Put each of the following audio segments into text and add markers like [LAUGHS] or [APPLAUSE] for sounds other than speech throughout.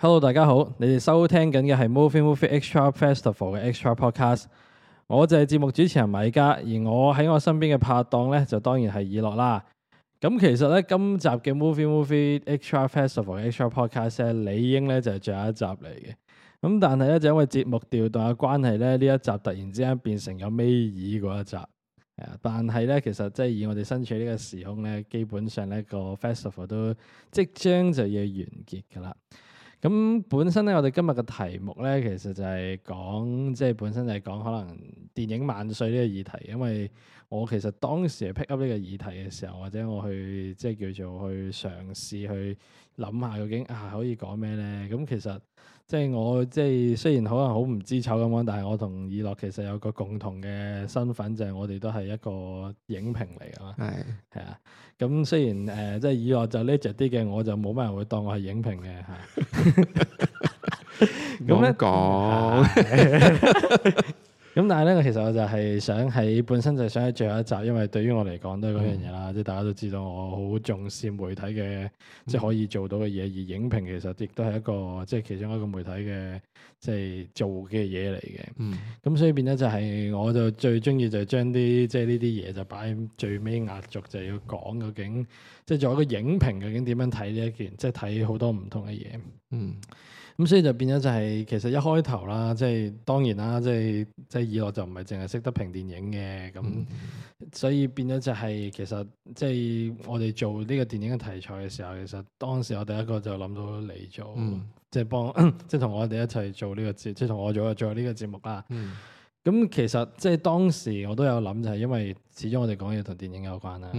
Hello，大家好！你哋收聽緊嘅係 Movie Movie Extra Festival 嘅 Extra Podcast，我就係節目主持人米迦，而我喺我身邊嘅拍檔咧就當然係以諾啦。咁、嗯、其實咧今集嘅 Movie Movie Extra Festival 嘅 Extra Podcast 咧，理應咧就係、是、最後一集嚟嘅。咁、嗯、但係咧就因為節目調動嘅關係咧，呢一集突然之間變成咗尾二嗰一集。誒、嗯，但係咧其實即係以我哋身處呢個時空咧，基本上呢、這個 Festival 都即將就要完結噶啦。咁本身咧，我哋今日嘅題目咧，其實就係講，即係本身就係講可能電影萬歲呢個議題。因為我其實當時係 pick up 呢個議題嘅時候，或者我去即係叫做去嘗試去諗下究竟啊可以講咩咧？咁其實。即係我即係雖然可能好唔知醜咁講，但係我同以樂其實有個共同嘅身份就係、是、我哋都係一個影評嚟啊嘛。係係啊，咁雖然誒、呃、即係以樂就 l a 啲嘅，我就冇乜人會當我係影評嘅吓。咁樣講。話 [LAUGHS] 咁但係咧，我其實我就係想喺本身就想喺最後一集，因為對於我嚟講都係嗰樣嘢啦。即係、嗯、大家都知道，我好重視媒體嘅，即係、嗯、可以做到嘅嘢。而影評其實亦都係一個，即係，其中一個媒體嘅，即係做嘅嘢嚟嘅。咁、嗯、所以變咗就係我就最中意就係將啲即係呢啲嘢就擺最尾壓軸，就係要講究竟，即係做一個影評究竟點樣睇呢一件，即係睇好多唔同嘅嘢。嗯咁所以就變咗就係，其實一開頭啦，即係當然啦，即係即係，以我就唔係淨係識得評電影嘅，咁、嗯、所以變咗就係，其實即係我哋做呢個電影嘅題材嘅時候，其實當時我第一個就諗到嚟，做，即係幫即係同我哋一齊做呢個節，即係同我做做呢個節目啦。咁、嗯、其實即係當時我都有諗，就係因為始終我哋講嘢同電影有關啦。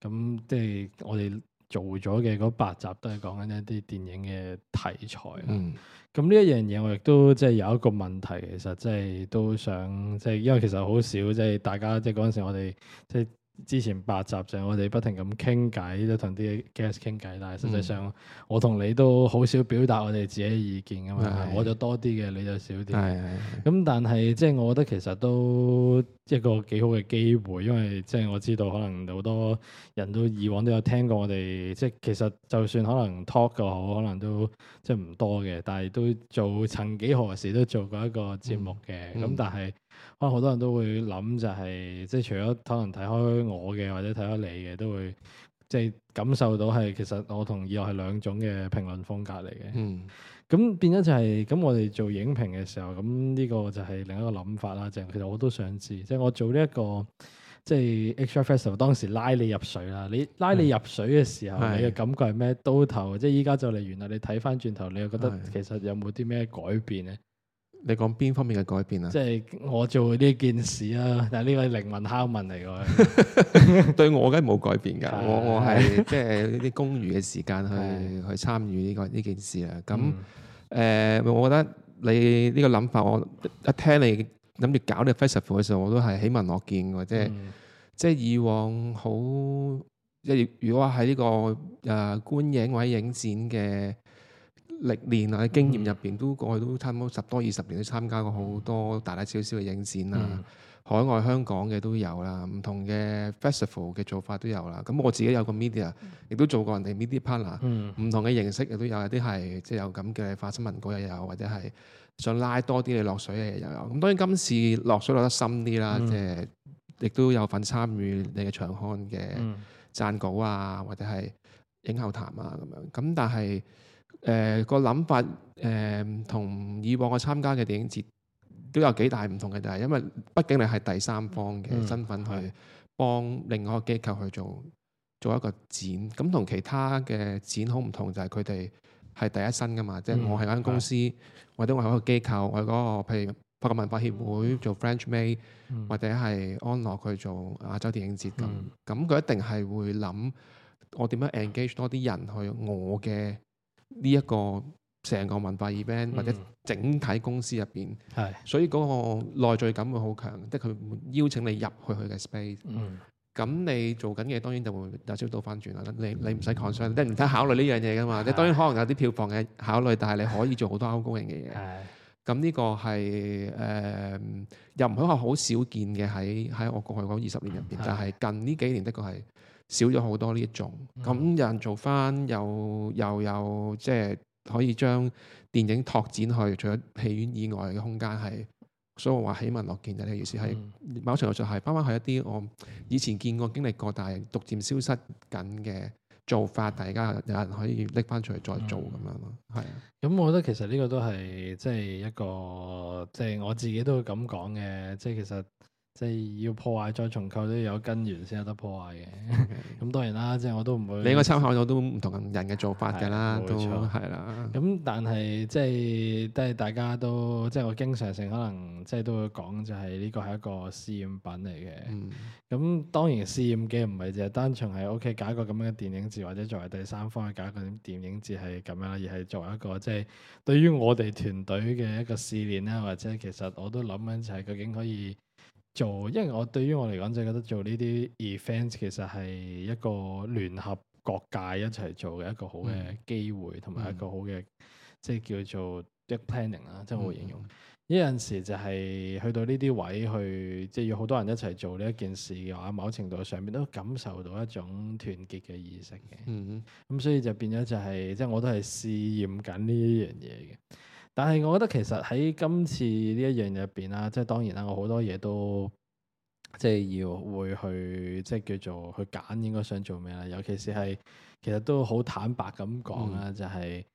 咁即係我哋。做咗嘅嗰八集都係講緊一啲電影嘅題材啦。咁呢一樣嘢我亦都即係、即係、有一個問題，其實即係都想即係，即係、因為其實好少即係、即係、大家即係嗰陣時我哋即係。即係之前八集就係我哋不停咁傾偈，都同啲 guest 傾偈。但係實際上，我同你都好少表達我哋自己嘅意見㗎嘛。嗯、我就多啲嘅，你就少啲。係係、嗯。咁、嗯、但係即係我覺得其實都一個幾好嘅機會，因為即係我知道可能好多人都以往都有聽過我哋。即係其實就算可能 talk 嘅好，可能都即係唔多嘅。但係都做，曾幾何時都做過一個節目嘅。咁、嗯嗯嗯、但係。可能好多人都會諗就係、是，即係除咗可能睇開我嘅或者睇開你嘅，都會即係感受到係其實我同以諾係兩種嘅評論風格嚟嘅。嗯，咁變咗就係、是、咁，我哋做影評嘅時候，咁呢個就係另一個諗法啦。就是、其實我都想知，即係我做呢、這、一個即係 EXTRA FESTIVAL 當時拉你入水啦，你拉你入水嘅時候，嗯、你嘅感覺係咩？的到頭，即係依家就嚟，原來你睇返轉頭，你又覺得其實有冇啲咩改變咧？你講邊方面嘅改變啊？即係我做呢件事啦，但係呢位靈魂拷問嚟㗎。 [LAUGHS] [LAUGHS] [LAUGHS] 對我梗係冇改變㗎， [LAUGHS] 我我係即係呢啲公餘嘅時間去 [LAUGHS] 去參與呢個呢件事啦。咁誒、嗯呃，我覺得你呢個諗法，我一聽你諗住搞呢個 festival 嘅時候，我都係喜聞樂見㗎。即係、嗯、即係以往好，即係如果喺呢個誒觀影或者影展嘅。歷年啊，經驗入邊都過去都差唔多十多二十年，都參加過好多大大小小嘅影展啦。嗯、海外、香港嘅都有啦，唔同嘅 festival 嘅做法都有啦。咁我自己有個 media，亦、嗯、都做過人哋 media partner、嗯。唔同嘅形式亦都有，一有啲係即係有咁嘅發新聞稿又有，或者係想拉多啲你落水嘅又有。咁當然今次落水落得深啲啦，嗯、即係亦都有份參與你嘅場刊嘅贊稿啊，或者係影後談啊咁樣。咁但係.誒、呃哎、個諗法誒、呃、同以往我參加嘅電影節都有幾大唔同嘅，就係因為畢竟你係第三方嘅身份去幫另外一個機構去做做一個展。咁同其他嘅展好唔同，就係佢哋係第一身㗎嘛。即、就、係、是、我係嗰間公司，或者我係一個機構，的我嗰個譬如法國文化協會做 French May，嗯、或者係安樂去做亞洲電影節咁。咁佢、嗯、一定係會諗我點樣 engage 多啲人去我嘅。呢一個成個文化 event 或者整體公司入邊，嗯、所以嗰個內在感會好強，即係佢邀請你入去佢嘅 space、嗯。咁你做緊嘅當然就會有少倒翻轉啦。你你唔使 concern，即係唔使考慮呢樣嘢噶嘛。即係、嗯、當然可能有啲票房嘅考慮，但係你可以做好多好高興嘅嘢。咁呢、嗯、個係誒、呃、又唔好話好少見嘅喺喺我過去講二十年入邊，但係近呢幾年的確係。少咗好多呢一種，咁、嗯、有人做翻又又有，有，有即係可以將電影拓展去除咗戲院以外嘅空間，係，所以我話喜聞樂見就係呢個意思，係、嗯、某程度上係，包括去一啲我以前見過、嗯、經歷過，但係逐漸消失緊嘅做法，大家、嗯、有人可以拎翻出嚟再做咁樣咯，係啊、嗯。咁是我覺得其實呢個都係即係一個，即、就、係、是、我自己都會咁講嘅，即、就、係、是、其實。即係要破壞再重構都要有根源先有得破壞嘅。咁 [LAUGHS] 當然啦，即係我都唔會。你個參考咗都唔同人嘅做法㗎啦，都係啦。咁但係即係都係大家都即係我經常性可能即係都會講，就係呢個係一個試驗品嚟嘅。咁、嗯、當然試驗嘅唔係就係單純係 OK 搞一個咁樣嘅電影節，或者作為第三方去搞一個電影節係咁樣，而係作為一個即係、就係、對於我哋團隊嘅一個試驗啦，或者其實我都諗緊就係究竟可以。做，因為我對於我嚟講就覺得做呢啲 event 其實係一個聯合各界一齊做嘅、嗯、一個好嘅機會，同埋一個好嘅、嗯、即係叫做 deep planning 啦、嗯，即係我形容。呢陣、嗯、時就係去到呢啲位去，即係要好多人一齊做呢一件事嘅話，某程度上面都感受到一種團結嘅意識嘅。嗯，咁所以就變咗就係即係我都係試驗緊呢一樣嘢嘅。但係，我覺得其實喺今次呢一樣入邊啦，即係當然啦，我好多嘢都即係要會去，即係叫做去揀應該想做咩啦。尤其是係，其實都好坦白咁講啦，嗯、就係、是。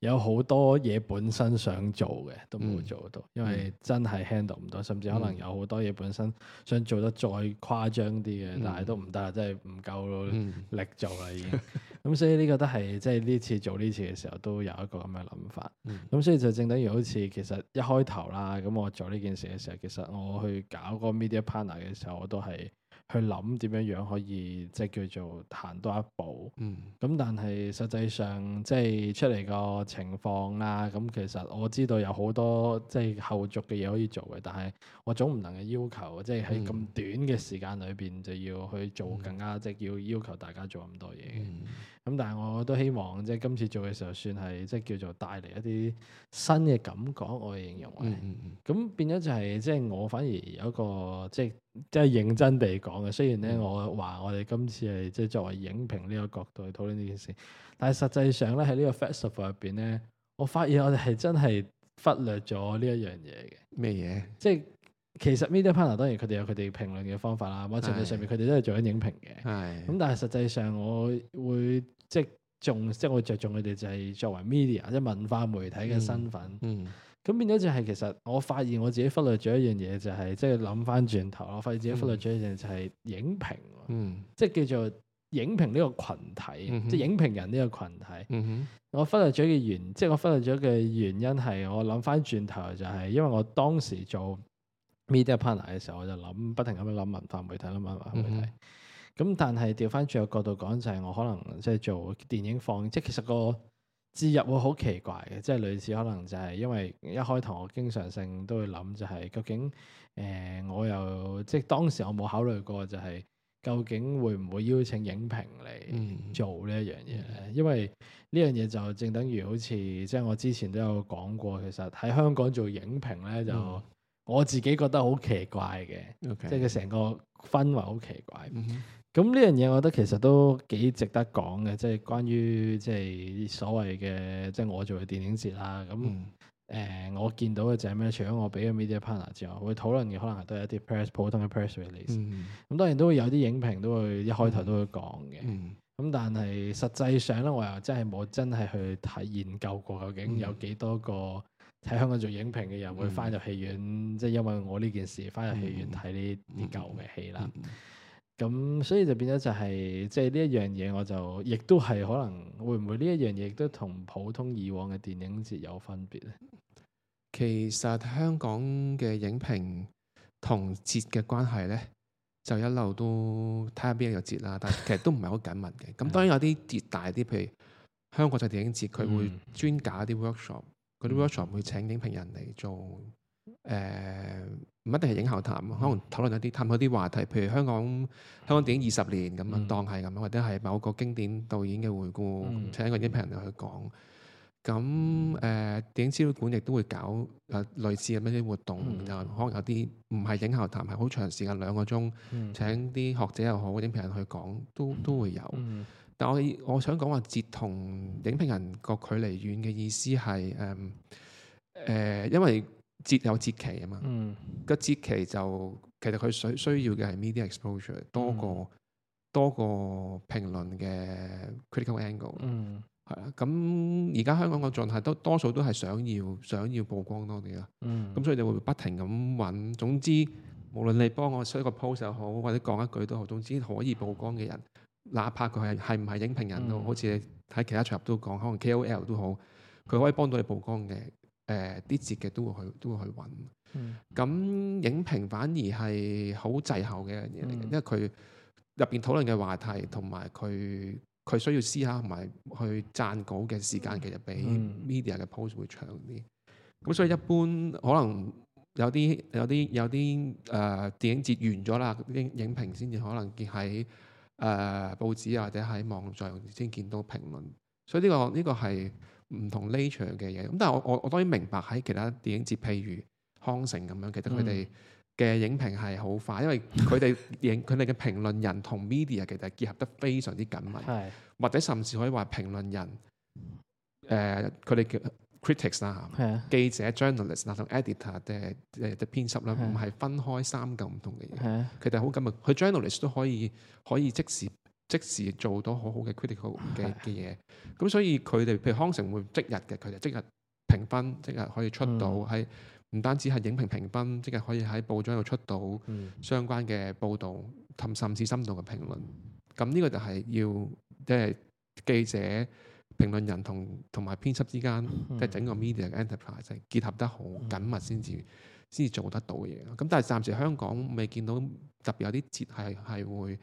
有好多嘢本身想做嘅都冇做到，因為真係 handle 唔到，嗯、甚至可能有好多嘢本身想做得再誇張啲嘅，嗯、但係都唔得，即係唔夠力做啦已經。咁 [LAUGHS] 所以呢個都係即係呢次做呢次嘅時候都有一個咁嘅諗法。咁、嗯、所以就正等於好似其實一開頭啦，咁我做呢件事嘅時候，其實我去搞個 media partner 嘅時候，我都係。去諗點樣樣可以即係、就是、叫做行多一步，咁、嗯、但係實際上即係、就是、出嚟個情況啦。咁其實我知道有好多即係、就是、後續嘅嘢可以做嘅，但係我總唔能夠要求即係喺咁短嘅時間裏邊就要去做更加即係要要求大家做咁多嘢。嗯嗯。咁但係我都希望即係今次做嘅時候算，算係即係叫做帶嚟一啲新嘅感覺，我嘅形容。咁、嗯嗯嗯、變咗就係、是、即係我反而有一個即係即係認真地講嘅。雖然咧我話我哋今次係即係作為影評呢個角度去討論呢件事，但係實際上咧喺呢個 Festival 入邊咧，我發現我哋係真係忽略咗呢一樣嘢嘅。咩嘢麼？即係。其實 media partner 當然佢哋有佢哋評論嘅方法啦，某程度的上面佢哋都係做緊影評嘅。咁的但係實際上我會即係重即係我着重佢哋就係作為 media、嗯嗯、即係文化媒體嘅身份。咁、嗯、變咗就係、是、其實我發現我自己忽略咗一樣嘢、就是，就係即係諗翻轉頭我發現自己忽略咗一樣就係影評，嗯、即係叫做影評呢個群體，嗯、哼即係影評人呢個群體。嗯、哼我忽略咗嘅原，即係我忽略咗嘅原因係我諗翻轉頭就係因為我當時做。Media partner 嘅時候，我就諗，不停咁樣諗文化媒體，諗文化媒體。咁、嗯、哼但係調翻轉個角度講，就係、是、我可能即係做電影放映，即係其實個切入會好奇怪嘅，即係類似可能就係因為一開頭我經常性都會諗、就是，就係究竟誒、呃、我又即係當時我冇考慮過、就是，就係究竟會唔會邀請影評嚟做呢一樣嘢咧？嗯、哼因為呢樣嘢就正等於好似即係我之前都有講過，其實喺香港做影評咧就、嗯。我自己覺得好奇怪嘅，Okay. 即係佢成個氛圍好奇怪。咁呢樣嘢，hmm. 我覺得其實都幾值得講嘅，即、就、係、是、關於即係所謂嘅即係我做嘅電影節啦。咁誒、mm hmm. 呃，我見到嘅就係咩？除咗我俾咗 media partner 之外，會討論嘅可能都係一啲 press 普通嘅 press release。咁、mm hmm. 當然都會有啲影評都會一開頭都會講嘅。咁、mm hmm. 但係實際上咧，我又真係冇真係去睇研究過究竟有幾多個、mm。Hmm. 睇香港做影評嘅人、嗯、會翻入戲院，即、就、係、是、因為我呢件事翻入戲院睇呢啲舊嘅戲啦。咁、嗯嗯嗯嗯、所以就變咗就係、是，即係呢一樣嘢，我就亦都係可能會唔會呢一樣嘢亦都同普通以往嘅電影節有分別咧？其實香港嘅影評同節嘅關係咧，就一路都睇下邊一個節啦。但係其實都唔係好緊密嘅。咁 [LAUGHS] 當然有啲節大啲，譬如香港做電影節，佢會專搞一啲 workshop。嗰啲 workshop 會請影評人嚟做，誒、呃、唔一定係影後談，可能討論一啲探討啲話題，譬如香港香港電影二十年咁樣，嗯、當係咁樣，或者係某個經典導演嘅回顧，嗯、請一個影評人去講。咁、嗯、誒、嗯嗯呃，電影資料館亦都會搞誒、呃、類似咁樣啲活動，嗯、就可能有啲唔係影後談，係好長時間兩個鐘，嗯、請啲學者又好影評人去講，都都，都會有。嗯。但係我我想講話節同影評人個距離遠嘅意思係誒誒，因為節有節期啊嘛，個節期就其實佢需需要嘅係 media exposure 多過、嗯、多過評論嘅 critical angle，係啦、嗯。咁，而家香港個狀態多多數都係想要想要曝光多啲啦，咁、嗯、所以你會不停咁揾。總之無論你幫我出一個 post 又好，或者講一句都好，總之可以曝光嘅人。哪怕佢係係唔係影評人都好，嗯、好似你睇其他場合都講，可能 KOL 都好，佢可以幫到你曝光嘅。誒、呃、啲節嘅都會去都會去揾。咁、嗯、影評反而係好滯後嘅一樣嘢嚟嘅，嗯、因為佢入邊討論嘅話題同埋佢佢需要思考同埋去撰稿嘅時間，其實比 media 嘅 post 會長啲。咁、嗯、所以一般可能有啲有啲有啲誒、呃、電影節完咗啦，啲影評先至可能結喺。誒、呃、報紙啊，或者喺網上先見到評論，所以呢個呢個係唔同 nature 嘅嘢。咁但係我我我當然明白喺其他電影節，譬如康城咁樣，其實佢哋嘅影評係好快，因為佢哋影佢哋嘅評論人同 media 其實結合得非常之緊密，或者甚至可以話評論人誒佢哋嘅。呃 critics 啦，記者 journalist 啦，同 editor 嘅嘅編輯咧，唔係 Yeah. 分開三個唔同嘅嘢。佢哋好緊密，佢 journalist 都可以可以即時即時做到好好嘅 critical 嘅嘅嘢。咁 Yeah. 所以佢哋譬如康城會即日嘅，佢哋即日評分，即日可以出到喺唔單止係影評評分，即日可以喺報章度出到相關嘅報導，甚甚至深度嘅評論。咁呢個就係要即係記者。評論人同同埋編輯之間，即係、嗯、整個 media 嘅 enterprise 結合得好緊密，先至先至做得到嘅嘢。咁但係暫時香港未見到特別有啲節係係會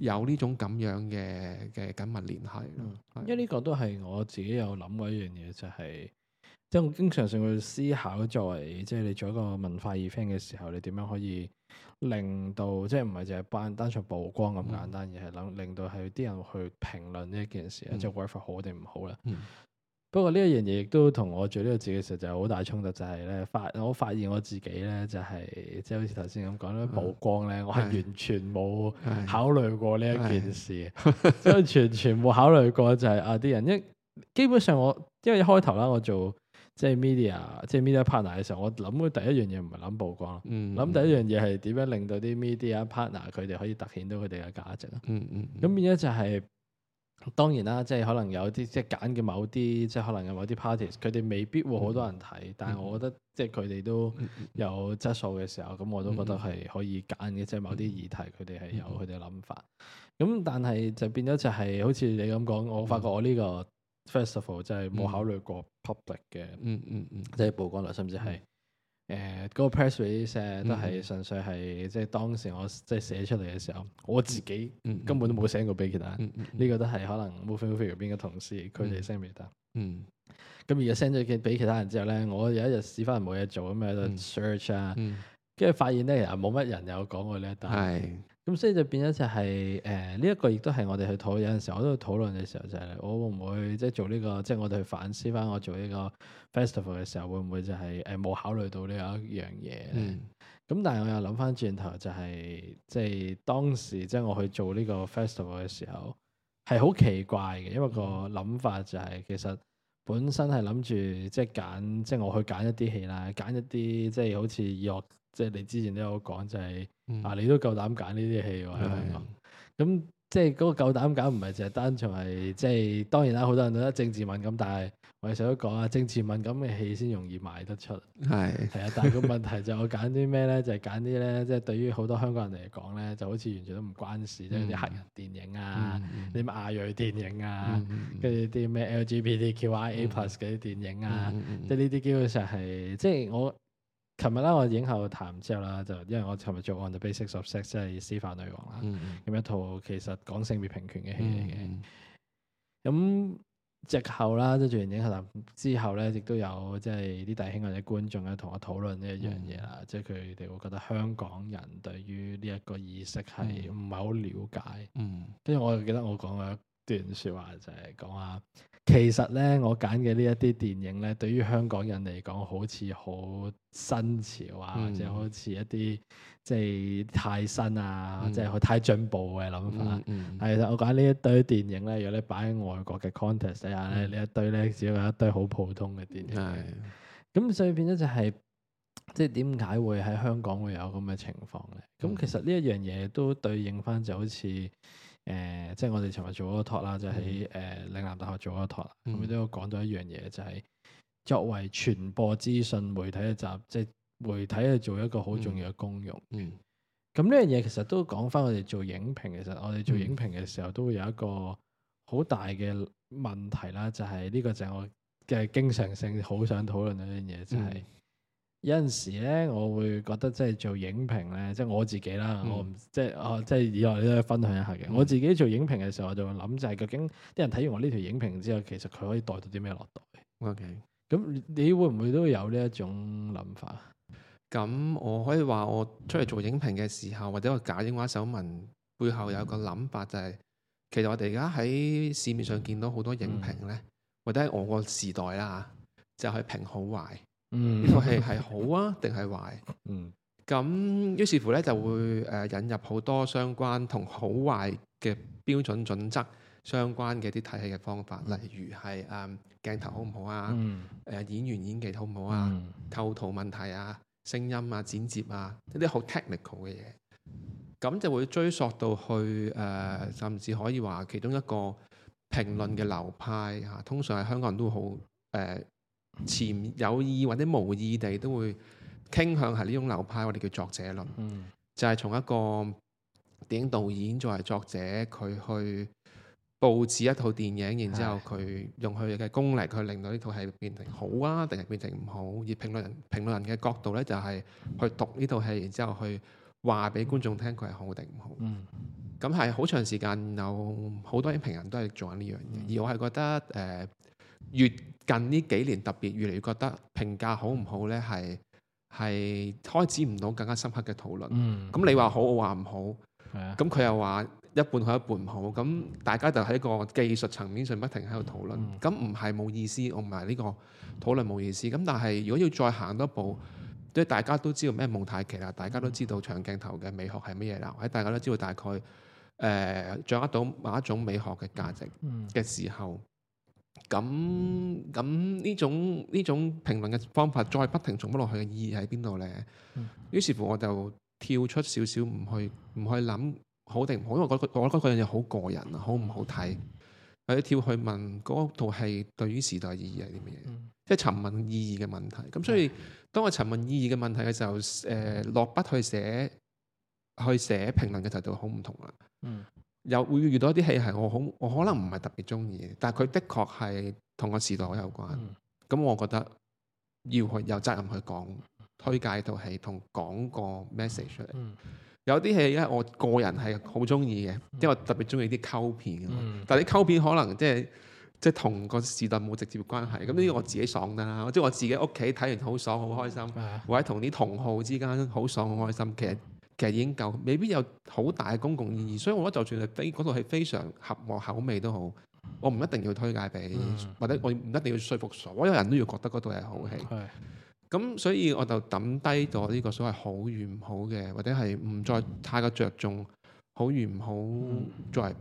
有呢種咁樣嘅嘅緊密聯繫。嗯、是因為呢個都係我自己有諗過一樣嘢，就係即係我經常性去思考，作為即係、就是、你做一個文化 event 嘅時候，你點樣可以？令到即係唔係淨係單純曝光咁簡單，嗯、而係諗令到係啲人去評論呢一件事咧，嗯、即係 refer 好定唔好啦。不過呢一樣嘢亦都同我做呢個字嘅時候就係好大衝突，就係咧發我發現我自己咧就係即係好似頭先咁講咧曝光咧，我係完全冇考慮過呢一件事，即完、嗯、 [LAUGHS] 全全冇考慮過就係、是、啊啲人因基本上我因為一開頭啦，我做。即係 media，即係 media partner 嘅時候，我諗嘅第一樣嘢唔係諗曝光，諗、嗯嗯、第一樣嘢係點樣令到啲 media partner 佢哋可以突顯到佢哋嘅價值。嗯嗯。咁、嗯嗯、變咗就係、是、當然啦，即、就、係、是、可能有啲即係揀嘅某啲，即、就、係、是、可能有某啲 parties，佢哋未必會好多人睇，嗯嗯、但係我覺得即係佢哋都有質素嘅時候，咁、嗯嗯、我都覺得係可以揀嘅，即、就、係、是、某啲議題佢哋係有佢哋諗法。咁、嗯嗯嗯、但係就變咗就係、是、好似你咁講，我發覺我呢、這個。First of all，就係冇考慮過 public 嘅，嗯嗯、即係曝光率，甚至係誒嗰個 press release、啊、都係純粹係即係當時我即係寫出嚟嘅時候，我自己根本都冇 send 過俾其他人。呢、嗯嗯嗯、個都係可能 Movie Movie 由邊個同事佢哋 send 俾得。嗯，咁而家 send 咗件俾其他人之後咧，我有一日試返嚟冇嘢做咁樣 search 啊，跟住、嗯嗯、發現咧其實冇乜人有講過咧，但係。咁所以就變咗就係誒呢一個，亦都係我哋去討論，有時候，我都討論嘅時候就係我會唔會即係做呢個，即係我哋去反思翻我做呢個 festival 嘅時候，會唔會就係誒冇考慮到呢一樣嘢？咁但係我又諗翻轉頭，就係即係當時即係我去做呢個 festival 嘅時候，係好奇怪嘅，因為個諗法就係、是、其實本身係諗住即係揀，即係我去揀一啲戲啦，揀一啲即係好似若即係你之前都有講就係、是。啊！你都夠膽揀呢啲戲喎，香港，咁即係嗰個夠膽揀唔係淨係單純係，即係當然啦，好多人都得政治敏感，但係我哋想講啊，政治敏感嘅戲先容易賣得出。係係啊，但係個問題就係我揀啲咩咧，就係揀啲咧，即係對於好多香港人嚟講咧，就好似完全都唔關事，即係啲黑人電影啊，啲亞裔電影啊，跟住啲咩 LGBTQIA+ 嘅啲電影啊，即係呢啲基本上係即係我。琴日啦，我影後談之後啦，就因為我琴日做案就《On the Basis of Sex》即係司法女王啦，咁、嗯嗯、一套其實講性別平權嘅戲嚟嘅。咁、嗯嗯、直後啦，即係做完影後談之後咧，亦都有、嗯、即係啲大興或者觀眾咧同我討論呢一樣嘢啦，即係佢哋會覺得香港人對於呢一個意識係唔係好了解。嗯。跟、嗯、住我記得我講過一段説話就係講話。其實咧，我揀嘅呢一啲電影咧，對於香港人嚟講，好似好新潮啊，嗯、或者好似一啲即係太新啊，嗯、即係太進步嘅諗法。係、嗯嗯，我揀呢一堆電影咧，如果你擺喺外國嘅 context 底下咧，呢一堆咧只有係一堆好普通嘅電影。係的。咁所以變咗就係、係，即係點解會喺香港會有咁嘅情況咧？咁、嗯、其實呢一樣嘢都對應翻，就好似。誒、呃，即係我哋尋日做嗰個 talk 啦，嗯，就喺誒嶺南大學做嗰個 talk，咁佢都有講到一樣嘢，就係、是、作為傳播資訊媒體嘅集，即、就、係、是、媒體去做一個好重要嘅功用。嗯，咁呢樣嘢其實都講翻我哋做影評，其實我哋做影評嘅時、嗯、時候都會有一個好大嘅問題啦，就係、是、呢個就係我嘅經常性好想討論嘅一樣嘢，就係、是。有陣、嗯、時咧，我會覺得，即係做影評咧，即係我自己啦，我唔即係哦，即係以後你都可以分享一下嘅。嗯、我自己做影評嘅時候，我就會諗就係究竟啲人睇完我呢條影評之後，其實佢可以帶到啲咩落袋。O K，咁你會唔會都有呢一種諗法？咁、嗯、我可以話我出嚟做影評嘅時候，或者我假影畫手文背後有個諗法、就是，就係其實我哋而家喺市面上見到好多影評咧，嗯、或者係我個時代啦吓，就係評好壞。嗯，呢套戲係好啊，定係壞？嗯，咁於是乎呢，就會誒引入好多相關同好壞嘅標準準則相關嘅啲睇戲嘅方法，嗯、例如係誒鏡頭好唔好啊、嗯呃，演員演技好唔好啊？嗯，構圖問題啊，聲音啊，剪接啊，一啲好 technical 嘅嘢，咁就會追溯到去誒、呃，甚至可以話其中一個評論嘅流派吓、啊，通常係香港人都好誒。呃呃呃呃呃前有意或者無意地都會傾向係呢種流派，我哋叫作者論，嗯、就係從一個電影導演作為作者，佢去佈置一套電影，然之後佢用佢嘅功力去令到呢套戲變成好啊，定係變成唔好。而評論人評論人嘅角度呢，就係去讀呢套戲，然之後去話俾觀眾聽佢係好定唔好。咁係好長時間有好多影評人都係做緊呢樣嘢，嗯、而我係覺得誒、呃、越近呢幾年特別越嚟越覺得評價好唔好呢，係係開始唔到更加深刻嘅討論。咁、嗯、你話好，我話唔好，咁佢的又話一半好一半唔好，咁大家就喺個技術層面上不停喺度討論。咁唔係冇意思，我唔係呢個討論冇意思。咁但係如果要再行一步，即係大家都知道咩蒙太奇啦，大家都知道長鏡頭嘅美學係乜嘢啦，或者大家都知道大概、呃、掌握到某一種美學嘅價值嘅時候。嗯咁咁呢種呢種評論嘅方法再不停重複落去嘅意義喺邊度呢？嗯嗯，於是乎我就跳出少少，唔去唔去諗好定唔好，因為我覺得嗰樣嘢好個人啊，好唔好睇？嗯、或者跳去問嗰套戲對於時代意義係啲嘢，嗯、即係尋問意義嘅問題。咁所以當我尋問意義嘅問題嘅時候，誒、嗯呃、落筆去寫去寫評論嘅態度好唔同啦。嗯。有會遇到一啲戲係我好，我可能唔係特別中意，但係佢的確係同個時代好有關。咁、嗯、我覺得要去有責任去講推介套戲同講個 message 出嚟、嗯。有啲戲因為我個人係好中意嘅，嗯、因為我特別中意啲溝片。嗯、但係啲溝片可能即係即係同個時代冇直接關係。咁呢個我自己爽㗎啦，即係、嗯、我自己屋企睇完好爽，好開心，嗯、或者同啲同好之間好爽，好開心其實。其實已經夠，未必有好大公共意義，嗯、所以我覺得就算係畀嗰套戲非常合我口味都好，我唔一定要推介俾，嗯、或者我唔一定要說服所有人都要覺得嗰套係好戲。咁、嗯、所以我就抌低咗呢個所謂好與唔好嘅，或者係唔再太過着重好與唔好、嗯、作為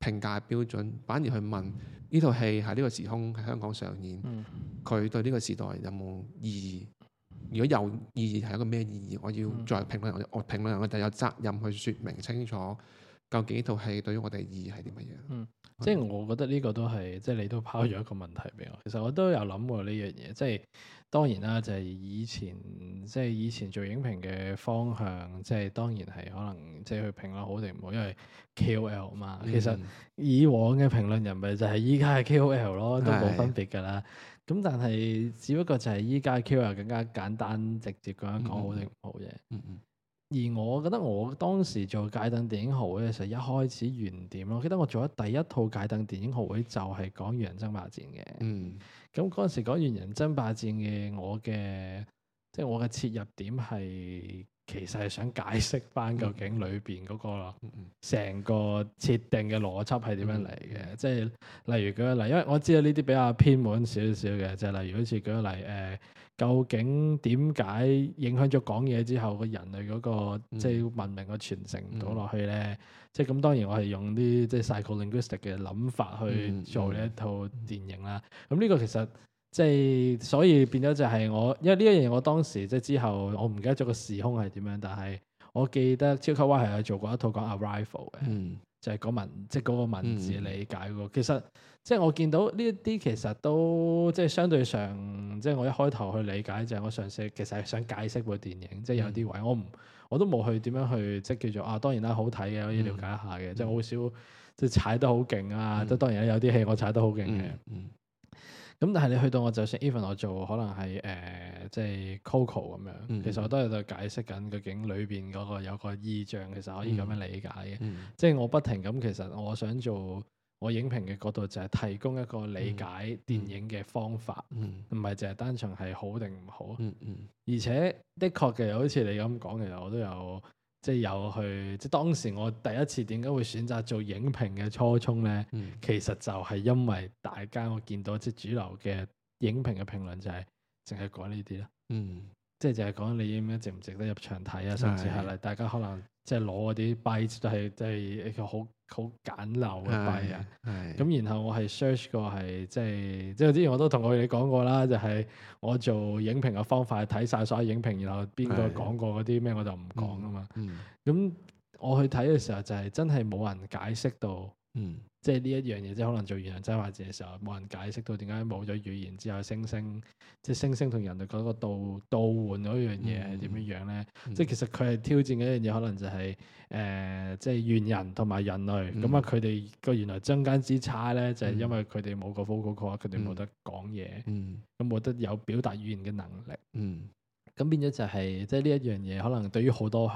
評價嘅標準，反而去問呢套戲喺呢個時空喺香港上演，佢、嗯、對呢個時代有冇意義？如果有意義係一個咩意義？我要再評論，我評論，我就有責任去説明清楚，究竟呢套戲對於我哋意義係點樣？嗯，即係我覺得呢個都係，即係你都拋咗一個問題俾我。其實我都有諗過呢樣嘢，即係當然啦，就係、是、以前即係以前做影評嘅方向，即係當然係可能即係去評論好定唔好，因為 KOL 嘛。其實以往嘅評論人咪就係依家係 KOL 咯，都冇分別㗎啦。咁但係只不過就係依家 Q 又更加簡單直接咁樣講一個好定唔好嘢。嗯嗯嗯嗯，而我覺得我當時做戒燈電影學會嘅時候，一開始原點咯，我記得我做咗第一套戒燈電影學會就係、係、講猿人爭霸戰嘅。咁嗰陣時講猿人爭霸戰嘅，我嘅即係我嘅切入點係。其實係想解釋翻究竟裏邊嗰個成個設定嘅邏輯係點樣嚟嘅？即係、嗯、例如舉個例，因為我知道呢啲比較偏門少少嘅，就係、是、例如好似舉個例誒、呃，究竟點解影響咗講嘢之後個人類嗰、那個即係、嗯、文明嘅傳承唔到落去咧？即係咁，當然我係用啲即係、就是、psycholinguistic 嘅諗法去做呢一套電影啦。咁呢、嗯嗯嗯、個其實～即係所以變咗就係我，因為呢一樣嘢，我當時即係之後，我唔記得咗個時空係點樣，但係我記得《超級威》係有做過一套講 arrival 嘅，嗯、就係文即係嗰個文字理解喎。嗯、其實即係我見到呢一啲，其實都即係相對上，即係我一開頭去理解就係、是、我上次其實係想解釋部電影，即係、嗯、有啲位我唔我都冇去點樣去即係叫做啊，當然啦，好睇嘅可以了解一下嘅，即係好少即係、就是、踩得好勁啊。即、嗯、當然有啲戲我踩得好勁嘅。嗯嗯咁但係你去到我就算 even 我做可能係誒、呃、即係 Coco 咁樣，嗯、其實我都喺度解釋緊究竟裏邊嗰個有個意象，其實可以咁樣理解嘅。嗯嗯、即係我不停咁，其實我想做我影評嘅角度就係提供一個理解電影嘅方法，唔係淨係單純係好定唔好。嗯嗯嗯、而且的確嘅，其實好似你咁講，其實我都有。即係有去，即係當時我第一次點解會選擇做影評嘅初衷咧？嗯，其實就係因為大家我見到即係主流嘅影評嘅評論就係淨係講呢啲啦，嗯，即係淨係講你點樣值唔值得入場睇啊，甚至係嚟大家可能即係攞啲幣就係就係一個好。好簡陋嘅係啊！咁然後我係 search 過係即係即係之前我都同佢哋講過啦，就係、係、我做影評嘅方法係睇晒所有影評，然後邊個講過嗰啲咩我就唔講啊嘛。咁、嗯嗯、我去睇嘅時候就係、係、真係冇人解釋到、嗯。即係呢一樣嘢，即係可能做猿人真話字嘅時候，冇人解釋到點解冇咗語言之後，猩猩，即係猩猩同人類嗰個倒導換嗰樣嘢係點樣樣咧？嗯嗯、即係其實佢係挑戰嗰一樣嘢，可能就係、是、誒、呃，即係猿人同埋人類咁啊！佢哋個原來增間之差咧，就係、是、因為佢哋冇個 vocal cord 佢哋冇得講嘢，咁冇、嗯嗯嗯、得有表達語言嘅能力。嗯，咁、嗯、變咗就係、是、即係呢一樣嘢，可能對於好多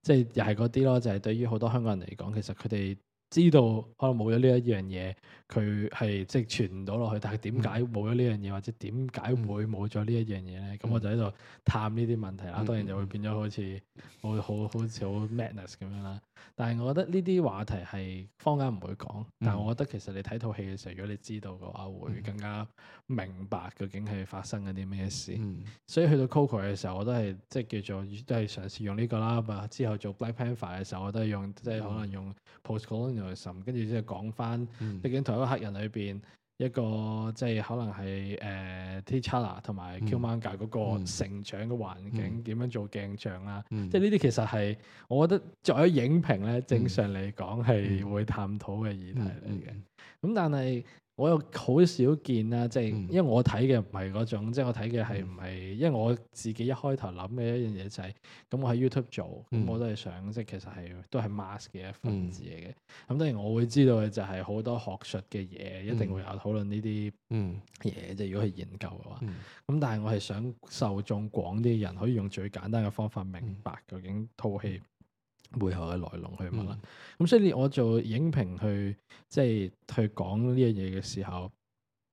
即係又係嗰啲咯，就係、是、對於好多香港人嚟講，其實佢哋。知道可能冇咗呢一樣嘢，佢係即係傳唔到落去。但係點解冇咗呢樣嘢，嗯、或者點解會冇咗呢一樣嘢咧？咁、嗯、我就喺度探呢啲問題啦。嗯、當然就會變咗好似、嗯、我會好好似好 madness 咁樣啦。但係我覺得呢啲話題係坊間唔會講。但係我覺得其實你睇套戲嘅時候，如果你知道嘅話，會更加明白究竟係發生緊啲咩事。嗯、所以去到 Coco 嘅時候，我都係即係叫做都係嘗試用呢個 lab 啊。之後做 Black Panther 嘅時候，我都係用即係可能用 postcolonialism 跟住即係講翻，畢竟同一個黑人裏邊一個即係可能係誒、呃、Tchalla 同埋 Qmanga 嗰個成長嘅環境點、嗯嗯嗯嗯嗯、樣做鏡像啦、啊。嗯、即係呢啲其實係我覺得作為影評咧，正常嚟講係會探討嘅議題嚟嘅。咁但係。嗯嗯嗯嗯嗯嗯我又好少見啦，即係，因為我睇嘅唔係嗰種，嗯、即係我睇嘅係唔係，因為我自己一開頭諗嘅一樣嘢就係、是，咁我喺 YouTube 做，咁、嗯嗯、我都係想，即係其實係都係 mask 嘅一份子嚟嘅。咁當然我會知道嘅就係好多學術嘅嘢一定會有討論呢啲嘢，即係、嗯、如果去研究嘅話。咁、嗯、但係我係想受眾廣啲嘅人可以用最簡單嘅方法明白究竟套戲。背後嘅來龍去脈，咁、嗯嗯、所以我做影評去即係去講呢樣嘢嘅時候。嗯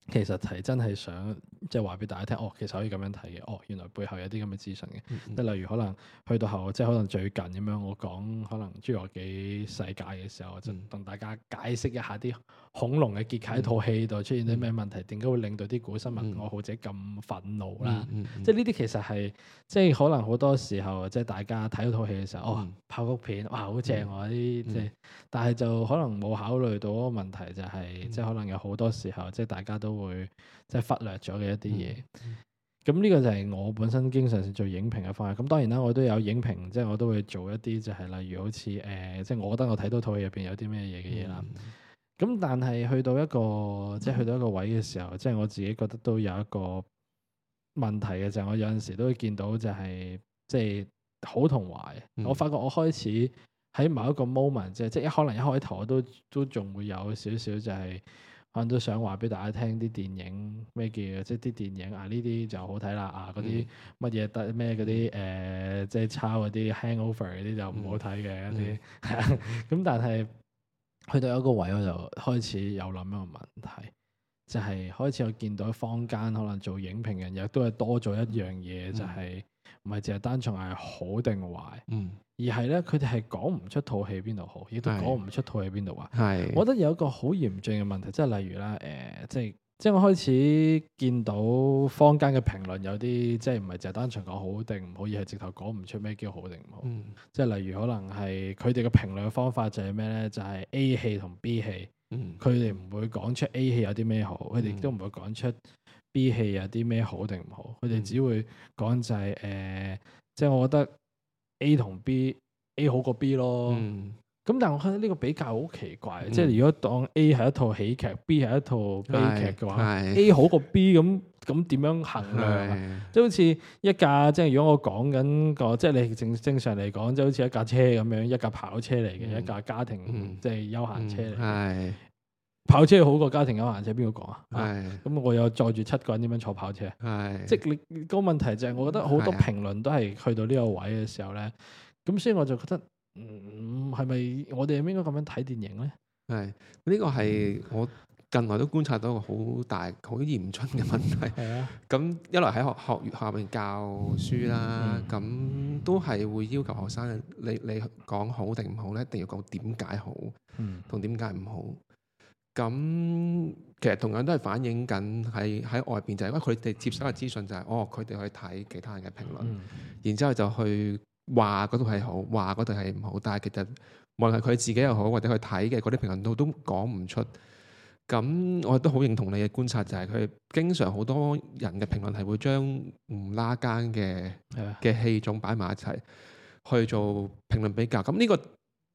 其實係真係想即係話俾大家聽，哦，其實可以咁樣睇嘅，哦，原來背後有啲咁嘅資訊嘅，即係、嗯、例如可能去到後，即係可能最近咁樣，我講可能侏羅紀世界嘅時候，就同大家解釋一下啲恐龍嘅結構喺套戲度出現啲咩問題，點解會令到啲古生物愛好者咁憤怒啦、嗯嗯。即係呢啲其實係即係可能好多時候，即係大家睇套戲嘅時候，哦，爆谷片，哇，好正我啲即係，但係就可能冇考慮到嗰個問題就係、是，即係可能有好多時候，即係大家都。都會即係忽略咗嘅一啲嘢，咁呢、嗯、個就係我本身經常做影評嘅方向。咁當然啦，我都有影評，即、就、係、是、我都會做一啲就係例如好似誒，即、呃、係、就是、我覺得我睇到套戲入邊有啲咩嘢嘅嘢啦。咁、嗯、但係去到一個、嗯、即係去到一個位嘅時候，即、就、係、是、我自己覺得都有一個問題嘅就係、是、我有陣時都會見到就係即係好同壞。嗯、我發覺我開始喺某一個 moment 即係即係可能一開頭我都都仲會有少少就係、是。可能都想話俾大家聽啲電影咩叫，即係啲電影啊呢啲就好睇啦、嗯、啊嗰啲乜嘢得咩嗰啲，誒即係抄嗰啲 Hangover 嗰啲就唔好睇嘅一啲，咁、嗯嗯、 [LAUGHS] 但係去到一個位我就開始有諗一個問題，就係、是、開始我見到坊間可能做影評人又都係多咗一樣嘢，就係唔係淨係單純係好定壞。嗯而係咧，佢哋係講唔出套戲邊度好，亦都講唔出套戲邊度壞。的我覺得有一個好嚴峻嘅問題，即係例如啦，誒、呃，即係即係我開始見到坊間嘅評論有啲，即係唔係就係單純講好定唔好，而係直頭講唔出咩叫好定唔好？嗯、即係例如可能係佢哋嘅評論方法就係咩咧？就係、是、A 戲同 B 戲，佢哋唔會講出 A 戲有啲咩好，佢哋亦都唔會講出 B 戲有啲咩好定唔好，佢哋只會講就係、是、誒、呃，即係我覺得。A 同 B，A 好過 B 咯。咁、嗯、但係我覺得呢個比較好奇怪，嗯、即係如果當 A 係一套喜劇，B 係一套悲劇嘅話，A 好過 B 咁咁點樣衡量？即係好似一架，即係如果我講緊個，即係你正正常嚟講，即係好似一架車咁樣，一架跑車嚟嘅，嗯、一架家庭即係、嗯、休閒車嚟。嗯跑車好過家庭咁，行者邊個講啊？係咁我有載住七個人點樣坐跑車？係是即係你個問題就係我覺得好多評論都係去到呢個位嘅時候咧，咁是、啊、所以我就覺得，嗯，係咪我哋應該咁樣睇電影咧？係呢、這個係我近來都觀察到一個好大、好嚴峻嘅問題。係是啊來，咁一嚟喺學學學下邊教書啦，咁、嗯、都係會要求學生，你你講好定唔好咧？一定要講點解好，同點解唔好。咁其實同樣都係反映緊喺喺外邊，就係因為佢哋接收嘅資訊就係，嗯，哦佢哋去睇其他人嘅評論，嗯，然之後就去話嗰度係好，話嗰度係唔好。但係其實無論係佢自己又好，或者去睇嘅嗰啲評論都都講唔出。咁我都好認同你嘅觀察，就係佢經常好多人嘅評論係會將唔拉更嘅嘅戲種擺埋一齊去做評論比較。咁呢個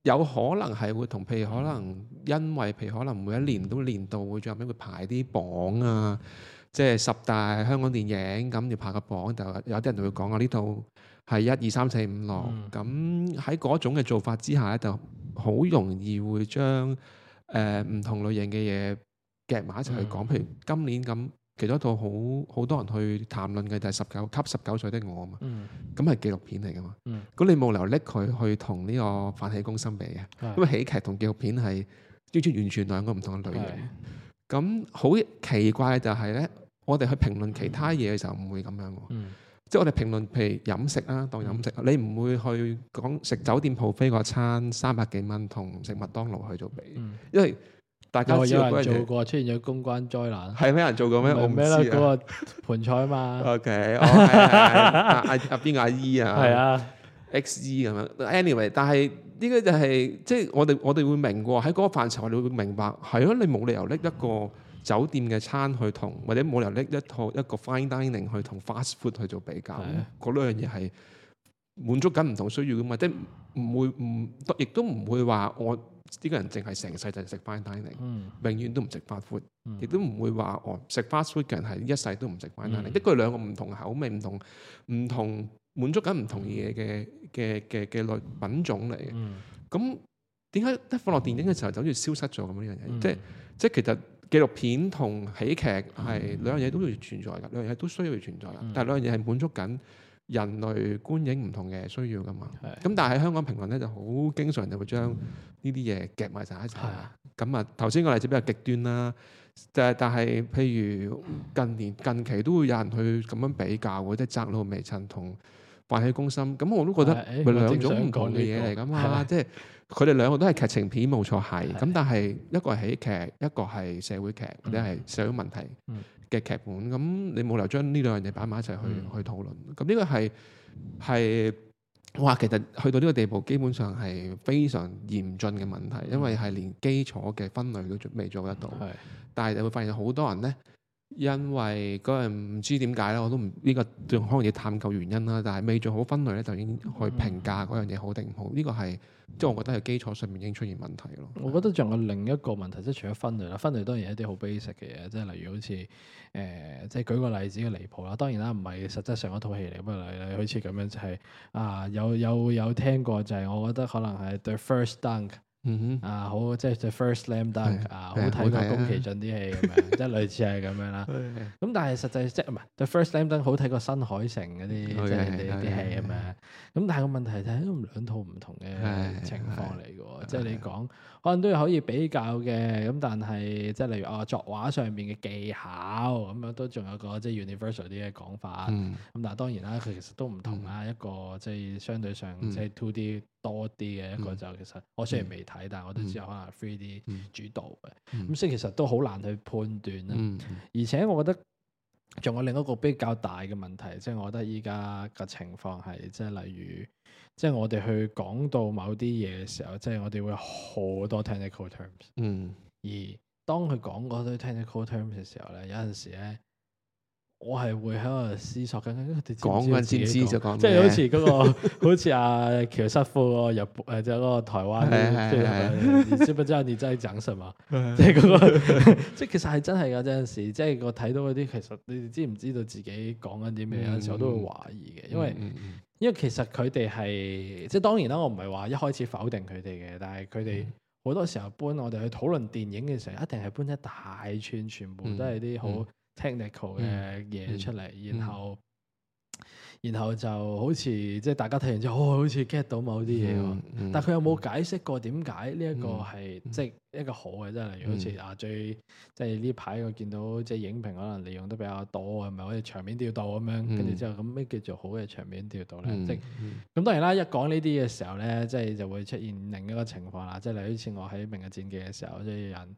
有可能係會同，譬如可能因為譬如可能每一年都年度會最後尾會排啲榜啊，即係十大香港電影咁要排個榜，就有啲人同佢講啊，呢度係一二三四五六，咁喺嗰種嘅做法之下咧，就好容易會將誒唔同類型嘅嘢夾埋一齊去講，嗯、譬如今年咁。其中一套好好多人去談論嘅就係十九給十九歲的我啊嘛，咁係、嗯、紀錄片嚟噶嘛，咁、嗯、你冇理由拎佢去同呢、這個飯戲攻心相比嘅，嗯、因為喜劇同紀錄片係完全完全兩個唔同嘅類型。咁好、嗯、奇怪就係呢，我哋去評論其他嘢嘅時候唔會咁樣、啊，嗯、即係我哋評論譬如飲食啦，當飲食，嗯、你唔會去講食酒店 buffet 個餐三百幾蚊同食麥當勞去做比，嗯、因為。大家有人做過出現咗公關災難，係咩人做過咩？我唔知啊。嗰個盤菜啊嘛。OK，阿阿邊個阿姨啊？係啊，X E 咁樣。Anyway，但係呢個就係即係我哋我哋會明嘅喎。喺嗰個範疇，你會明白係啊。你冇理由拎一個酒店嘅餐去同，或者冇理由拎一套一個 fine dining 去同 fast food 去做比較。係啊。嗰兩樣嘢係滿足緊唔同需要嘅嘛，即係唔會唔亦都唔會話我。呢個人淨係成世就食 fine dining，永遠都唔食 fast food 亦都唔會話哦食 fast food 嘅人係一世都唔食 fine dining，、mm. 一個兩個唔同口味唔同唔同滿足緊唔同嘢嘅嘅嘅嘅類品種嚟嘅。咁點解一放落電影嘅時候就好似消失咗咁樣呢樣嘢、mm.？即係即係其實紀錄片同喜劇係兩樣嘢都會存在噶，兩、mm. 樣嘢都需要存在噶，但係兩樣嘢係滿足緊。人類觀影唔同嘅需要噶嘛？咁的但係香港評論咧就好經常就會將呢啲嘢夾埋晒一齊。咁啊的，頭先個例子比較極端啦。但但係，譬如近年近期都會有人去咁樣比較，即係《窄路微塵》同《飯戲攻心》。咁我都覺得係的兩種唔同嘅嘢嚟㗎嘛。即係佢哋兩個都係劇情片冇錯係。咁的但係一個係喜劇，一個係社會劇，或者係社會問題。嘅劇本，咁你冇理由將呢兩樣嘢擺埋一齊去、嗯、去討論，咁、這、呢個係係嘩，其實去到呢個地步，基本上係非常嚴峻嘅問題，因為係連基礎嘅分類都做未做得到。是但係你會發現好多人呢。因為嗰人唔知點解咧，我都唔呢、這個仲可能要探究原因啦。但係未做好分類咧，就已經去評價嗰樣嘢好定唔好。呢、這個係即係我覺得係基礎上面已經出現問題咯。我覺得仲有另一個問題，即係除咗分類啦，分類當然係一啲好 basic 嘅嘢，即係例如好似誒、呃，即係舉個例子嘅離譜啦。當然啦，唔係實質上一套戲嚟，不過你如好似咁樣就係、是、啊，有有有聽過就係、是、我覺得可能係 The First Dunk。嗯哼，啊好，即係 The First Slam Dunk 啊，好睇過宮崎駿啲戲咁樣， [LAUGHS] 嗯、即係類似係咁樣啦。咁但係實際即係唔係 The First Slam Dunk 好睇過新海誠嗰啲即係啲啲戲咁樣。咁但係個問題就係，都兩套唔同嘅情況嚟嘅，即係你講。可能都係可以比較嘅，咁但係即係例如哦，作畫上面嘅技巧咁樣都仲有個即係、就是、universal 啲嘅講法。咁、嗯、但係當然啦，佢其實都唔同啦。嗯、一個即係相對上、嗯、即係 two D 多啲嘅，一個就、嗯、其實我雖然未睇，但係我都知有可能 three D 主導嘅。咁、嗯、所以其實都好難去判斷啦。嗯嗯、而且我覺得仲有另一個比較大嘅問題，即、就、係、是、我覺得依家嘅情況係即係例如。即係我哋去講到某啲嘢嘅時候，即係我哋會好多 technical terms。嗯。而當佢講嗰啲 technical terms 嘅時候咧，有陣時咧，我係會喺度思索緊，講緊先知就講。即係好似嗰個，好似阿喬師夫個日誒，即係嗰個台灣。係係你知唔知道你在講什麼？即係嗰、嗰個，即係其實係真係有陣時，即係我睇到嗰啲，其實你哋知唔知道自己講緊啲咩？嗯、有陣時我都會懷疑嘅，因為。因為其實佢哋係即係當然啦，我唔係話一開始否定佢哋嘅，但係佢哋好多時候搬我哋去討論電影嘅時候，一定係搬一大串，全部都係啲好 technical 嘅嘢出嚟，然後、嗯。嗯嗯嗯嗯然後就好似即係大家睇完之後、哦，好似 get 到某啲嘢喎。嗯嗯、但係佢有冇解釋過點解呢一個係、嗯、即係一個好嘅？即係例如好似、嗯、啊，最即係呢排我見到即係影評可能利用得比較多，係咪好似場面調度咁樣，跟住之後咁咩叫做好嘅場面調度咧？即係咁當然啦，一講呢啲嘅時候咧，即係就會出現另一個情況啦。即係例如好似我喺《明日戰記》嘅時候，即係人。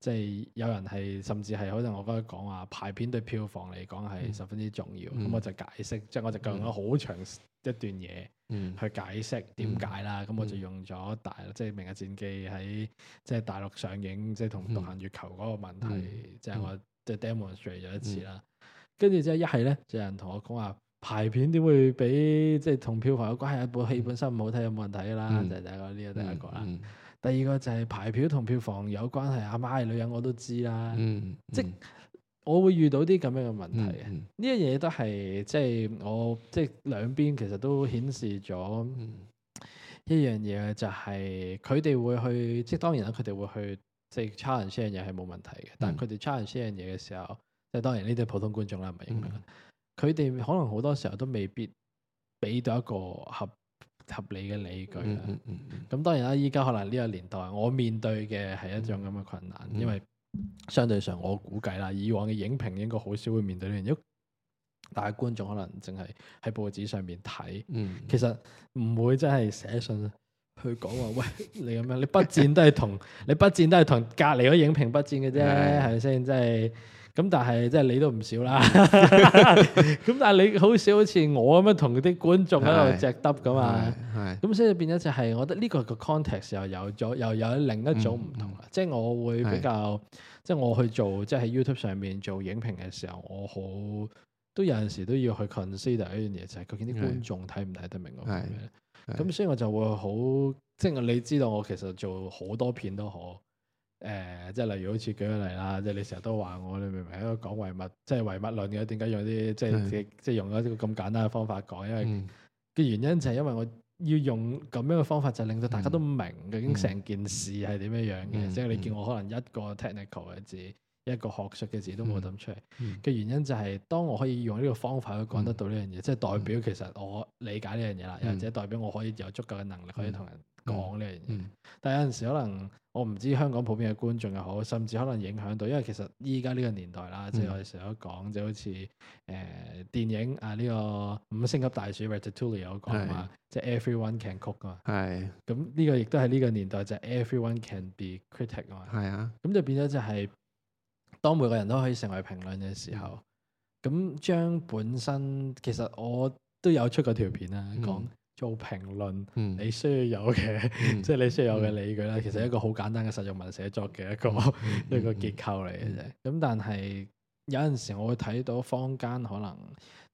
即係有人係甚至係，可能我覺得講話排片對票房嚟講係十分之重要。咁我就解釋，即係我就講咗好長一段嘢去解釋點解啦。咁我就用咗大即係《明日戰記》喺即係大陸上映，即係同《獨行月球》嗰個問題，即係我即係 Demonstrate 咗一次啦。跟住之後一係咧，就有人同我講話排片點會畀即係同票房有關係？一部戲本身唔好睇，有冇問題噶啦？就係第一個呢個第一個啦。第二個就係排票同票房有關係，阿媽係女人我都知啦。嗯嗯、即我會遇到啲咁樣嘅問題嘅，呢一樣嘢都係即係我即係兩邊其實都顯示咗一樣嘢，就係佢哋會去即係當然啦，佢哋會去即係 challenge 呢樣嘢係冇問題嘅，嗯、但係佢哋 challenge 呢樣嘢嘅時候，即係當然呢啲普通觀眾啦唔係認同嘅，佢哋可能好多時候都未必俾到一個合。合理嘅理據啦，咁、嗯嗯、當然啦，依家可能呢個年代，我面對嘅係一種咁嘅困難，嗯、因為相對上我估計啦，以往嘅影評應該好少會面對呢樣嘢。但係觀眾可能淨係喺報紙上面睇，嗯、其實唔會真係寫信去講話，嗯、喂，你咁樣，你不戰都係同 [LAUGHS] 你不戰都係同隔離嗰影評不戰嘅啫，係咪先？真係。即係咁但係即係你都唔少啦，咁 [LAUGHS] [LAUGHS] 但係你少好少好似我咁樣同啲觀眾喺度隻耷㗎嘛，咁所以變咗就係，我覺得呢個個 context 又有咗，又有另一種唔同啦。嗯嗯、即係我會比較，是即係我去做即係喺 YouTube 上面做影評嘅時候，我好都有陣時都要去 consider 一樣嘢，就係究竟啲觀眾睇唔睇得明我咁樣，咁、嗯嗯嗯、所以我就會好，即係你知道我其實做好多片都好。誒、呃，即係例如好似舉個例啦，即係你成日都話我，你明唔明？喺度講唯物，即係唯物論嘅，點解用啲即係即係用一個咁簡單嘅方法講？因為嘅、嗯、原因就係因為我要用咁樣嘅方法，就令到大家都唔明究竟成件事係點樣樣嘅。嗯嗯、即係你見我可能一個 technical 嘅字，一個學術嘅字都冇咁出嚟嘅、嗯嗯、原因，就係當我可以用呢個方法去講得到呢樣嘢，嗯、即係代表其實我理解呢樣嘢啦，又、嗯、或者代表我可以有足夠嘅能力可以同人。講呢樣嘢，嗯嗯、但係有陣時可能我唔知香港普遍嘅觀眾又好，甚至可能影響到，因為其實依家呢個年代啦，即係我哋成日都講，就好似誒、呃、電影啊呢、這個五星級大廚 Ratatouille 嘛，即係是 Everyone can cook 噶嘛，咁呢是個亦都係呢個年代就 Everyone can be critic 啊嘛，咁、啊、就變咗就係當每個人都可以成為評論嘅時候，咁將本身其實我都有出過條片啦，講、嗯。做評論，嗯、你需要有嘅，嗯、即係你需要有嘅理據啦。嗯、其實一個好簡單嘅實用文寫作嘅一個呢、嗯嗯、個結構嚟嘅啫。咁、嗯嗯、但係有陣時，我會睇到坊間可能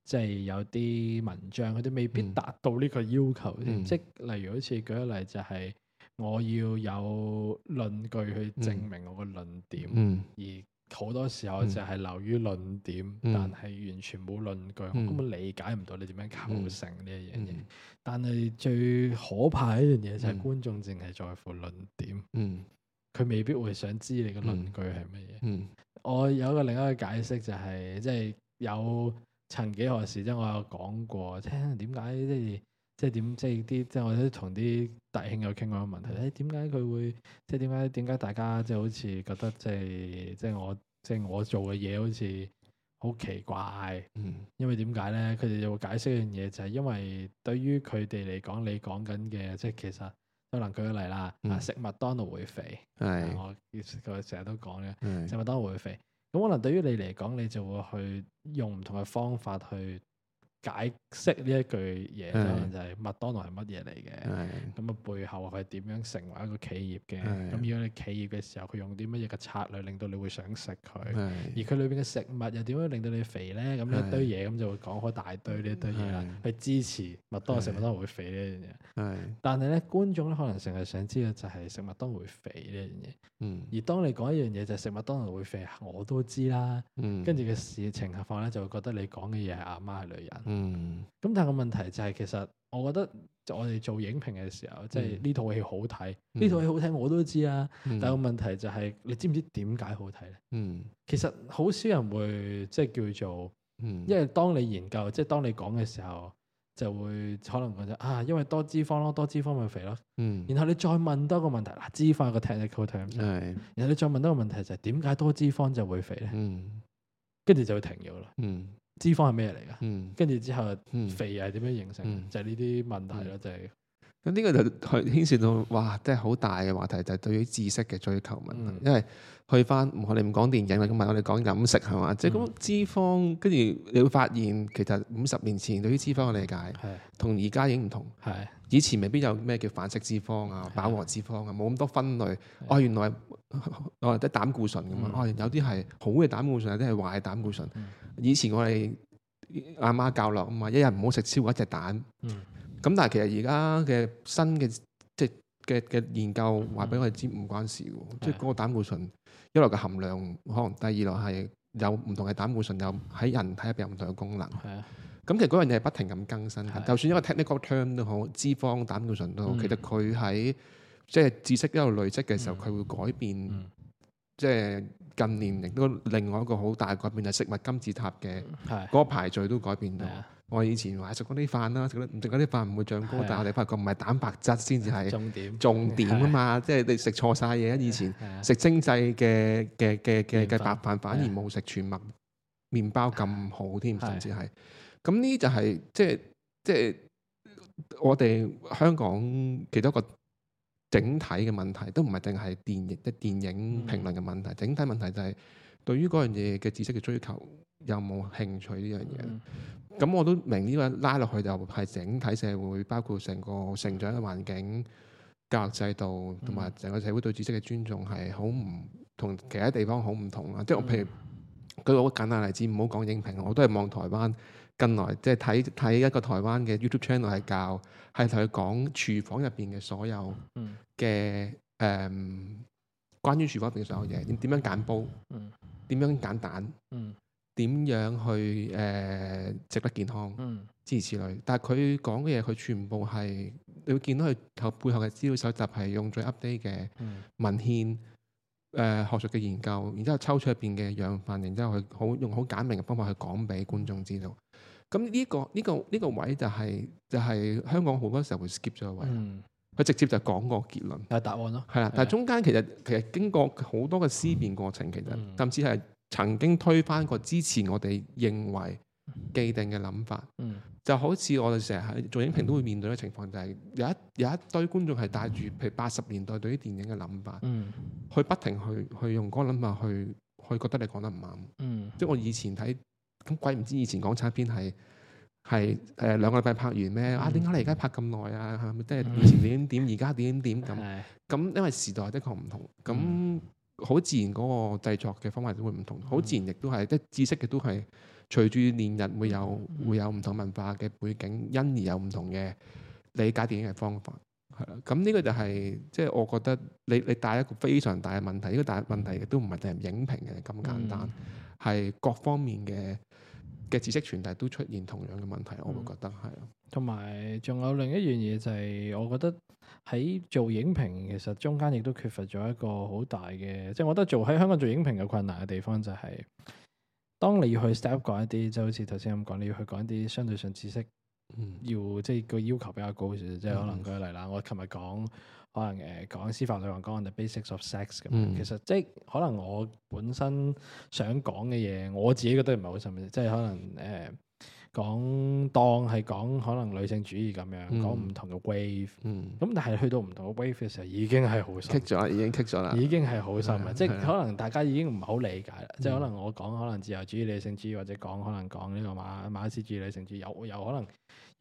即係有啲文章，佢哋未必達到呢個要求。嗯嗯、即係例如好似舉一例，就係我要有論據去證明我個論點，而、嗯。嗯嗯嗯好多時候就係流於論點，嗯、但係完全冇論據，嗯、我根本理解唔到你點樣構成呢一樣嘢。嗯嗯、但係最可怕一樣嘢就係觀眾淨係在乎論點，佢、嗯、未必會想知你嘅論據係乜嘢。嗯嗯、我有一個另一個解釋就係、係，即、就、係、係、有曾幾何時啫，我有講過，聽點解即係。即係點？即係啲即係我啲同啲弟兄有傾過嗰個問題。誒點解佢會？即係點解點解大家即係好似覺得即係即係我即係我做嘅嘢好似好奇怪？嗯，因為點解咧？佢哋就會解釋一樣嘢，就係、是、因為對於佢哋嚟講，你講緊嘅即係其實可能舉個例啦。嗯、食麥當勞會肥，的我佢成日都講嘅，食麥當勞會肥。咁的可能對於你嚟講，你就會去用唔同嘅方法去。解釋呢一句嘢就係麥當勞係乜嘢嚟嘅，咁啊背後佢係點樣成為一個企業嘅？咁如果你企業嘅時候，佢用啲乜嘢嘅策略令到你會想食佢，而佢裏邊嘅食物又點樣令到你肥咧？咁一堆嘢咁就會講開大堆呢一堆嘢啦，去支持麥當勞食麥當勞會肥呢樣嘢。但係咧，觀眾咧，可能成日想知嘅就係食麥當勞會肥呢樣嘢。而當你講一樣嘢就係食麥當勞會肥，我都知啦。跟住嘅事情下況咧，就會覺得你講嘅嘢係阿媽係女人。嗯，咁但係個問題就係、是，其實我覺得我哋做影評嘅時候，即係呢套戲好睇，呢套戲好睇我都知啊。嗯、但係個問題就係、是，你知唔知點解好睇咧？嗯，其實好少人會即係叫做，嗯，因為當你研究，即係當你講嘅時候，就會可能覺得啊，因為多脂肪咯，多脂肪咪肥咯，嗯。然後你再問多一個問題，嗱、啊，脂肪個 technical terms，係、嗯。然後你再問多個問題就係、是，點解多脂肪就會肥咧？嗯，跟住就會停咗啦。嗯。脂肪係咩嚟㗎？嗯，跟住之後，肥係點樣形成？就係呢啲問題咯，就係。咁呢個就去牽涉到，哇，真係好大嘅話題，就係、是、對於知識嘅追求問題。嗯、因為去翻唔可，你唔講電影㗎嘛，我哋講飲食係嘛，即係咁脂肪，跟住你會發現其實五十年前對於脂肪嘅理解，係同而家已經唔同。係。以前未必有咩叫反式脂肪啊、飽和脂肪啊，冇咁多分類。的哦，原來哦啲膽固醇咁啊，嗯、哦有啲係好嘅膽固醇，有啲係壞嘅膽固醇。嗯、以前我哋阿媽，媽教落啊嘛，一日唔好食超過一隻蛋。咁、嗯、但係其實而家嘅新嘅即係嘅嘅研究話俾我哋知唔關事嘅，即係嗰個膽固醇一來嘅含量，可能第二來係有唔同嘅膽固醇，有喺人體入邊有唔同嘅功能。的咁其實嗰樣嘢係不停咁更新，就算一個 technical term 都好，脂肪、膽固醇都好，其實佢喺即係知識一路累積嘅時候，佢會改變。即係近年亦都另外一個好大改變係食物金字塔嘅嗰個排序都改變到。我以前話食嗰啲飯啦，食嗰啲飯唔會長高，但係我哋發覺唔係蛋白質先至係重點，重點啊嘛！即係你食錯晒嘢。以前食精製嘅嘅嘅嘅白飯反而冇食全麥麵包咁好添，甚至係。咁呢就係、是、即係即係我哋香港幾多個整體嘅問題，都唔係淨係電影、即係電影評論嘅問題。嗯、整體問題就係、是、對於嗰樣嘢嘅知識嘅追求有冇興趣呢樣嘢。咁、嗯、我都明呢、呢個拉落去就係整體社會，包括成個成長嘅環境、教育制度同埋成個社會對知識嘅尊重係好唔同其他地方好唔同啦。嗯、即係我譬如舉個好簡單例子，唔好講影評，我都係望台灣。近來即係睇睇一個台灣嘅 YouTube channel 係教，係同佢講廚房入邊嘅所有嘅誒、嗯呃，關於廚房入邊所有嘢點點樣揀煲，點、嗯、樣揀蛋，點、嗯、樣去誒食、呃、得健康，諸如、嗯、此類。但係佢講嘅嘢，佢全部係你會見到佢後背後嘅資料搜集係用最 update 嘅文獻誒、呃、學術嘅研究，然之後抽出入邊嘅樣範，然之後佢好用好簡明嘅方法去講俾觀眾知道。咁呢、這個呢、這個呢、這個位就係、是、就係、是、香港好多時候會 skip 咗個位，佢、嗯、直接就講個結論，但係答案咯。係啦的，但係中間其實其實經過好多嘅思辨過程，嗯、其實甚至係曾經推翻過之前我哋認為既定嘅諗法。嗯、就好似我哋成日喺做影評都會面對嘅情況，嗯、就係有一有一堆觀眾係帶住譬如八十年代對於電影嘅諗法，去、嗯、不停去去用嗰個諗法去去覺得你講得唔啱。即係我以前睇。咁鬼唔知以前港產片係係誒兩個禮拜拍完咩？啊點解你而家拍咁耐啊？係咪即係以前點點點，而家點點點咁？咁因為時代的確唔同，咁好自然嗰個製作嘅方法都會唔同，好自然亦都係即知識亦都係隨住年日會有會有唔同文化嘅背景，因而有唔同嘅理解電影嘅方法係啦。咁呢個就係即係我覺得你你帶一個非常大嘅問題，呢個大問題亦都唔係淨係影評嘅咁簡單，係、嗯、各方面嘅。嘅知識傳遞都出現同樣嘅問題，嗯、我會覺得係。同埋仲有另一樣嘢就係，我覺得喺做影評其實中間亦都缺乏咗一個好大嘅，即、就、係、是、我覺得做喺香港做影評嘅困難嘅地方就係，當你要去 step 講一啲，就是、好似頭先咁講，你要去講一啲相對性知識要，嗯、要即係、就是、個要求比較高，少少。即係可能舉例啦，嗯、我琴日講。可能誒講、呃、司法女王，講 on the basis of sex 咁。嗯、其實即係可能我本身想講嘅嘢，我自己覺得唔係好深。即係可能誒講、呃、當係講可能女性主義咁樣，講唔、嗯、同嘅 wave、嗯。咁但係去到唔同嘅 wave 嘅時候，已經係好深。激咗，已經激好深啦。嗯、即係的可能大家已經唔係好理解啦。嗯、即係可能我講可能自由主義、女性主義，或者講可能講呢個馬馬克思主義、女性主義，有有可能。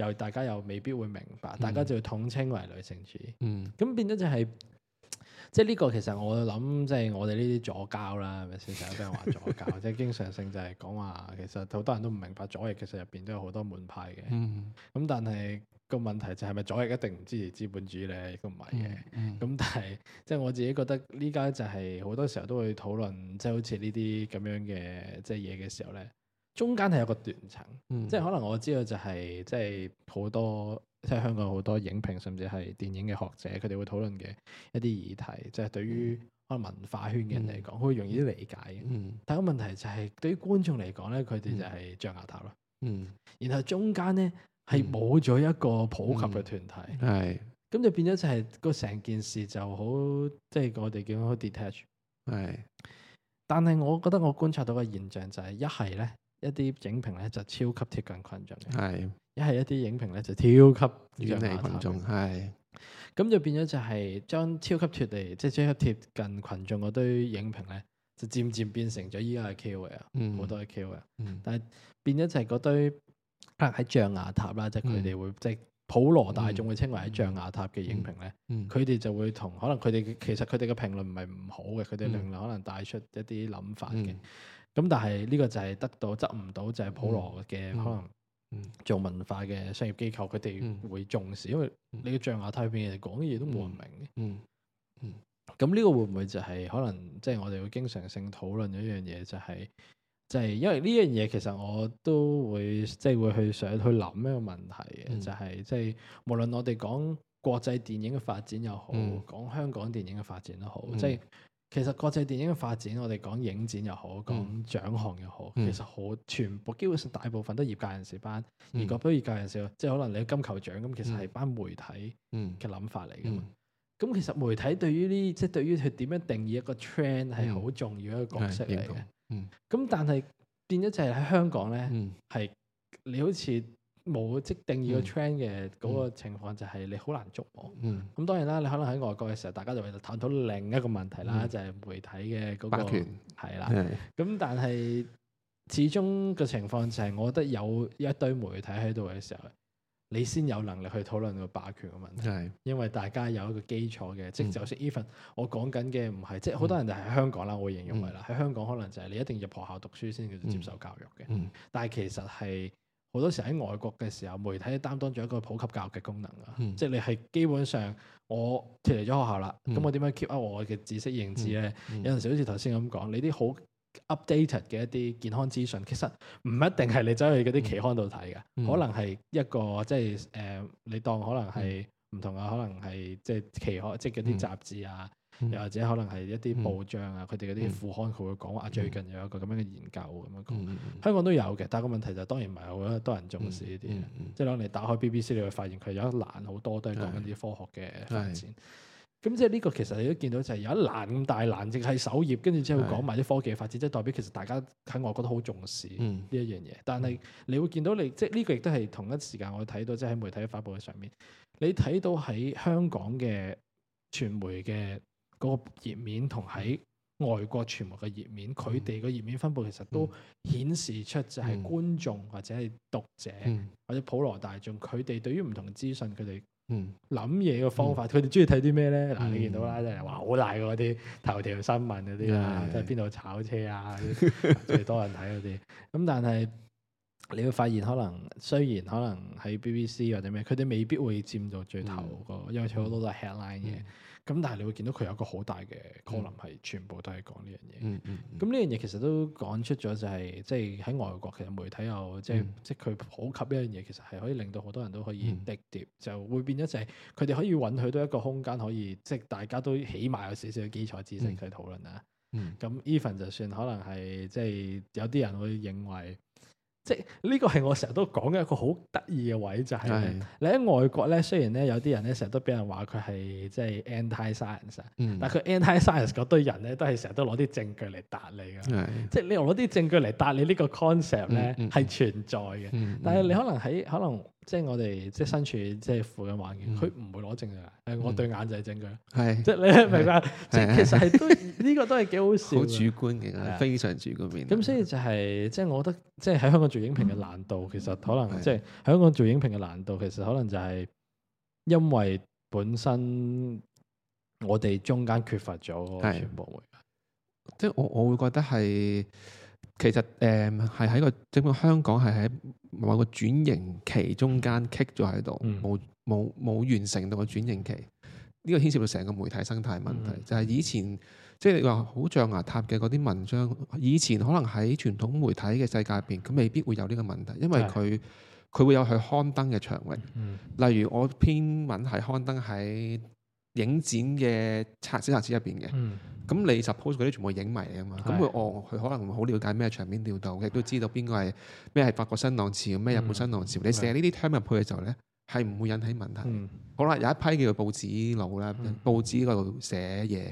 又大家又未必會明白，大家就要統稱為女性主義。嗯，咁變咗就係、是，即係呢個其實我諗，即係我哋呢啲左膠啦，係咪先？成日都話左膠，即係經常性就係講話，其實好多人都唔明白左翼，其實入邊都有好多門派嘅、嗯嗯。嗯，咁但係個問題就係咪左翼一定唔支持資本主義咧？亦都唔係嘅，咁、嗯嗯、但係即係我自己覺得，呢家就係好多時候都會討論，即係好似呢啲咁樣嘅即係嘢嘅時候咧。中間係有個斷層，嗯、即係可能我知道就係即係好多即係、就是、香港好多影評，甚至係電影嘅學者，佢哋會討論嘅一啲議題，即、就、係、是、對於可能文化圈嘅人嚟講，好、嗯、容易理解嘅。嗯、但係個問題就係對於觀眾嚟講咧，佢哋、嗯、就係象牙塔咯。嗯，然後中間咧係冇咗一個普及嘅團體，係咁、嗯嗯、就變咗就係個成件事就好，即、就、係、是、我哋叫好 detach。係，但係我覺得我觀察到嘅現象就係一係咧。一啲影評咧就超級貼近羣眾，係，一係一啲影評咧就超級遠離羣眾，係，咁就變咗就係將超級貼離即係超級貼近群眾嗰堆影評咧，就漸漸變成咗依家嘅 KOL，好多嘅 KOL，但係變咗就係嗰堆可能喺象牙塔啦，即係佢哋會即係、嗯、普羅大眾會稱為喺象牙塔嘅影評咧，佢哋、嗯嗯、就會同可能佢哋其實佢哋嘅評論唔係唔好嘅，佢哋可能帶出一啲諗法嘅。嗯咁但係呢個就係得到執唔到就係普羅嘅、嗯嗯、可能做文化嘅商業機構，佢哋會重視，嗯、因為你嘅象牙太片你講嘅嘢都冇人明嘅、嗯。嗯嗯，咁呢個會唔會就係、是、可能即係、就是、我哋會經常性討論一樣嘢，就係即係因為呢一樣嘢其實我都會即係、就是、會去想去諗一個問題嘅、嗯就是，就係即係無論我哋講國際電影嘅發展又好，講、嗯、香港電影嘅發展都好，即係。其實國際電影嘅發展，我哋講影展又好，講獎項又好，嗯、其實好全部基本上大部分都業界人士班。而個都業界人士，即係可能你金球獎咁，其實係班媒體嘅諗法嚟噶嘛。咁、嗯嗯、其實媒體對於呢即係對於佢點樣定義一個 trend 係好重要一個角色嚟嘅、嗯。嗯。咁但係變咗就係喺香港咧，係、嗯、你好似。冇即定義個 trend 嘅嗰個情況就係你好難捉摸。嗯，咁當然啦，你可能喺外國嘅時候，大家就會探討另一個問題啦，就係媒體嘅嗰個霸權係啦。咁但係始終個情況就係我覺得有一堆媒體喺度嘅時候，你先有能力去討論個霸權嘅問題。因為大家有一個基礎嘅，即係就算 even 我講緊嘅唔係即係好多人就喺香港啦，我形容佢啦，喺香港可能就係你一定入學校讀書先叫做接受教育嘅。但係其實係。好多時喺外國嘅時候，媒體擔當咗一個普及教育嘅功能啊，嗯、即係你係基本上我脫離咗學校啦，咁、嗯、我點樣 keep up 我嘅知識認知咧？嗯嗯、有陣時好似頭先咁講，你啲好 updated 嘅一啲健康資訊，其實唔一定係你走去嗰啲期刊度睇嘅，嗯、可能係一個即係誒，你當可能係唔同啊，嗯、可能係即係期刊，即係嗰啲雜誌啊。嗯嗯又或者可能係一啲報章啊，佢哋嗰啲副刊佢、嗯、會講話啊，最近有一個咁樣嘅研究咁樣講，嗯嗯、香港都有嘅。但係個問題就係、當然唔係好多人重視呢啲，嗯嗯嗯、即係當你打開 BBC，你會發現佢有一欄好多都係講緊啲科學嘅發展。咁、嗯嗯、即係呢個其實你都見到就係有一欄大欄，淨係首頁跟住之後講埋啲科技嘅發展，嗯嗯、即係代表其實大家喺外國都好重視呢一樣嘢。嗯嗯、但係你會見到你即係呢個亦都係同一時間我睇到即係喺媒體嘅發布上面，你睇到喺香港嘅傳媒嘅。嗰個頁面同喺外國傳媒嘅頁面，佢哋嘅頁面分布其實都顯示出就係觀眾或者係讀者或者普羅大眾，佢哋、嗯、對於唔同資訊，佢哋諗嘢嘅方法，佢哋中意睇啲咩咧？嗱、嗯啊，你見到啦，即係話好大嘅嗰啲頭條新聞嗰啲、嗯、啊，即係邊度炒車啊， [LAUGHS] 最多人睇嗰啲。咁但係你會發現，可能雖然可能喺 BBC 或者咩，佢哋未必會佔到最頭個，嗯、因為佢好多都係 headline 嘅。嗯咁但係你會見到佢有一個好大嘅 column，係全部都係講呢樣嘢。咁呢樣嘢其實都講出咗就係、是，即係喺外國其實媒體又、就是嗯、即係即係佢普及呢樣嘢，其實係可以令到好多人都可以滴疊，嗯、就會變咗就係佢哋可以允許到一個空間，可以即係、就是、大家都起碼有少少嘅基礎知識去討論啊。咁 even、嗯嗯、就算可能係即係有啲人會認為。即係呢、這個係我成日都講嘅一個好得意嘅位，就係、是、你喺外國咧，雖然咧有啲人咧成日都俾人話佢係即係 anti science，、嗯、但係佢 anti science 嗰堆人咧都係成日都攞啲證據嚟答、嗯、你嘅。即係你用攞啲證據嚟答你呢個 concept 咧係存在嘅，嗯嗯、但係你可能喺可能。即係我哋即係身處即係附近環境，佢唔會攞證據誒，我對眼就係證據，係，即係你明白？即係其實係都呢個都係幾好笑，好主觀嘅，非常主觀嘅。咁所以就係，即係我覺得，即係喺香港做影評嘅難度，其實可能即係喺香港做影評嘅難度，其實可能就係因為本身我哋中間缺乏咗全部，即係我我會覺得係。其實誒係喺個整個香港係喺某個轉型期中間棘咗喺度，冇冇冇完成到個轉型期。呢、這個牽涉到成個媒體生態問題，嗯、就係以前即係、就是、你話好象牙塔嘅嗰啲文章，以前可能喺傳統媒體嘅世界入邊，佢未必會有呢個問題，因為佢佢會有佢刊登嘅場合。嗯嗯、例如我篇文係刊登喺。影展嘅冊小冊子入邊嘅，咁你 suppose 嗰啲全部影迷嚟啊嘛，咁佢哦佢可能會好了解咩場面調度，亦都知道邊個係咩係法國新浪潮，咩日本新浪潮，你寫呢啲 term 入去嘅時候咧，係唔會引起問題。好啦，有一批叫做報紙佬啦，報紙度寫嘢，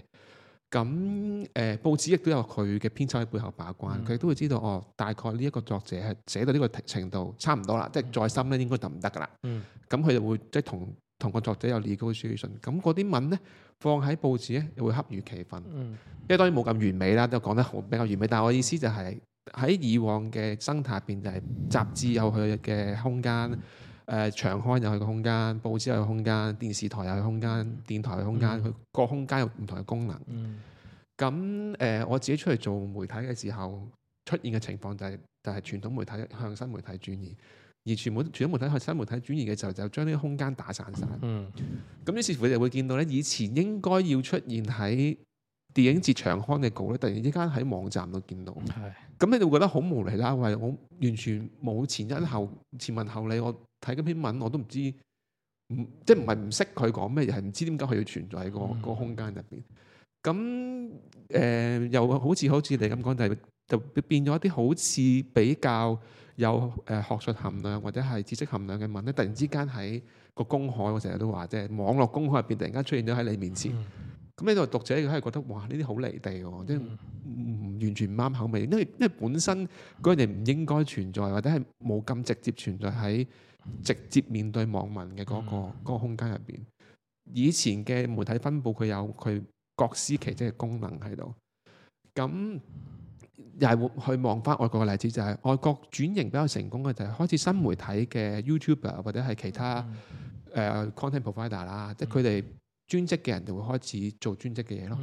咁誒報紙亦都有佢嘅編輯喺背後把關，佢亦都會知道哦，大概呢一個作者係寫到呢個程度差唔多啦，即係再深咧應該就唔得噶啦。咁佢就會即係同。同個作者有連高書信，咁嗰啲文呢放喺報紙呢，又會恰如其分，因為當然冇咁完美啦，都講得好比較完美。但係我意思就係、是、喺以往嘅生態入邊，就係雜誌有佢嘅空間，誒、呃、長刊有佢嘅空間，報紙有佢空間，電視台有佢空間，電台有佢空間，佢個空間有唔同嘅功能。咁誒、呃，我自己出嚟做媒體嘅時候出現嘅情況就係、是，就係、是、傳統媒體向新媒體轉移。而全部傳統媒體向新媒體轉移嘅時候，就將呢啲空間打散晒。嗯，咁於是乎你就會見到咧，以前應該要出現喺電影節長刊嘅稿咧，突然之間喺網站度見到。係、嗯，咁你哋會覺得好無厘啦？喂，我完全冇前因後前文後理我文，我睇緊篇文我都唔知，唔即係唔係唔識佢講咩？又係唔知點解佢要存在喺個個空間入邊？咁誒、嗯呃，又好似好似你咁講，就就變咗一啲好似比較。有誒學術含量或者係知識含量嘅文咧，突然之間喺個公海，我成日都話即係，網絡公海入邊突然間出現咗喺你面前，咁呢度讀者佢係覺得哇，呢啲好離地喎，即係完全唔啱口味，因為因為本身嗰人哋唔應該存在或者係冇咁直接存在喺直接面對網民嘅嗰、嗰個嗯、個空間入邊。以前嘅媒體分佈佢有佢各司其職嘅功能喺度，咁。又係會去望翻外國嘅例子，就係外國轉型比較成功嘅就係開始新媒體嘅 YouTuber 或者係其他誒 content provider 啦，即係佢哋專職嘅人就會開始做專職嘅嘢咯。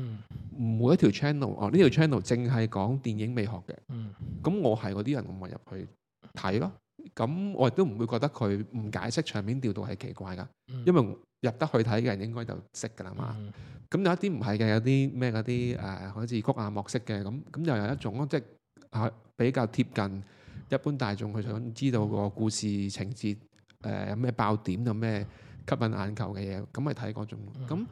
每一條 channel 哦，呢條 channel 淨係講電影美學嘅，咁我係嗰啲人我咪入去睇咯，咁我亦都唔會覺得佢唔解釋場面調度係奇怪㗎，因為。入得去睇嘅人應該就識㗎啦嘛。咁、嗯、有一啲唔係嘅，有啲咩嗰啲誒，好似谷阿莫式嘅咁，咁又有一種咯，即係比較貼近一般大眾佢想知道個故事情節誒有咩爆點，有咩吸引眼球嘅嘢，咁咪睇嗰種。咁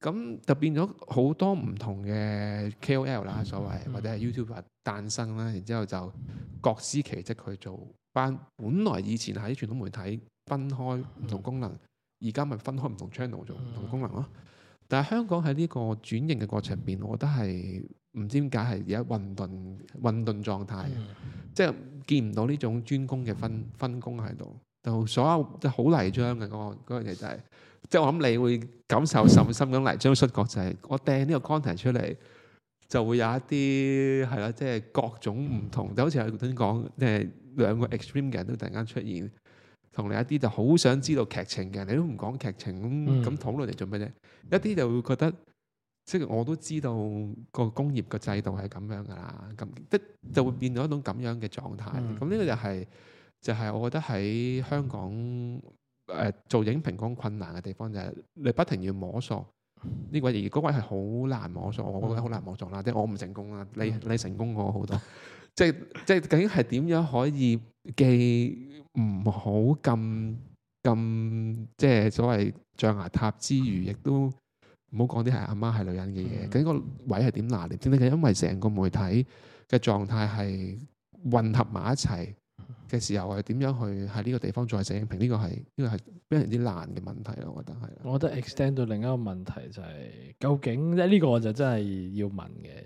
咁、嗯、就變咗好多唔同嘅 K O L 啦，所謂或者係 YouTuber 誕生啦，然之後就各司其職去做。但本來以前喺傳統媒體分開唔同功能。嗯嗯而家咪分開唔同 channel 做唔同功能咯，嗯、但係香港喺呢個轉型嘅過程入邊，我覺得係唔知點解係而家混沌混沌狀態，即係見唔到呢種專攻嘅分分工喺度，那個那個、就所有都好泥漿嘅嗰個嗰樣嘢，就係即係我諗你會感受甚深咁，泥漿摔角就係我掟呢個 container 出嚟，就會有一啲係啦，即係各種唔同，嗯、就好似頭先講，即係兩個 extreme 嘅人都突然間出現。同你一啲就好想知道劇情嘅，你都唔講劇情，咁咁討論嚟做咩啫？嗯、一啲就會覺得，即、就、係、是、我都知道個工業個制度係咁樣噶啦，咁即就會變到一種咁樣嘅狀態。咁呢、嗯、個就係、是、就係、是、我覺得喺香港誒、呃、做影評工困難嘅地方就係、是、你不停要摸索。呢位而嗰位係好難摸索，我覺得好難摸索啦。即係我唔成功啦，你你成功過我好多。 [LAUGHS] 即係即係究竟係點樣可以既唔好咁咁即係所謂象牙塔之餘，亦都唔好講啲係阿媽係女人嘅嘢。嗯、究竟個位係點拿捏？點解？因為成個媒體嘅狀態係混合埋一齊。嘅時候係點樣去喺呢個地方再寫影評？呢、呢個係呢、呢個係非常之難嘅問題咯，我覺得係。我覺得 extend 到另一個問題就係、係、究竟即係呢個我就真係要問嘅，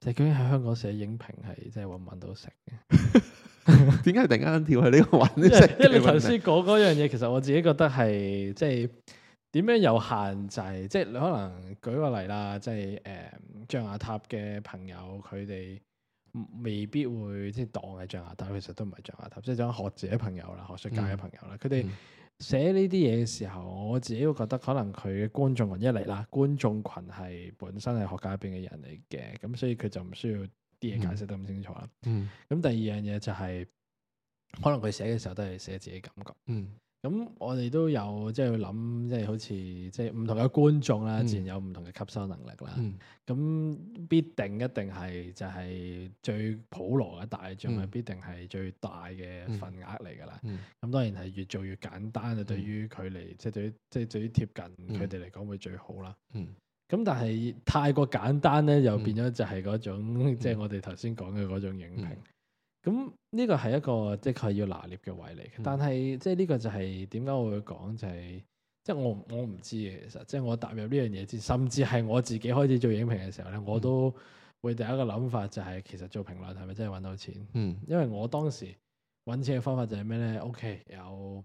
就係、究竟喺香港寫影評係即係揾唔揾到食嘅？點解 [LAUGHS] 突然間跳去呢個話題？ [LAUGHS] 因為你頭先講嗰樣嘢，其實我自己覺得係即係點樣有限制，就係即係你可能舉個例啦，即係誒張亞塔嘅朋友佢哋。未必會即係當係象牙塔，其實都唔係象牙塔，即係想學者朋友啦、學術界嘅朋友啦。佢哋寫呢啲嘢嘅時候，我自己會覺得可能佢嘅觀眾群一嚟啦，觀眾群係本身係學界入邊嘅人嚟嘅，咁所以佢就唔需要啲嘢解釋得咁清楚啦。咁、嗯、第二樣嘢就係、是、可能佢寫嘅時候都係寫自己感覺。嗯咁我哋都有即係諗，即係好似即係唔同嘅觀眾啦，嗯、自然有唔同嘅吸收能力啦。咁、嗯、必定一定係就係、是、最普羅嘅大眾啊，嗯、必定係最大嘅份額嚟噶啦。咁、嗯嗯、當然係越做越簡單啊，嗯、對於佢哋即係對於即係對於貼近佢哋嚟講會最好啦。咁、嗯嗯、但係太過簡單咧，又變咗就係嗰種，即係我哋頭先講嘅嗰種影評。嗯嗯嗯嗯咁呢個係一個即係佢要拿捏嘅位嚟，嘅、嗯，但係即係呢個就係點解我會講就係即係我我唔知嘅其實，即係我踏入呢樣嘢之，甚至係我自己開始做影評嘅時候咧，嗯、我都會第一個諗法就係其實做評論係咪真係揾到錢？嗯，因為我當時揾錢嘅方法就係咩咧？屋、OK, k 有。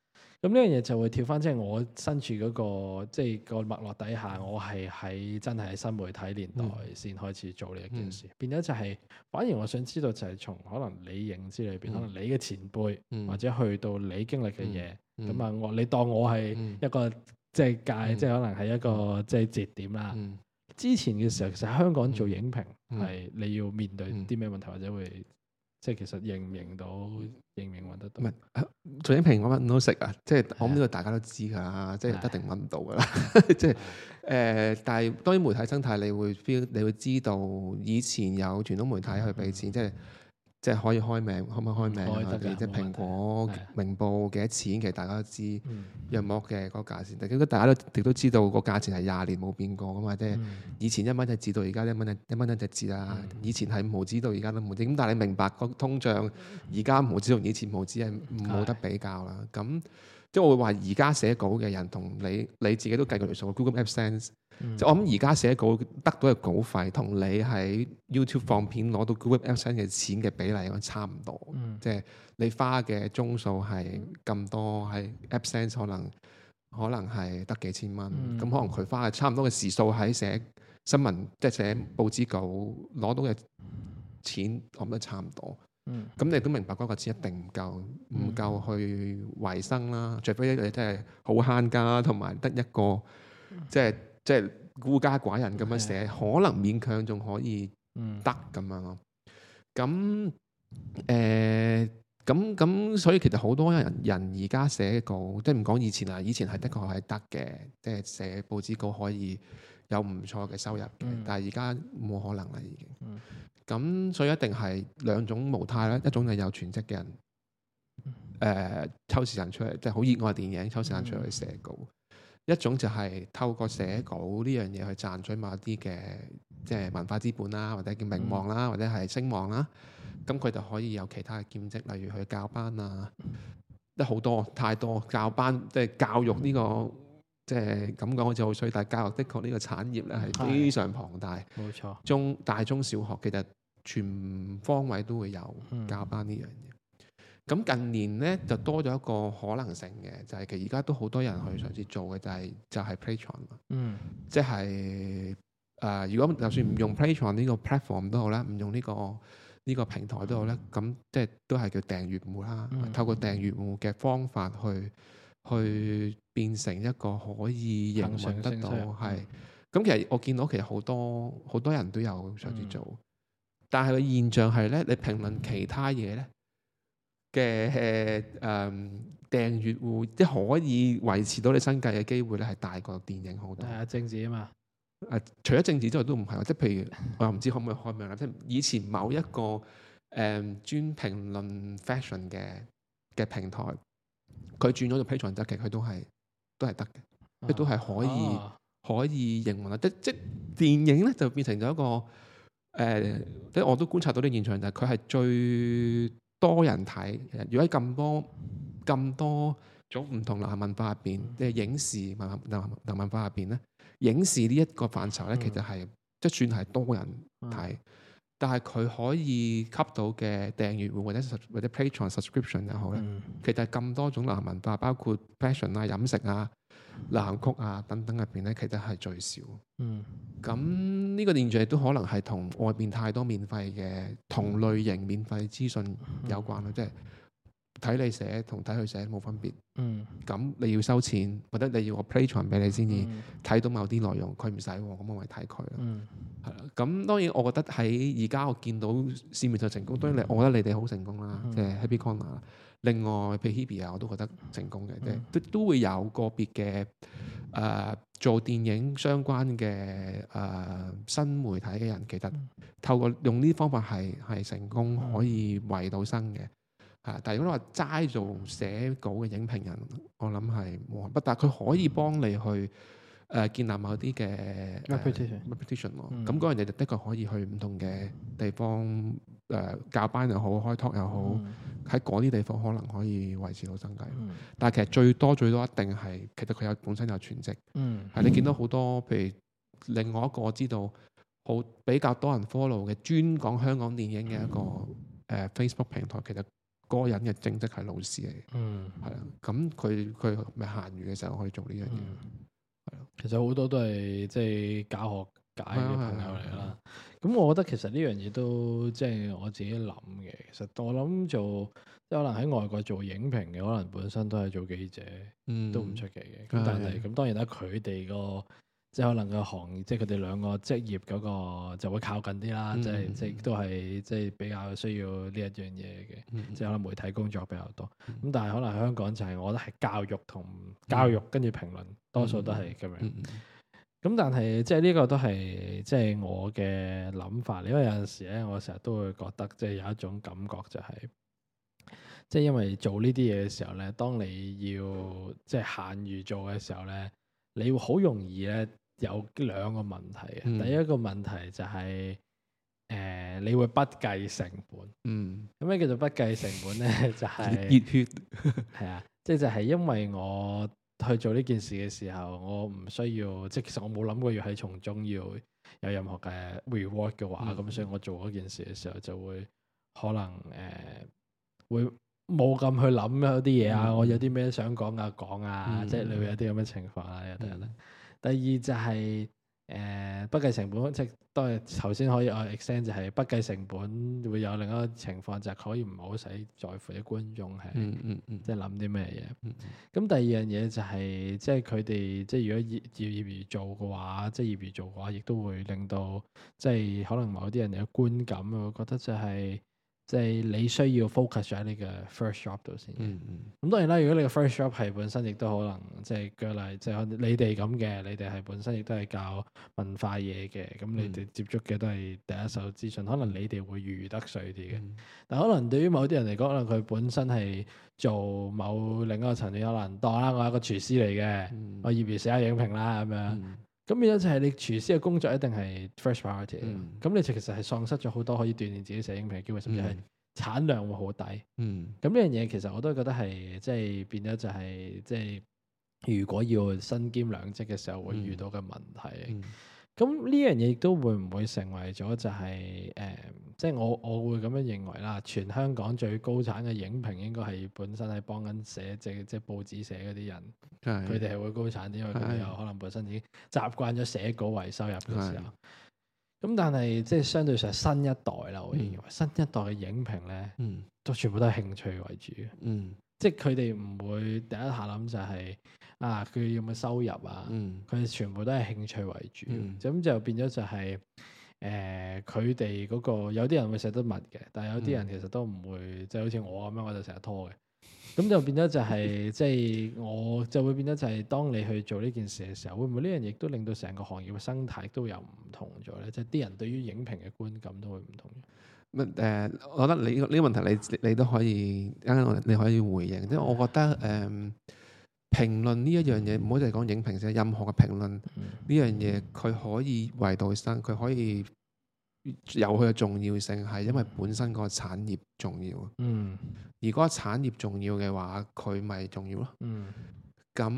咁呢樣嘢就會跳翻，即係我身處嗰個即係個脈絡底下，我係喺真係喺新媒體年代先開始做呢一件事。變咗就係，反而我想知道就係從可能你認知裏邊，可能你嘅前輩或者去到你經歷嘅嘢，咁啊我你當我係一個即係界，即係可能係一個即係節點啦。之前嘅時候其實香港做影評係你要面對啲咩問題或者會？即係其實認唔認到，認唔認得到？唔係，做、啊、影評揾唔到食啊！即係我諗呢個大家都知㗎，即係一定揾唔到㗎啦。的即係誒，但、呃、係當然媒體生態，你會 feel，你會知道以前有傳統媒體去俾錢，的即係。即係可以開名，可唔可以開名？即係蘋果、明報幾多錢？其實大家都知約莫嘅嗰個價錢，大家都亦都知道個價錢係廿年冇變過噶嘛。即係以前一蚊一隻字到而家一蚊一，一蚊一隻字啦。以前係五毫紙到而家都五毫紙，咁但係你明白個通脹，而家五毫紙同以前五毫紙係冇得比較啦。咁。即係我會話，而家寫稿嘅人同你你自己都計過嚟數，Google AdSense、嗯、就我諗，而家寫稿得到嘅稿費同你喺 YouTube 放片攞到 Google AdSense 嘅錢嘅比例，應該差唔多。即係、嗯、你花嘅鐘數係咁多，喺 AdSen、嗯、se 可能可能係得幾千蚊，咁、嗯、可能佢花嘅差唔多嘅時數喺寫新聞，即係寫報紙稿攞到嘅錢，我諗都差唔多。嗯，咁你都明白嗰個字一定唔夠，唔夠去維生啦。除非你真係好慳家，同埋得一個，即係即係孤家寡人咁樣寫，可能勉強仲可以得咁樣咯。咁誒，咁、呃、咁，所以其實好多人人而家寫稿，即係唔講以前啦，以前係的確係得嘅，即係寫報紙稿可以有唔錯嘅收入嘅，但係而家冇可能啦，已經、嗯。咁所以一定係兩種模態啦。一種係有全職嘅人，誒、呃、抽時間出嚟，即係好熱愛電影，抽時間出嚟寫稿；嗯、一種就係透過寫稿呢樣嘢去賺取某一啲嘅即係文化資本啦，或者叫名望啦，或者係聲望啦，咁佢就可以有其他嘅兼職，例如去教班啊，即好、嗯、多太多教班，即係教育呢個。即係咁講，我就所以，但係教育的確呢個產業咧係非常龐大，冇錯。中大中小學其實全方位都會有、嗯、教班呢樣嘢。咁近年咧就多咗一個可能性嘅，就係其實而家都好多人去嘗試做嘅，就係、是、就係、是、Playtron。嗯，即係誒、呃，如果就算唔用 Playtron 呢個 platform 都好啦，唔用呢個呢個平台，好、這個這個、平台好是都好啦，咁即係都係叫訂閲戶啦。透過訂閲戶嘅方法去、嗯、去。變成一個可以認同得到，係咁、嗯。其實我見到其實好多好多人都有想住做，嗯、但係個現象係咧，你評論其他嘢咧嘅誒訂閱戶，即係可以維持到你生計嘅機會咧，係大過電影好多。係、嗯、啊，政治啊嘛。誒，除咗政治之外都唔係，即係譬如我又唔知可唔可以開名啦。即係 [LAUGHS] 以前某一個誒、嗯、專評論 fashion 嘅嘅平台，佢轉咗做 platform 之後，其實佢都係。都係得嘅，亦都係可以、啊、可以營運啦。啊、即即電影咧就變成咗一個誒，即、呃、我都觀察到啲現場，就係佢係最多人睇。如果咁多咁多種唔同流行文化入邊，即影視流流流行文化入邊咧，影視呢一個範疇咧，其實係、嗯、即算係多人睇。嗯但係佢可以吸到嘅訂閱戶或者、嗯、或者 Patreon Subscription 又好咧，嗯、其實咁多種流行文化，包括 fashion 啊、飲食啊、流行曲啊等等入邊咧，其實係最少。嗯，咁呢、這個現象亦都可能係同外邊太多免費嘅同類型免費資訊有關咯，即係睇你寫同睇佢寫冇分別。嗯，咁你、嗯、你要收錢或者你要個 Patreon 俾你先至睇到某啲內容，佢唔使喎，咁我咪睇佢咯。嗯。嗯係啦，咁當然我覺得喺而家我見到市面上成功，當然你，我覺得你哋好成功啦，即係、嗯、Happy Kongner。另外，譬如 Hebe 啊，我都覺得成功嘅，即係都都會有個別嘅誒做電影相關嘅誒、呃、新媒體嘅人，其實、嗯、透過用呢啲方法係係成功、嗯、可以維到生嘅。啊，但係如果話齋做寫稿嘅影評人，我諗係冇乜，但佢可以幫你去，誒建立某啲嘅 reputation 咁，嗰人哋就的確可以去唔同嘅地方誒教班又好，開 talk 又好，喺嗰啲地方可能可以維持到生計。但係其實最多最多一定係，其實佢有本身有全職。係你見到好多，譬如另外一個我知道好比較多人 follow 嘅，專講香港電影嘅一個誒 Facebook 平台，其實個人嘅正職係老師嚟。嗯，係啦，咁佢佢咪閒餘嘅時候可以做呢樣嘢。其實好多都係即係教學界嘅朋友嚟啦，咁我覺得其實呢樣嘢都即係、就是、我自己諗嘅。其實我諗做即可能喺外國做影評嘅，可能本身都係做記者，嗯、都唔出奇嘅。咁但係咁是是 當然啦，佢哋個。即係可能個行業，即係佢哋兩個職業嗰個就會靠近啲啦。嗯嗯嗯、即係即係都係即係比較需要呢一樣嘢嘅。嗯嗯、即係可能媒體工作比較多。咁、嗯嗯、但係可能香港就係我覺得係教育同教育，嗯、跟住評論多數都係咁樣。咁、嗯嗯嗯、但係即係呢個都係即係我嘅諗法。因為有陣時咧，我成日都會覺得即係有一種感覺，就係、就係即係因為做呢啲嘢嘅時候咧，當你要即係限於做嘅時候咧，你會好容易咧。有兩個問題嘅，嗯、第一個問題就係、是、誒、呃，你會不計成本。嗯，咁咩叫做不計成本咧、？ [LAUGHS] 就係 [LAUGHS] 啊？就係熱血，係啊，即係就係因為我去做呢件事嘅時候，我唔需要，即係其實我冇諗過要喺從中要有任何嘅 reward 嘅話，咁、嗯、所以我做件事嘅時候就會可能誒、呃、會冇咁去諗有啲嘢啊，嗯、我有啲咩想講啊講啊，即係、啊嗯、你會有啲咁嘅情況啊，有啲人咧、嗯。嗯第二就係、是、誒、呃，不計成本，即係當然頭先可以我 extend 就係不計成本，會有另一個情況就係、是、可以唔好使在乎啲觀眾係、嗯嗯嗯、即係諗啲咩嘢。咁、嗯嗯嗯、第二樣嘢就係、是、即係佢哋即係如果要業業餘做嘅話，即係業餘做嘅話，亦都會令到即係可能某啲人嘅觀感，我覺得就係、是。即係你需要 focus 喺你嘅 first job 度先、嗯。咁、嗯、當然啦，如果你嘅 first job 係本身亦都可能，即係舉例，即係你哋咁嘅，你哋係本身亦都係教文化嘢嘅，咁你哋接觸嘅都係第一手資訊，嗯、可能你哋會如魚得水啲嘅。嗯、但可能對於某啲人嚟講，可能佢本身係做某另一個層面，可能當啦，我係個廚師嚟嘅，嗯、我業餘寫下影評啦咁樣。嗯。咁變咗就係你廚師嘅工作一定係 first priority，咁你就其實係喪失咗好多可以鍛鍊自己寫影評嘅機會，甚至係產量會好低。咁呢、嗯、樣嘢其實我都覺得係即係變咗就係即係如果要身兼兩職嘅時候會遇到嘅問題。嗯嗯。咁呢樣嘢亦都會唔會成為咗就係、是、誒、嗯，即係我我會咁樣認為啦。全香港最高產嘅影評應該係本身係幫緊寫即即報紙寫嗰啲人，佢哋係會高產啲，因為佢哋有可能本身已經習慣咗寫稿為收入嘅時候。咁是的 但係即係相對上新一代啦，我認為、嗯、新一代嘅影評咧，嗯、都全部都係興趣為主。嗯，即係佢哋唔會第一下諗就係、是。啊！佢有冇收入啊？佢、嗯、全部都係興趣為主，咁、嗯、就，就變咗就係、是、誒，佢哋嗰個有啲人會寫得密嘅，但係有啲人其實都唔會，嗯、就好似我咁樣，我就成日拖嘅。咁就變咗就係、是，即、就、係、是、我就會變咗就係，當你去做呢件事嘅時候，會唔會呢樣嘢都令到成個行業嘅生態都有唔同咗咧？即係啲人對於影評嘅觀感都會唔同。咁誒、嗯呃，我覺得你呢、這個問題你，你你都可以啱啱，你可以回應，即係的我覺得誒。呃評論呢一樣嘢，唔好淨係講影評先，任何嘅評論呢樣嘢，佢可以維度生，佢可以有佢嘅重要性，係因為本身個產業重要。嗯，如果產業重要嘅話，佢咪重要咯。嗯，咁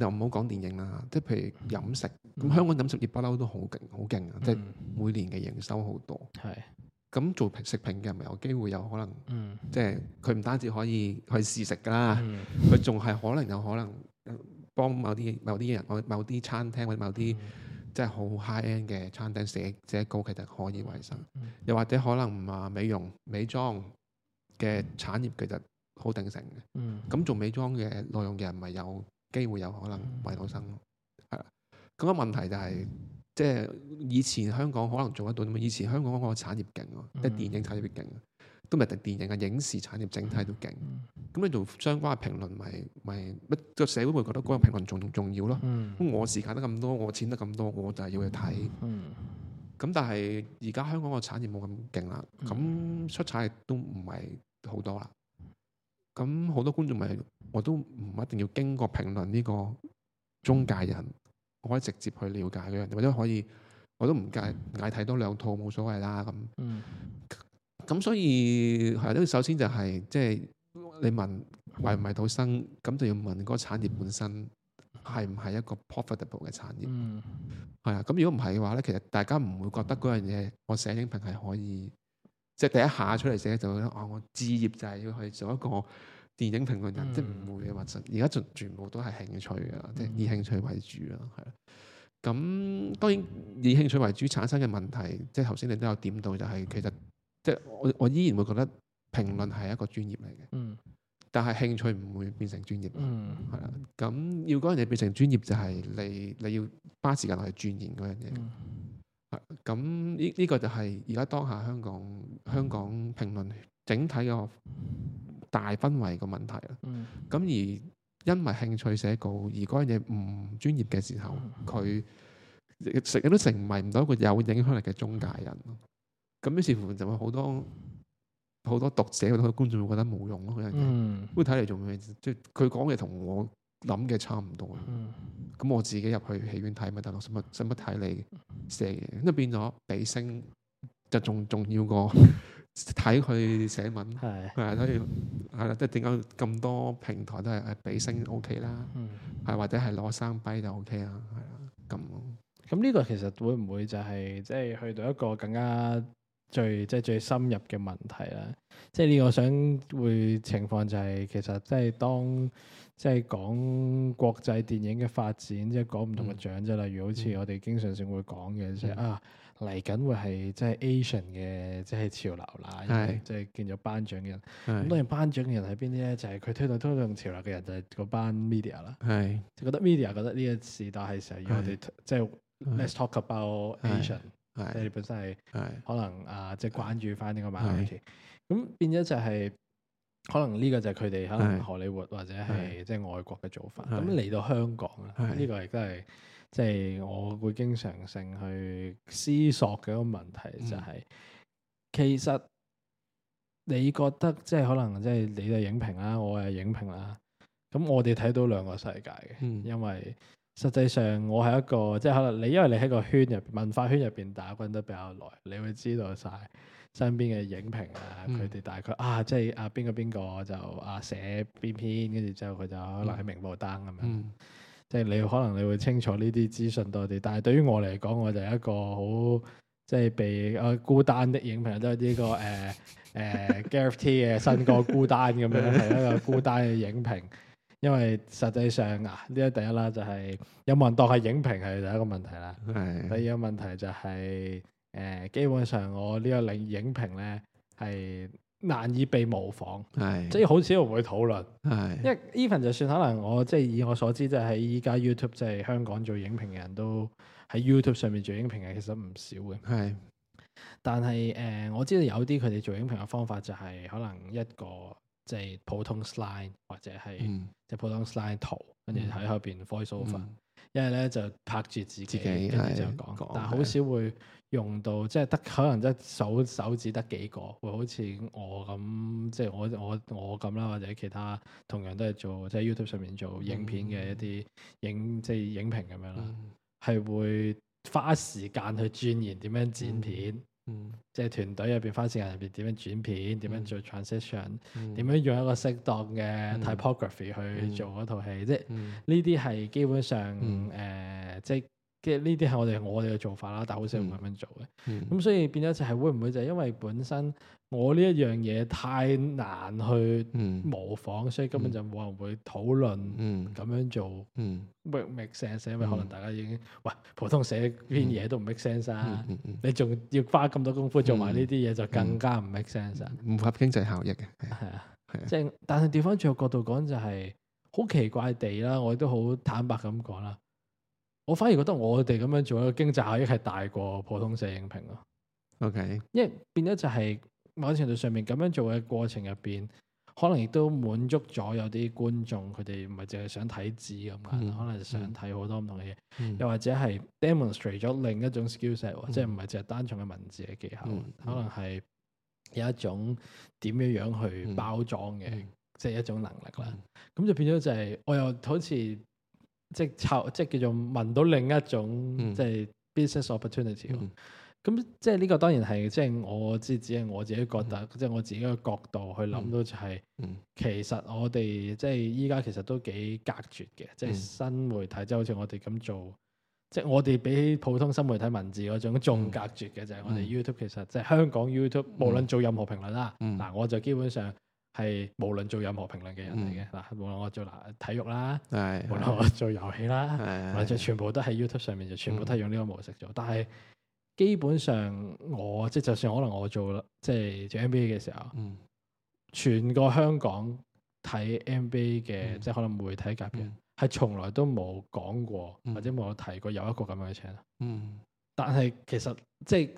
又唔好講電影啦，即係譬如飲食，咁香港飲食業不嬲都好勁，好勁啊！嗯、即係每年嘅營收好多。係。咁做食評嘅唔係有機會有可能，嗯、即係佢唔單止可以去試食噶啦，佢仲係可能有可能幫某啲某啲人，某啲餐廳或者某啲即係好 high end 嘅餐廳寫寫稿，寫其實可以維生。嗯、又或者可能啊美容美妝嘅產業其實好鼎盛嘅。咁、嗯、做美妝嘅內容嘅人唔係有機會有可能維到生咯。係啦、嗯，咁個、嗯嗯、問題就係、是。即係以前香港可能做得到，以前香港個產業勁，即、嗯、電影產業勁，都唔係特電影啊，影視產業整體都勁。咁、嗯嗯、你做相關嘅評論，咪咪乜個社會會覺得嗰個評論仲重要咯？咁、嗯、我時間得咁多，我錢得咁多，我就係要去睇。咁、嗯嗯、但係而家香港個產業冇咁勁啦，咁、嗯、出產亦都唔係好多啦。咁好多觀眾咪，我都唔一定要經過評論呢個中介人。嗯嗯可以直接去了解嗰樣，或者可以我都唔介唔介睇多兩套，冇所謂啦咁。咁、嗯、所以係，首先就係即係你問賣唔賣到生，咁、嗯、就要問個產業本身係唔係一個 profitable 嘅產業。嗯。係、嗯、啊，咁如果唔係嘅話咧，其實大家唔會覺得嗰樣嘢我寫影評係可以，即、就、係、是、第一下出嚟寫就覺得哦，我置業就係要去做一個。電影評論人即唔會嘅，確實，而家全全部都係興趣㗎，即係以興趣為主咯，係啦。咁當然以興趣為主產生嘅問題，即係頭先你都有點到、就係，就係其實即係我我依然會覺得評論係一個專業嚟嘅，但係興趣唔會變成專業，嗯，係啦。咁要嗰樣嘢變成專業，就係、係、你你要花時間去鑽研嗰樣嘢。咁呢呢個就係而家當下香港香港評論整體嘅。大氛圍個問題啊，咁、嗯、而因為興趣寫稿而嗰樣嘢唔專業嘅時候，佢、嗯、成日都成為唔到一個有影響力嘅中介人，咁、嗯、於是乎就會好多好多讀者好多觀眾會覺得冇用咯，因為嗯，我睇嚟做咩？即係佢講嘅同我諗嘅差唔多，咁、嗯、我自己入去戲院睇咪得咯，使乜使乜睇你寫嘢，咁就變咗比聲就仲重要過。 [LAUGHS] 睇佢寫文，係的，所以係啦，即係點解咁多平台都係係俾星 O K 啦，係、嗯、或者係攞生幣就 O K 啊，係啦，咁咁呢個其實會唔會就係即係去到一個更加最即係、就是、最深入嘅問題咧？即係呢個想會情況就係、是、其實即係當即係、就是、講國際電影嘅發展，即、就、係、是、講唔同嘅獎啫，嗯、例如好似我哋經常性會講嘅即係啊。嚟緊會係即係 Asian 嘅即係潮流啦，即係是見咗頒獎嘅人。咁是當然頒獎嘅人喺邊啲咧？就係、是、佢推動推動潮流嘅人，就係嗰班 media 啦。係是，即係覺得 media 覺得呢個時代係時候要我哋即係 let's talk about Asian 是。係，即你本身係可能啊，即、就、係、是、關注翻呢個 market。咁變咗就係可能呢個就係佢哋可能荷里活或者係即係外國嘅做法。咁嚟是到香港咧，呢是、嗯呢個亦都係。即係我會經常性去思索嘅一個問題就係、是，嗯、其實你覺得即係、就是、可能即係你嘅影評啦，我嘅影評啦，咁我哋睇到兩個世界嘅，嗯、因為實際上我係一個即係、就是、可能你因為你喺個圈入邊文化圈入邊打滾得比較耐，你會知道晒身邊嘅影評、嗯、啊，佢哋大概啊即係啊邊個邊個就啊寫邊篇，跟住之後佢就可能喺明報登咁樣。嗯嗯即係你可能你會清楚呢啲資訊多啲，但係對於我嚟講，我就係一個好即係被啊、呃、孤單的影評，都係呢、這個誒誒 Gareth T 嘅新歌孤單咁樣，係一個孤單嘅影評。因為實際上啊，呢、這、一、個、第一啦、就是，就係有冇人當係影評係第一個問題啦。的第二個問題就係、是、誒、呃，基本上我呢個影影評咧係。難以被模仿，是即係好少會討論。是因為 even 就算可能我即係以我所知，就係依家 YouTube 即係 you 香港做影評嘅人都喺 YouTube 上面做影評嘅，其實唔少嘅。係是，但係誒、呃，我知道有啲佢哋做影評嘅方法就係可能一個即係普通 slide 或者係即係普通 slide 圖，跟住喺後邊 voiceover、嗯。一係咧就拍住自己跟住就講，但係好少會。用到即係得，可能即係手手指得幾個，會好似我咁，即係我我我咁啦，或者其他同樣都係做即係 YouTube 上面做影片嘅一啲、嗯、影即係影評咁樣啦，係、嗯、會花時間去鑽研點樣剪片，即係、嗯嗯、團隊入邊花時間入邊點樣剪片，點、嗯、樣做 transition，點、嗯、樣用一個適當嘅 typography 去做嗰套戲，嗯嗯嗯、即係呢啲係基本上誒、呃、即係。其實呢啲係我哋我哋嘅做法啦，但好少人咁樣做嘅。咁、嗯嗯、所以變咗就係會唔會就係因為本身我呢一樣嘢太難去模仿，嗯、所以根本就冇人會討論咁樣做。唔 make sense，因為可能大家已經喂普通寫篇嘢都唔 make sense 啊，嗯、你仲要花咁多功夫做埋呢啲嘢就更加唔 make sense，唔合經濟效益嘅。係啊，即係的的但係掉返轉角度講就係好奇怪地啦，我亦都好坦白咁講啦。我反而覺得我哋咁樣做一個經濟效益係大過普通寫影評咯。OK，因為變咗就係某程度上面咁樣做嘅過程入邊，可能亦都滿足咗有啲觀眾佢哋唔係淨係想睇字咁，嗯、可能想睇好多唔同嘅嘢，嗯、又或者係 demonstrate 咗另一種 skillset、嗯、即係唔係淨係單純嘅文字嘅技巧，嗯嗯、可能係有一種點樣樣去包裝嘅，即係、嗯、一種能力啦。咁、嗯、就變咗就係我又好似。即係抄，即係叫做聞到另一種即係 business opportunity。咁即係呢個當然係，即係我知只係我自己覺得，即係、嗯、我自己嘅角度去諗到就係、是，嗯、其實我哋即係依家其實都幾隔絕嘅，即係新媒體，即係好似我哋咁做，即、就、係、是、我哋比起普通新媒體文字嗰種仲隔絕嘅、嗯、就係我哋 YouTube，其實、嗯、即係香港 YouTube、嗯、無論做任何評論啦，嗱、嗯、我就基本上。係無論做任何評論嘅人嚟嘅嗱，無論我做嗱體育啦，無論我做遊戲啦，或者全部都喺 YouTube 上面就全部都係用呢個模式做。但係基本上我即係就算可能我做即係做 NBA 嘅時候，全個香港睇 NBA 嘅即係可能媒體界嘅，係從來都冇講過或者冇提過有一個咁樣嘅 channel。但係其實即係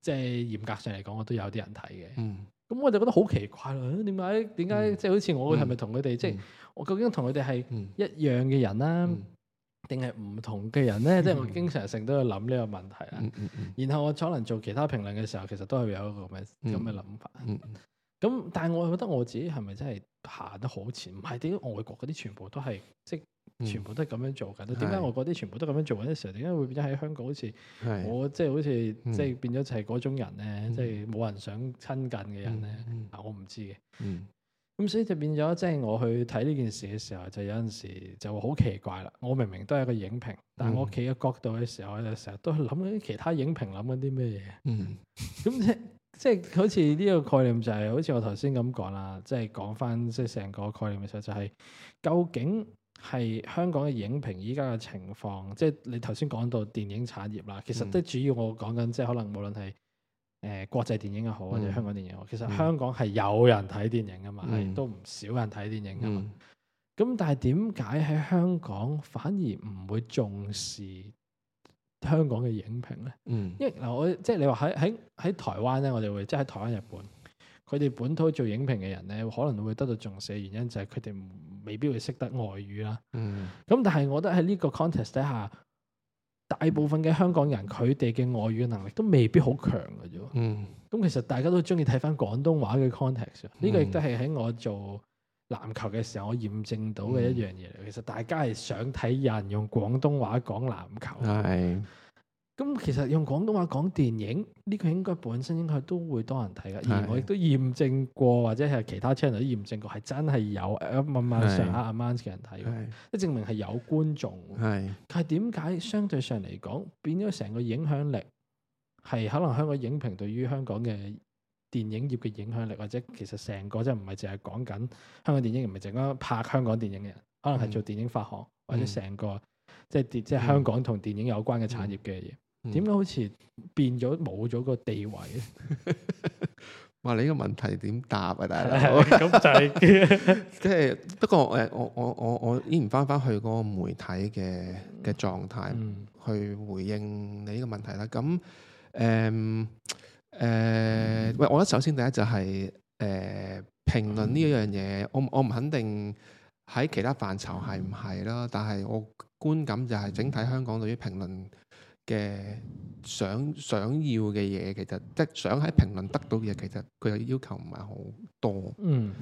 即係嚴格上嚟講，我都有啲人睇嘅。咁我就覺得好奇怪啦，點解點解即係好似我係咪同佢哋即係我究竟同佢哋係一樣嘅人啦、啊，定係唔同嘅人咧？嗯、即係我經常性都去諗呢個問題啦。嗯嗯嗯、然後我可能做其他評論嘅時候，其實都係有一個咁嘅諗法。嗯嗯嗯嗯咁，但係我覺得我自己係咪真係行得好前？唔係，點解外國嗰啲全部都係，即係全部都係咁樣做嘅。點解外國啲全部都咁樣做嘅時候，點解會變咗喺香港好似、嗯、我即係、就係、好似即係變咗係嗰種人咧，即係冇人想親近嘅人咧。啊、嗯，我唔知嘅。咁、嗯、所以就變咗，即、就、係、係、我去睇呢件事嘅時候，就有陣時就好奇怪啦。我明明都係個影評，但係我企嘅角度嘅時候，就成日都去諗緊其他影評諗緊啲咩嘢。嗯，咁即、嗯 [LAUGHS] 即係好似呢個概念就係、是、好似我頭先咁講啦，即係講翻即係成個概念嘅時候，就係究竟係香港嘅影評依家嘅情況，即係你頭先講到電影產業啦。其實都主要我講緊即係可能無論係誒國際電影又好、嗯、或者香港電影又好，其實香港係有人睇電影㗎嘛，係、嗯、都唔少人睇電影㗎嘛。咁、嗯、但係點解喺香港反而唔會重視？香港嘅影評咧，嗯、因為嗱我即係你話喺喺喺台灣咧，我哋會即係喺台灣日本，佢哋本土做影評嘅人咧，可能會得到重視嘅原因就係佢哋未必會識得外語啦。咁、嗯、但係我覺得喺呢個 context 底下，大部分嘅香港人佢哋嘅外語嘅能力都未必好強嘅啫。咁、嗯、其實大家都中意睇返廣東話嘅 context，呢個亦都係喺我做。籃球嘅時候，我驗證到嘅一樣嘢嚟，嗯、其實大家係想睇人用廣東話講籃球。係是。咁、嗯、其實用廣東話講電影，呢、這個應該本身應該都會多人睇嘅。而我亦都驗證過，或者係其他 channel 都驗證過，係真係有慢慢上下 amount 嘅人睇嘅，即係是證明係有觀眾。係是。但係點解相對上嚟講，變咗成個影響力係可能香港影評對於香港嘅電影業嘅影響力，或者其實成個即係唔係淨係講緊香港電影，唔係淨係拍香港電影嘅人，可能係做電影發行，嗯、或者成個即係即係香港同電影有關嘅產業嘅嘢，點解、嗯嗯、好似變咗冇咗個地位？ [LAUGHS] 哇！你呢個問題點答啊？是大佬咁就係即係，不過誒，我我我我依然翻翻去嗰個媒體嘅嘅狀態，嗯、去回應你呢個問題啦。咁誒。嗯嗯誒，喂、呃，我覺得首先第一就係誒評論呢一樣嘢，我我唔肯定喺其他範疇係唔係咯，但係我觀感就係整體香港對於評論嘅想想要嘅嘢，其實即係想喺評論得到嘅嘢，其實佢嘅要求唔係好多。嗯，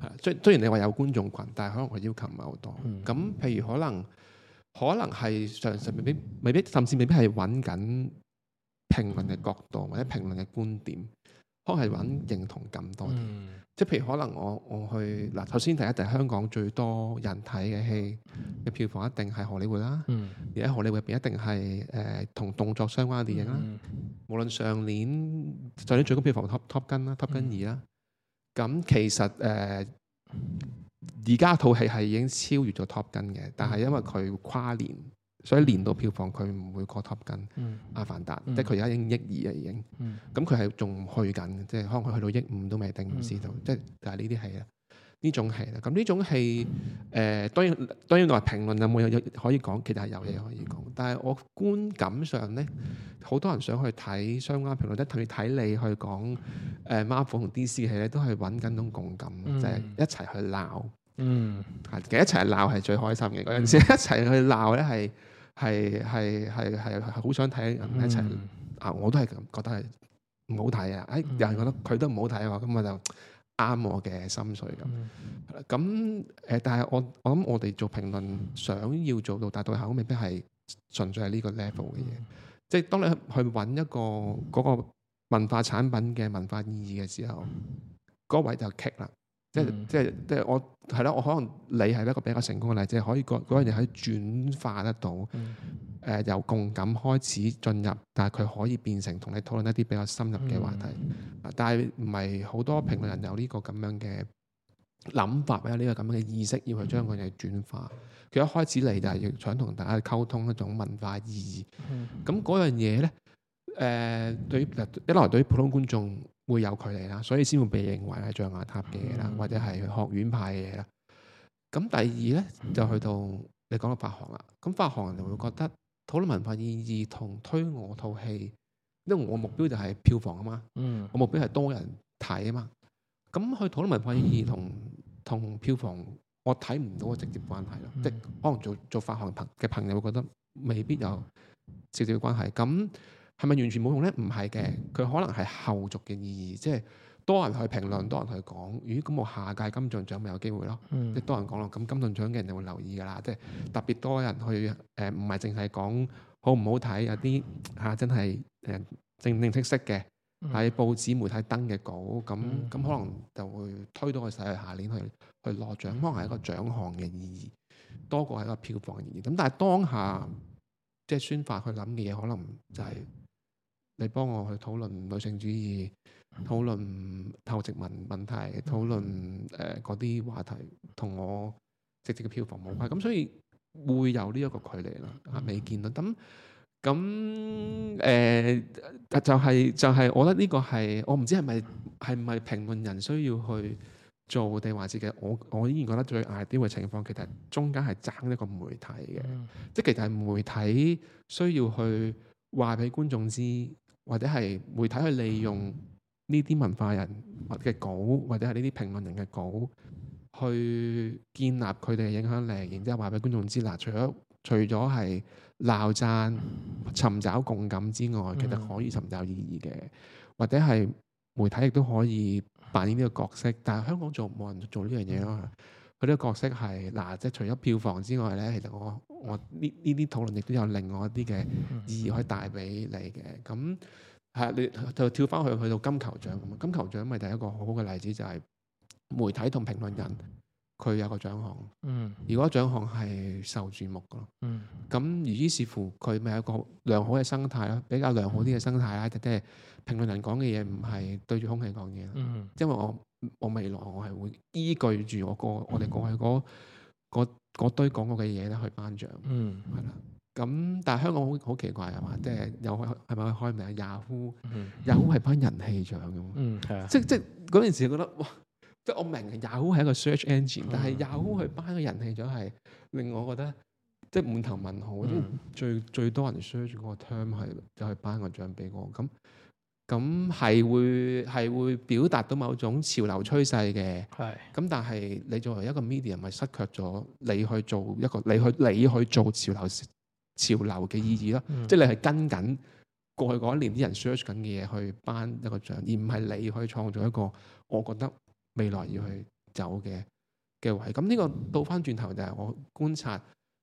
係，雖雖然你話有觀眾群，但係可能佢要求唔係好多。咁、嗯、譬如可能可能係上上邊未必，未必，甚至未必係揾緊。評論嘅角度或者評論嘅觀點，可能係揾認同感多啲。嗯、即係譬如可能我我去嗱，首先第一，係香港最多人睇嘅戲嘅票房一定係荷里活啦。而喺、嗯、荷里活入邊一定係誒同動作相關嘅電影啦。嗯、無論上年上年最高票房 Top, Top Top Gun 啦，Top Gun 二啦，咁、嗯、其實誒而家套戲係已經超越咗 Top Gun 嘅，但係因為佢跨年。所以年度票房佢唔會過 top 緊，《阿凡達》，即係佢而家已經億二啦已經，咁佢係仲唔去緊，即係可能佢去到 1, 億五都未定，唔、嗯、知道。即係就係呢啲戲啦，呢種戲啦。咁呢種戲誒、嗯呃，當然當然話評論、嗯、有冇有可以講，其實係有嘢可以講。但係我觀感上呢，好多人想去睇相關評論，即係特別睇你去講誒 Marvel 同 DC 嘅戲咧，都係揾緊種共感，即係、嗯、一齊去鬧。嗯，啊，企一齊鬧係最開心嘅嗰陣時，一齊去鬧咧係係係係係好想睇人一齊啊！我都係咁覺得係唔好睇啊！哎，有人覺得佢都唔好睇喎，咁我就啱我嘅心水咁。咁誒，但係我我諗我哋做評論想要做到達到效果，未必係純粹係呢個 level 嘅嘢。即係當你去揾一個嗰個文化產品嘅文化意義嘅時候，嗰位就 key 啦。即係即係我係囉，我可能你係一個比較成功嘅例子，可以嗰嗰樣嘢可以轉化得到，誒由共感開始進入，但係佢可以變成同你討論一啲比較深入嘅話題。但係唔係好多評論人有呢個咁樣嘅諗法啊，呢個咁樣嘅意識，要去將佢哋轉化。佢一開始嚟就係想同大家溝通一種文化意義。咁嗰樣嘢咧，誒，對於一來對於普通觀眾。會有距離，啦，所以先會被認為係象牙塔嘅嘢啦，或者係學院派嘅嘢啦。咁第二呢，就去到你講到發行啦。咁發行人就會覺得討論文化意義同推我套戲，因為我目標就係票房啊嘛。嗯，我目標係多人睇啊嘛。咁去討論文化意義同同、嗯、票房，我睇唔到個直接關係咯。嗯、即可能做做發行朋嘅朋友會覺得未必有直接嘅關係咁。.係咪完全冇用呢？唔係嘅，佢可能係後續嘅意義，即係多人去評論，多人去講。咦？咁我下屆金像獎咪有機會咯？嗯、即係多人講咯，咁金像獎嘅人就會留意㗎啦。即係特別多人去誒，唔係淨係講好唔好睇，有啲嚇、啊、真係誒、呃、正正式式嘅喺報紙媒體登嘅稿。咁咁、嗯嗯、可能就會推到個勢去下年去去攞獎，可能係一個獎項嘅意義，多過係一個票房嘅意義。咁但係當下即係、就是、宣發去諗嘅嘢，可能就係、是。你幫我去討論女性主義，討論後殖民問題，討論誒嗰啲話題，同我直接嘅票房冇關，咁、嗯嗯、所以會有呢一個距離啦，啊未見到。咁咁誒就係、是、就係、是，我覺得呢個係我唔知係咪係咪評論人需要去做，定還是嘅？我我依然覺得最危險嘅情況，其實中間係爭一個媒體嘅，嗯、即係其實係媒體需要去話俾觀眾知。或者係媒體去利用呢啲文化人嘅稿，或者係呢啲評論人嘅稿，去建立佢哋嘅影響力，然之後話俾觀眾知。嗱、啊，除咗除咗係鬧讚、尋找共感之外，其實可以尋找意義嘅，或者係媒體亦都可以扮演呢個角色。但係香港做冇人做呢樣嘢咯。佢啲角色係嗱、啊，即係除咗票房之外咧，其實我我呢呢啲討論亦都有另外一啲嘅意義可以帶俾你嘅。咁係你就跳翻去去到金球獎，咁金球獎咪第一個好好嘅例子就係、是、媒體同評論人，佢有個獎項。嗯，如果獎項係受注目嘅咯。嗯，咁於是乎佢咪有一個良好嘅生態咯，比較良好啲嘅生態啦，即係、嗯。評論人講嘅嘢唔係對住空氣講嘢，嗯、因為我我未來我係會依據住我個我哋過去嗰堆講過嘅嘢咧去頒獎，係啦、嗯。咁但係香港好好奇怪係嘛？即係有係咪開名 Yahoo？Yahoo 係頒人氣獎嘅，即即嗰陣時覺得哇！即我明 Yahoo 係一個 search engine，但係 Yahoo 去頒個人氣獎係令我覺得即滿頭問號嗰啲、嗯、最最多人 search 住嗰個 term 係就係頒個獎俾我咁。咁係、嗯、會係會表達到某種潮流趨勢嘅，係的。咁但係你作為一個 medium 咪失卻咗你去做一個你去你去做潮流潮流嘅意義咯，嗯、即係你係跟緊過去嗰一年啲人 search 緊嘅嘢去頒一個獎，而唔係你去創造一個我覺得未來要去走嘅嘅位。咁、嗯、呢、這個倒翻轉頭就係、是、我觀察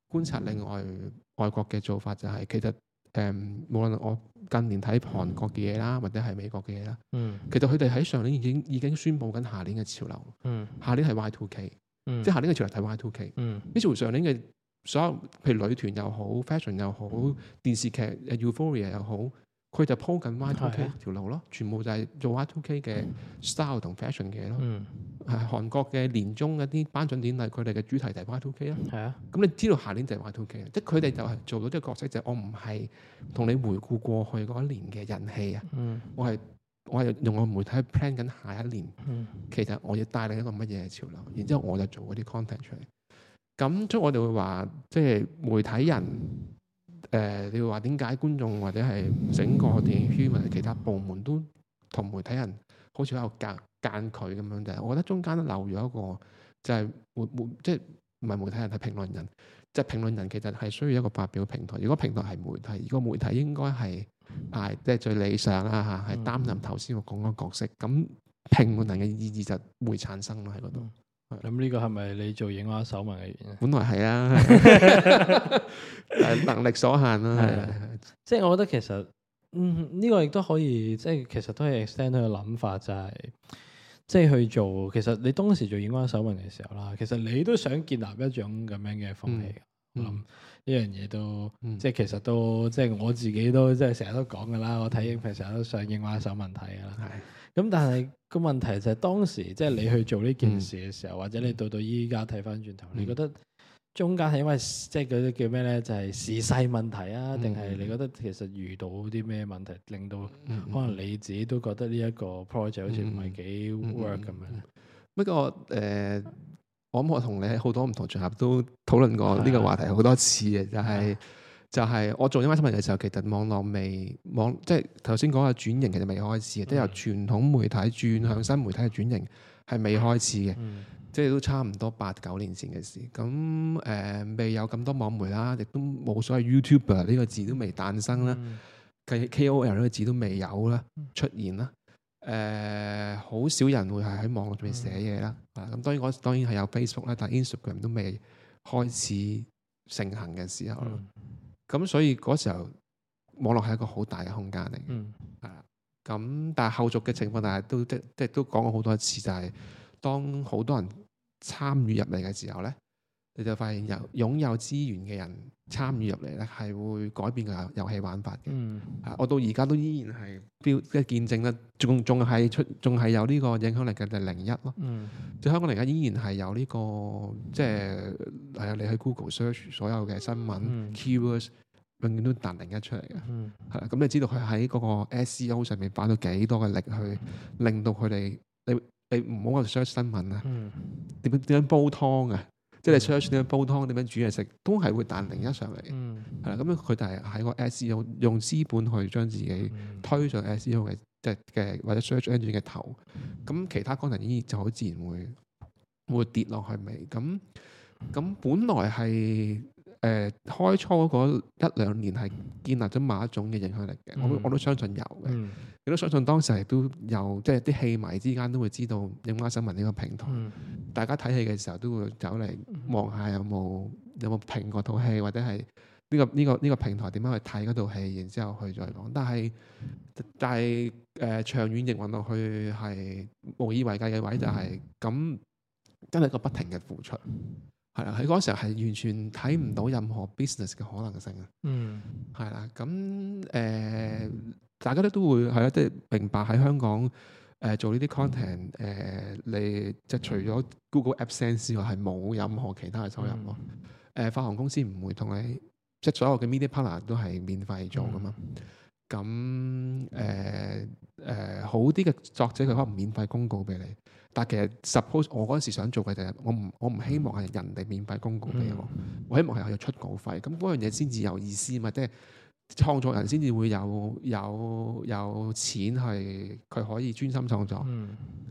觀察另外外，外國嘅做法就係、是、其實。誒，無論我近年睇韓國嘅嘢啦，或者係美國嘅嘢啦，嗯、其實佢哋喺上年已經已經宣佈緊下年嘅潮流，嗯、下年係 Y2K、嗯、即係下年嘅潮流睇 Y2K、嗯。呢條上年嘅所有，譬如女團又好，fashion 又好，好嗯、電視劇《Euphoria》又好。佢就鋪緊 Y2K 條路咯，全部就係做 Y2K 嘅 style 同、嗯、fashion 嘅嘢咯。係韓、嗯、國嘅年終一啲頒獎典禮，佢哋嘅主題就係 Y2K 啊。係啊，咁你知道下年就係 Y2K 啊。即係佢哋就係做到呢個角色，就係、是、我唔係同你回顧過去嗰一年嘅人氣啊、嗯。我係我係用我媒體 plan 緊下一年，嗯、其實我要帶領一個乜嘢嘅潮流，然之後我就做嗰啲 content 出嚟。咁即係我哋會話，即係媒體人。誒、呃，你話點解觀眾或者係整個電影圈或者其他部門都同媒體人好似喺度隔間距咁樣？就係我覺得中間都留咗一個，就係、是、媒媒，即係唔係媒體人係評論人。即係評論人其實係需要一個發表嘅平台。如果平台係媒體，如果媒體應該係係即係最理想啦嚇，係擔任頭先我講嗰個角色。咁評論人嘅意義就會產生咯喺嗰度。咁呢個係咪你做影畫手文嘅原因？本來係啊，啊 [LAUGHS] [LAUGHS] 能力所限啦、啊。啊啊啊啊啊、即係我覺得其實，嗯、呢、這個亦都可以，即係其實都係 extend 佢個諗法，就係、是、即係去做。其實你當時做影畫手文嘅時候啦，其實你都想建立一種咁樣嘅風氣。我諗呢、嗯、樣嘢都，嗯、即係其實都，即係我自己都，即係成日都講噶啦。我睇影片成日都想影畫手文睇噶啦。係、嗯。咁、嗯嗯、但係個問題就係當時即係你去做呢件事嘅時候，或者你到到依家睇翻轉頭，嗯、你覺得中間係因為即係嗰啲叫咩咧？就係、是、時勢問題啊，定係你覺得其實遇到啲咩問題令到可能你自己都覺得呢一個 project 好似唔係幾 work 咁樣？不過誒，我諗我同你喺好多唔同場合都討論過呢個話題好多次嘅，就係、啊。是就係我做呢新聞嘅時候，其實網絡未網即係頭先講嘅轉型，其實未開始，即係、嗯、由傳統媒體轉、嗯、向新媒體嘅轉型係未開始嘅，嗯、即係都差唔多八九年前嘅事。咁、嗯、誒、呃，未有咁多網媒啦，亦都冇所謂 YouTuber 呢個字都未誕生啦、嗯、K KOL 呢個字都未有啦，出現啦。誒、呃，好少人會係喺網絡上面寫嘢啦。咁、嗯嗯嗯嗯、當然我當然係有 Facebook 啦，但 Instagram 都未開始盛行嘅時候咁所以嗰時候網絡係一個好大嘅空間嚟嘅，係啦、嗯。咁但係後續嘅情況，大家都即即都講過好多次，就係、係、當好多人參與入嚟嘅時候咧。你就發現有擁有資源嘅人參與入嚟咧，係會改變個遊戲玩法嘅。嗯，啊，我到而家都依然係標嘅見證啦，仲仲係出仲係有呢個影響力嘅就係零一咯。嗯，即香港而家依然係有呢個，即係係啊！你去 Google search 所有嘅新聞、嗯、keywords，永遠都彈零一出嚟嘅、嗯。嗯，係咁你知道佢喺嗰個 SEO 上面擺咗幾多嘅力去令到佢哋，你你唔好話 search 新聞啊。嗯。點樣點樣煲湯啊？即係你 search 點樣煲湯，點樣煮嘢食，都係會彈另、嗯、一上嚟嘅，係啦。咁樣佢就係喺個 SEO 用資本去將自己推上 SEO 嘅即係嘅或者 search engine 嘅頭。咁、嗯、其他功能已經就好自然會會跌落去尾。咁咁本來係。誒、呃、開初嗰一兩年係建立咗某一種嘅影響力嘅，嗯、我我都相信有嘅。亦、嗯、都相信當時亦都有，即係啲戲迷之間都會知道影畫新聞呢、這個平台。嗯、大家睇戲嘅時候都會走嚟望下有冇有冇、嗯、評過套戲，或者係呢、這個呢、這個呢、這個這個平台點樣去睇嗰套戲，然之後去再講。但係但係誒、呃、長遠營運落去係無以為繼嘅位就係、是、咁，真係、嗯嗯、一個不停嘅付出。係啦，喺嗰時候係完全睇唔到任何 business 嘅可能性啊。嗯，係啦，咁誒、呃，大家都都會係啦，即係明白喺香港誒、呃、做呢啲 content 誒、呃，你即係除咗 Google Adsense 之外，係冇任何其他嘅收入咯。誒、嗯呃，發行公司唔會同你即係所有嘅 media partner 都係免費做噶嘛。咁誒誒，好啲嘅作者佢可能免費公告俾你。但其實 suppose 我嗰陣時想做嘅就係我唔我唔希望係人哋免費供稿俾我，我希望係有出稿費。咁嗰樣嘢先至有意思嘛？即係創作人先至會有有有錢係佢可以專心創作。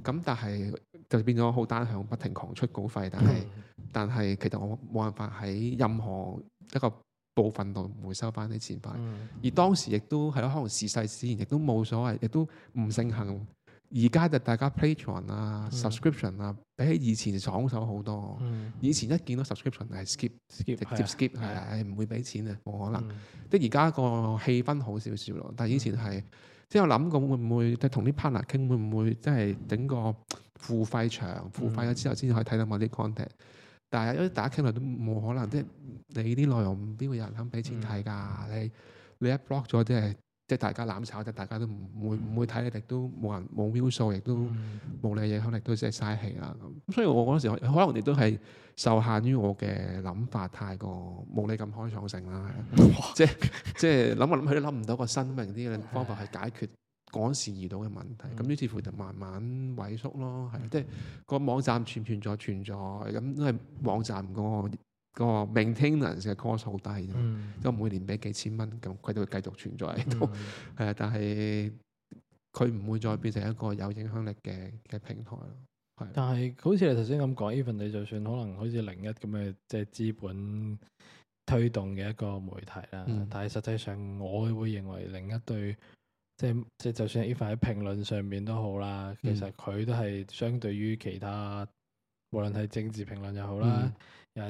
咁但係就變咗好單向，不停狂出稿費。但係、嗯、但係其實我冇辦法喺任何一個部分度回收翻啲錢翻。而當時亦都係咯，可能時勢使然亦都冇所謂，亦都唔盛行。而家就大家 Patreon 啊、subscription 啊，比起以前爽手好多。以前一見到 subscription 係 skip skip 直接 skip 係啊，唔會俾錢啊，冇可能。即係而家個氣氛好少少咯。但係以前係即係我諗過會唔會即係同啲 partner 傾會唔會即係整個付費牆，付費咗之後先可以睇到某啲 content。但係大家傾落都冇可能，即係你啲內容邊會有人肯俾錢睇㗎？你你一 block 咗即係。即係大家攬炒，即大家都唔會唔會睇你哋都冇人冇 view 數，亦都冇咩影響力，都淨係嘥氣啦咁。嗯、所以我嗰陣時可能亦都係受限於我嘅諗法，太過冇你咁開創性啦哇。即係即係諗嚟諗去都諗唔到個新穎啲嘅方法去解決嗰陣時遇到嘅問題。咁於是乎就慢慢萎縮咯，係，即係個網站存唔存在，存在咁，因為網站唔過個 maintain 嘅 cost 好低，咁、嗯、每年俾幾千蚊，咁佢都會繼續存在喺度，誒、嗯，但係佢唔會再變成一個有影響力嘅嘅平台咯。但係好似你頭先咁講，even 你就算可能好似01咁嘅即係資本推動嘅一個媒體啦，嗯、但係實際上我會認為01對即係即係就算 even 喺評論上面都好啦，其實佢都係相對於其他無論係政治評論又好啦。嗯嗯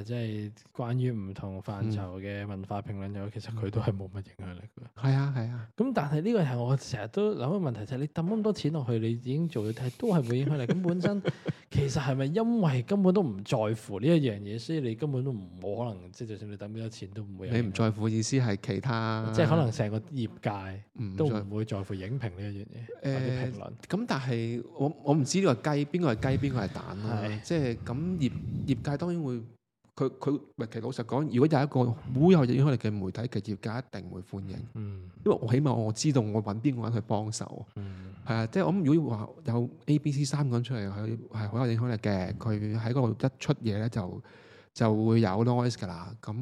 即係關於唔同範疇嘅文化評論有，嗯、其實佢都係冇乜影響力嘅。係啊、嗯，係啊。咁但係呢個係我成日都諗嘅問題就係、係，你抌咁多錢落去，你已經做到睇都係冇影響力。咁 [LAUGHS] 本身其實係咪因為根本都唔在乎呢一樣嘢，所以你根本都唔可能，即係就算你抌幾多錢都唔會有。你唔在乎意思係其他，即係可能成個業界唔唔都唔會在乎影評呢一樣嘢，啲、呃、評論。咁、呃、但係我我唔知呢個雞邊個係雞，邊個係蛋，即係咁業業界當然會。佢佢其實老實講，如果有一個好有影響力嘅媒體嘅業界，一定會歡迎。嗯、因為我起碼我知道我揾邊個人去幫手。係、嗯、啊，即係我諗，如果話有 A、B、C 三個人出嚟，係係好有影響力嘅，佢喺嗰度一出嘢咧，就就會有 noise 㗎啦。咁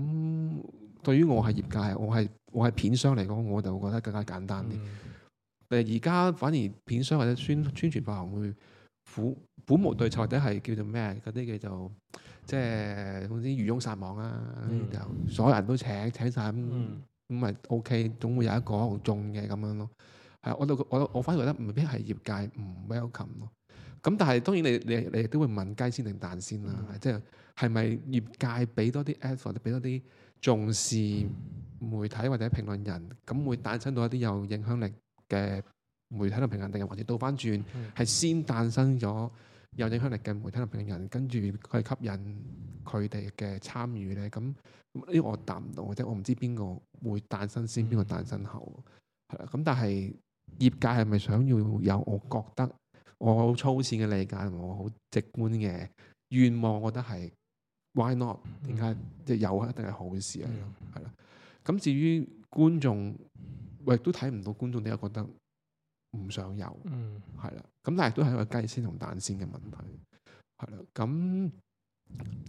對於我係業界，我係我係片商嚟講，我就覺得更加簡單啲。但誒、嗯，而家反而片商或者宣宣傳發行會苦苦無對錯，或者係叫做咩嗰啲叫做……即係總之漁翁撒網啦，就、嗯、所有人都請請晒，咁、嗯，咁咪 O K，總會有一個好中嘅咁樣咯。係我都我我反而覺得未必係業界唔 welcome 咯。咁但係當然你你你亦都會問雞先定蛋先啦、啊，嗯、即係係咪業界俾多啲 effort，都俾多啲重視媒體或者評論人，咁會誕生到一啲有影響力嘅媒體同評論，定係或者倒翻轉係先誕生咗？嗯嗯有影響力嘅媒體同評論人，跟住佢係吸引佢哋嘅參與咧，咁呢個我答唔到嘅啫，我唔知邊個會誕生先，邊個誕生後，係啦、嗯。咁但係業界係咪想要有？我覺得我好粗淺嘅理解同埋我好直觀嘅願望，我覺得係 why not？點解、嗯、即係有一定係好事啊？係啦、嗯。咁、嗯、至於觀眾，我亦都睇唔到觀眾點解覺得。唔想有，係啦，咁、嗯、但係都係一個雞先同蛋先嘅問題，係啦，咁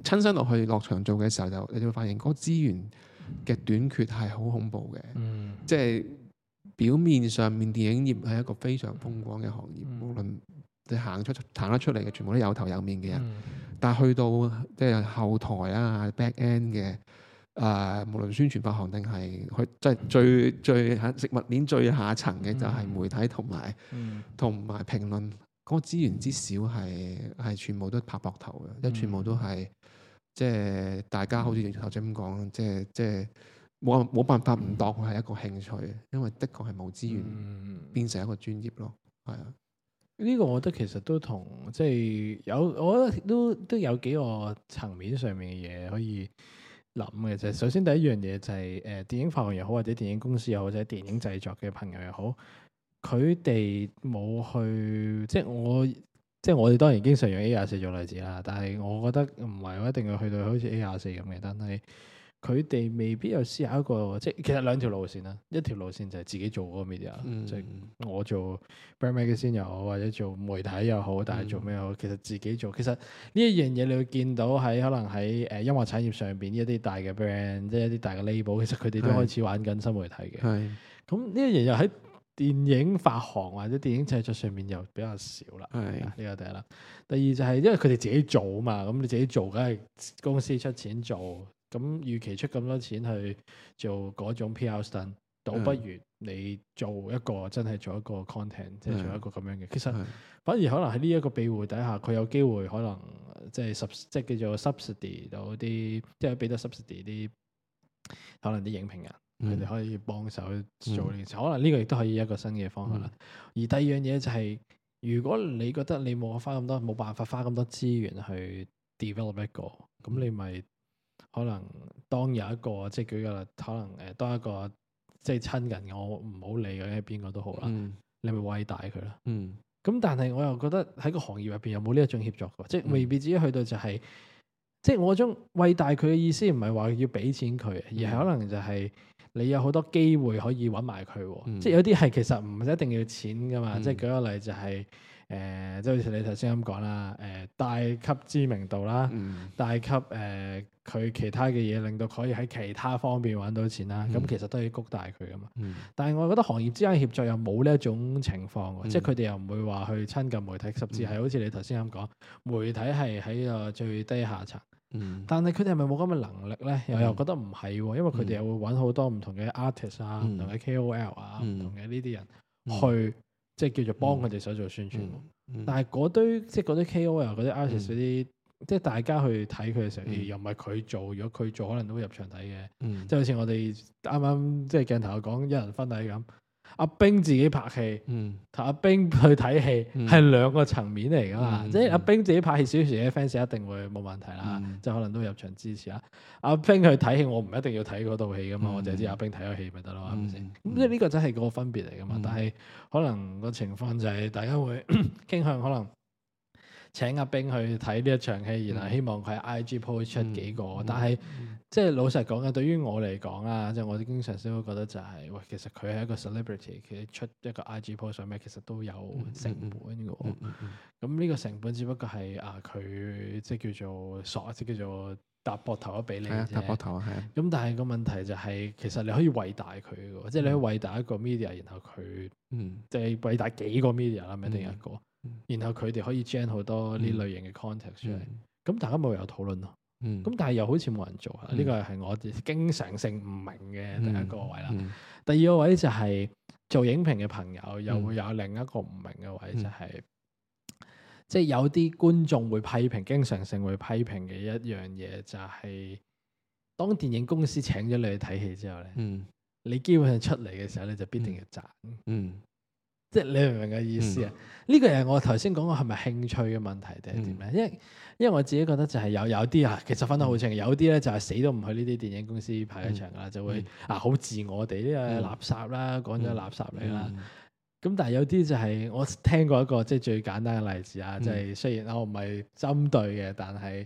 親身落去落場做嘅時候就你就會發現嗰資源嘅短缺係好恐怖嘅，即係、嗯、表面上面電影業係一個非常風光嘅行業，嗯、無論你行出行得出嚟嘅全部都有頭有面嘅人，嗯、但係去到即係後台啊 back end 嘅。誒、啊，無論宣傳發行定係佢，即係最、嗯、最喺食物鏈最下層嘅就係媒體同埋，同埋、嗯嗯、評論嗰，那個資源之少係係全部都拍膊頭嘅，即係全部都係即係大家好似頭先咁講，即係即係冇冇辦法唔當佢係一個興趣，嗯、因為的確係冇資源變成一個專業咯，係啊。呢個我覺得其實都同即係有，我覺得都都有幾個層面上面嘅嘢可以。諗嘅啫。首先第一樣嘢就係、是、誒、呃、電影發行又好，或者電影公司又好，或者電影製作嘅朋友又好，佢哋冇去即係我即係我哋當然經常用 A 二四做例子啦。但係我覺得唔係我一定要去到好似 A 二四咁嘅，但係。佢哋未必有思考一個，即係其實兩條路線啦。一條路線就係自己做嗰個 media，即係我做 brand magazine 又好，或者做媒體又好，但係做咩好？嗯、其實自己做，其實呢一樣嘢，你會見到喺可能喺誒音樂產業上邊呢一啲大嘅 brand，即係一啲大嘅 label，其實佢哋都開始玩緊新媒體嘅。係咁呢一樣又喺電影發行或者電影製作上面又比較少啦。係呢個第一啦。第二就係、是、因為佢哋自己做啊嘛，咁你自己做梗係公司出錢做。咁預期出咁多錢去做嗰種 PR stunt，Yeah. 倒不如你做一個真係做一個 content，Yeah. 即係做一個咁樣嘅。其實反而可能喺呢一個庇護底下，佢有機會可能 sub，即係 s 即係叫做 subsidy 到啲，即係俾得 subsidy 啲，可能啲影評人佢哋 Yeah. 可以幫手做呢件事。Yeah. 可能呢個亦都可以一個新嘅方向啦。Yeah. 而第二樣嘢就係、是，如果你覺得你冇花咁多，冇辦法花咁多資源去 develop 一個，咁你咪。Yeah. 可能當有一個即係舉個例，可能誒當一個即係親人，我唔好理佢係邊個都好啦。嗯、你咪偉大佢啦。咁、嗯、但係我又覺得喺個行業入邊有冇呢一種協作，即係、嗯、未必至於去到就係、是。即係我將偉大佢嘅意思唔係話要俾錢佢，嗯、而係可能就係你有好多機會可以揾埋佢。嗯、即係有啲係其實唔一定要錢嘅嘛。嗯、即係舉個例就係、是、誒，即係好似你頭先咁講啦，誒、呃，帶挈知名度啦，帶挈誒。呃佢其他嘅嘢，令到可以喺其他方面揾到錢啦。咁、嗯、其實都要谷大佢噶嘛。嗯、但係我覺得行業之間協作又冇呢一種情況、啊，嗯、即係佢哋又唔會話去親近媒體，甚至係好似你頭先咁講，媒體係喺個最低下層。嗯、但係佢哋係咪冇咁嘅能力咧？又、嗯、又覺得唔係、啊，因為佢哋又會揾好多唔同嘅 artist 啊、唔同嘅 KOL 啊、唔、嗯、同嘅呢啲人去，嗯、即係叫做幫佢哋手做宣傳、嗯嗯嗯嗯，但係嗰堆即係嗰堆 KOL、嗰啲 artist 嗰啲。即係大家去睇佢嘅時候，又唔係佢做。如果佢做，可能都會入場睇嘅。即係好似我哋啱啱即係鏡頭講一人分底咁。阿冰自己拍戲，同、嗯、阿冰去睇戲係兩個層面嚟噶嘛。嗯、即係阿冰自己拍戲，少少嘅 fans 一定會冇問題啦。即係、嗯、可能都入場支持啊。阿冰去睇戲，我唔一定要睇嗰套戲噶嘛。嗯、我淨係知阿冰睇咗戲咪得咯，係咪先？咁即係呢個真係個分別嚟噶嘛。嗯、但係可能個情況就係大家會傾 [COUGHS] 向可能。請阿冰去睇呢一場戲，然後希望佢 IG post 出幾個。但係即係老實講嘅，對於我嚟講啊，即係我經常都會覺得就係、是，喂，其實佢係一個 celebrity，其實出一個 IG post 上邊其實都有成本㗎。咁呢、嗯嗯嗯嗯嗯、個成本只不過係啊佢即係叫做索，即叫做。搭膊頭都俾你啫、 [NOISE] 嗯，搭膊頭係啊。咁、嗯、但係個問題就係、是，其實你可以偉大佢嘅，嗯、即係你可以偉大一個 media，然後佢，嗯，即係偉大幾個 media 啦，唔係定一個。然後佢哋可以 gen 好多呢類型嘅 context 出嚟，咁大家咪有討論咯。咁、嗯嗯嗯、但係又好似冇人做啊。呢個係我經常性唔明嘅第一個位啦。嗯嗯嗯嗯、第二個位就係做影評嘅朋友又會有另一個唔明嘅位，嗯、就係、是。即係有啲觀眾會批評，經常性會批評嘅一樣嘢就係，當電影公司請咗你去睇戲之後咧，嗯，你基本上出嚟嘅時候咧就必定要賺，嗯，即係你明唔明我意思啊？呢、嗯、個又係我頭先講過係咪興趣嘅問題定係點咧？因為、嗯、因為我自己覺得就係有有啲啊，其實分得好清，有啲咧就係死都唔去呢啲電影公司排一場噶啦，嗯、就會、嗯、啊好自我地呢個垃，垃圾啦，講咗垃圾嚟啦。嗯嗯嗯咁但係有啲就係我聽過一個即係最簡單嘅例子啊，即係雖然我唔係針對嘅，嗯、但係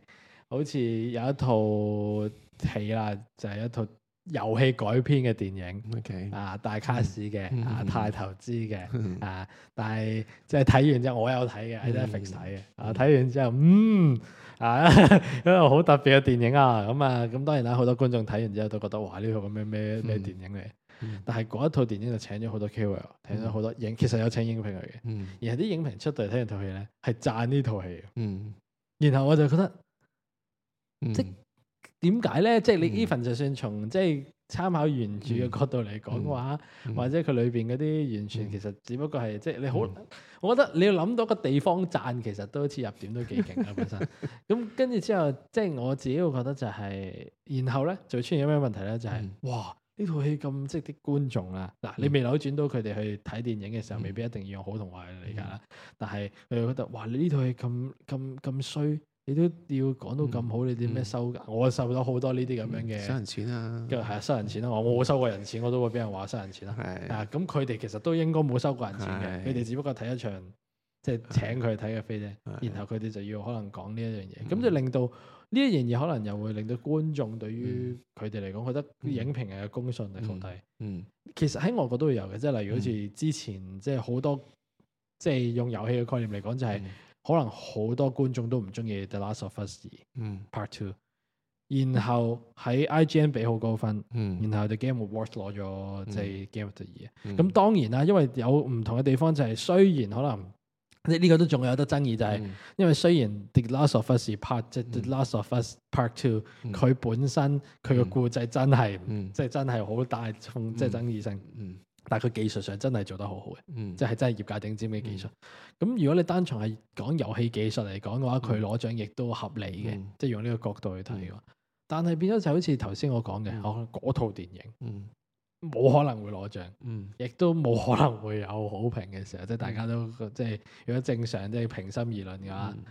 好似有一套戲啦，就係、是、一套遊戲改編嘅電影，okay，啊大卡士嘅，嗯嗯、啊大投資嘅，嗯、啊但係即係睇完之後我有睇嘅，喺 Netflix 睇嘅。啊睇完之後嗯啊 [LAUGHS] 一個好特別嘅電影啊，咁啊咁當然啦，好多觀眾睇完之後都覺得哇呢套咩咩咩電影嚟。但係嗰一套電影就請咗好多 KOL，請咗好多影，其實有請影評嚟嘅。嗯，然後啲影評出到嚟睇完套戲咧，係讚呢套戲。嗯，然後我就覺得，即係點解咧？即係你 even 就算從即係參考原著嘅角度嚟講嘅話，嗯、或者佢裏邊嗰啲完全其實只不過係、嗯、即係你好，嗯、我覺得你要諗到一個地方讚，其實都切入點都幾勁呀本身。咁 [LAUGHS] 跟住之後，即係我自己會覺得就係、是，然後咧就出現有咩問題咧？就係、是就是、哇。呢套戲咁即啲觀眾啊，嗱你未扭轉到佢哋去睇電影嘅時候，未必一定要用好同壞理解啦。但係佢又覺得，哇！你呢套戲咁咁咁衰，你都要講到咁好，你點咩收㗎？我收咗好多呢啲咁樣嘅，收人錢啊，係啊，收人錢啦！我冇收過人錢，我都會俾人話收人錢啦。係啊，咁佢哋其實都應該冇收過人錢嘅，佢哋只不過睇一場即係請佢睇嘅飛啫，然後佢哋就要可能講呢一樣嘢，咁就令到。呢一樣嘢可能又會令到觀眾對於佢哋嚟講，覺得影評人嘅公信力好低。嗯，嗯其實喺外國都會有嘅，即係例如好似之前，即係好多即係用遊戲嘅概念嚟講，就係可能好多觀眾都唔中意《The Last of Us 2, 嗯》嗯 Part Two，2, 然後喺 IGN 俾好高分，嗯，然後 The Game Awards 攞咗即係 Game of the Year、嗯。咁、嗯、當然啦，因為有唔同嘅地方，就係雖然可能。呢呢個都仲有得爭議，就係因為雖然《The Last of Us Part》即《The Last of Us Part Two》，佢本身佢個故仔真係即係真係好大風，即係爭議性。但係佢技術上真係做得好好嘅，即係真係業界頂尖嘅技術。咁如果你單純係講遊戲技術嚟講嘅話，佢攞獎亦都合理嘅，即係用呢個角度去睇嘅。但係變咗就好似頭先我講嘅，嗰套電影。冇可能會攞獎，嗯、亦都冇可能會有好評嘅時候，嗯、即係大家都即係如果正常即係平心而論嘅話，嗯、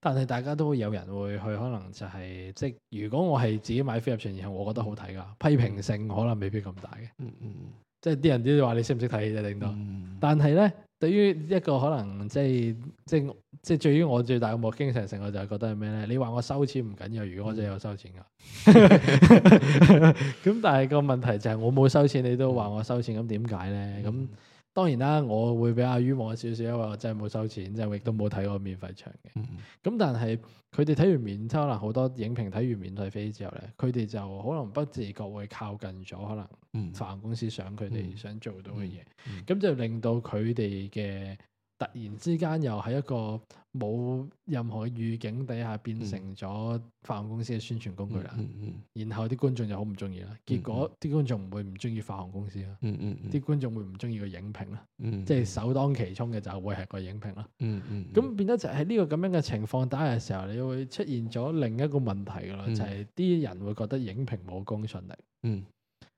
但係大家都有人會去可能就係、係、即係如果我係自己買飛入場，嗯、買 F 然後我覺得好睇㗎，批評性可能未必咁大嘅、嗯。嗯嗯。即係啲人啲話你識唔識睇啫，頂多？但係咧，對於一個可能即係即即係，對於我最大嘅磨經常性，我就係覺得係咩咧？你話我收錢唔緊要，如果我真係有收錢㗎，咁、嗯、 [LAUGHS] [LAUGHS] 但係個問題就係我冇收錢，你都話我收錢，咁點解咧？咁。嗯。當然啦，我會比較冤枉少少，因為我真係冇收錢，真係亦都冇睇過免費場嘅。咁、嗯嗯、但係佢哋睇完免，可能好多影評睇完免費飛之後咧，佢哋就可能不自覺會靠近咗，可能發行公司想佢哋想做到嘅嘢，咁、嗯嗯嗯嗯嗯、就令到佢哋嘅。突然之間又喺一個冇任何預警底下變成咗發行公司嘅宣傳工具啦，嗯嗯嗯、然後啲觀眾就好唔中意啦。結果啲觀眾唔會唔中意發行公司啦，啲、嗯嗯、觀眾會唔中意個影評啦，嗯嗯、即係首當其衝嘅就係會係個影評啦。咁、嗯嗯嗯、變得就係呢個咁樣嘅情況底下嘅時候，你會出現咗另一個問題啦，嗯嗯嗯、就係啲人會覺得影評冇公信力。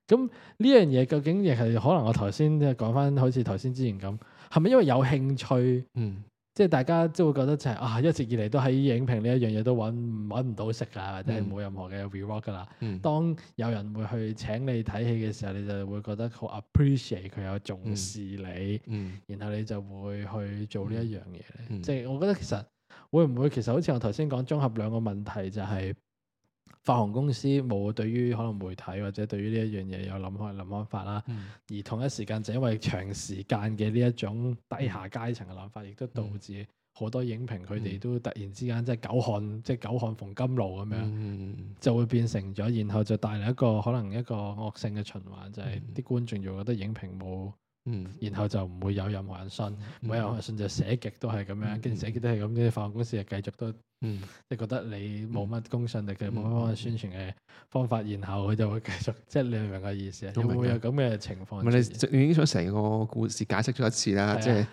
咁呢樣嘢究竟亦係可能我頭先講翻好似頭先之前咁。係咪因為有興趣？嗯，即係大家即係會覺得就係、是、啊，一直以嚟都喺影評呢一樣嘢都揾揾唔到食啊，或者係冇任何嘅 rework 噶啦。嗯，當有人會去請你睇戲嘅時候，你就會覺得好 appreciate 佢有重視你。嗯嗯、然後你就會去做呢一樣嘢咧。即係、嗯嗯、我覺得其實會唔會其實好似我頭先講綜合兩個問題就係、是。發行公司冇對於可能媒體或者對於呢一樣嘢有諗開諗法啦，嗯、而同一時間就係、因為長時間嘅呢一種低下階層嘅諗法，亦都導致好多影評佢哋都突然之間、嗯、即係久旱即係久旱逢甘露咁樣，嗯嗯嗯、就會變成咗，然後就帶嚟一個可能一個惡性嘅循環，就係、係、啲觀眾就覺得影評冇。嗯，然後就唔會有任何人信，冇任何人信就寫極都係咁樣，跟住寫極都係咁，跟住發行公司就繼續都，即係覺得你冇乜公信力嘅，冇乜嗰個宣傳嘅方法，然後佢就會繼續，即係你明唔明個意思啊？有有咁嘅情況？你，已經想成個故事解釋咗一次啦，即係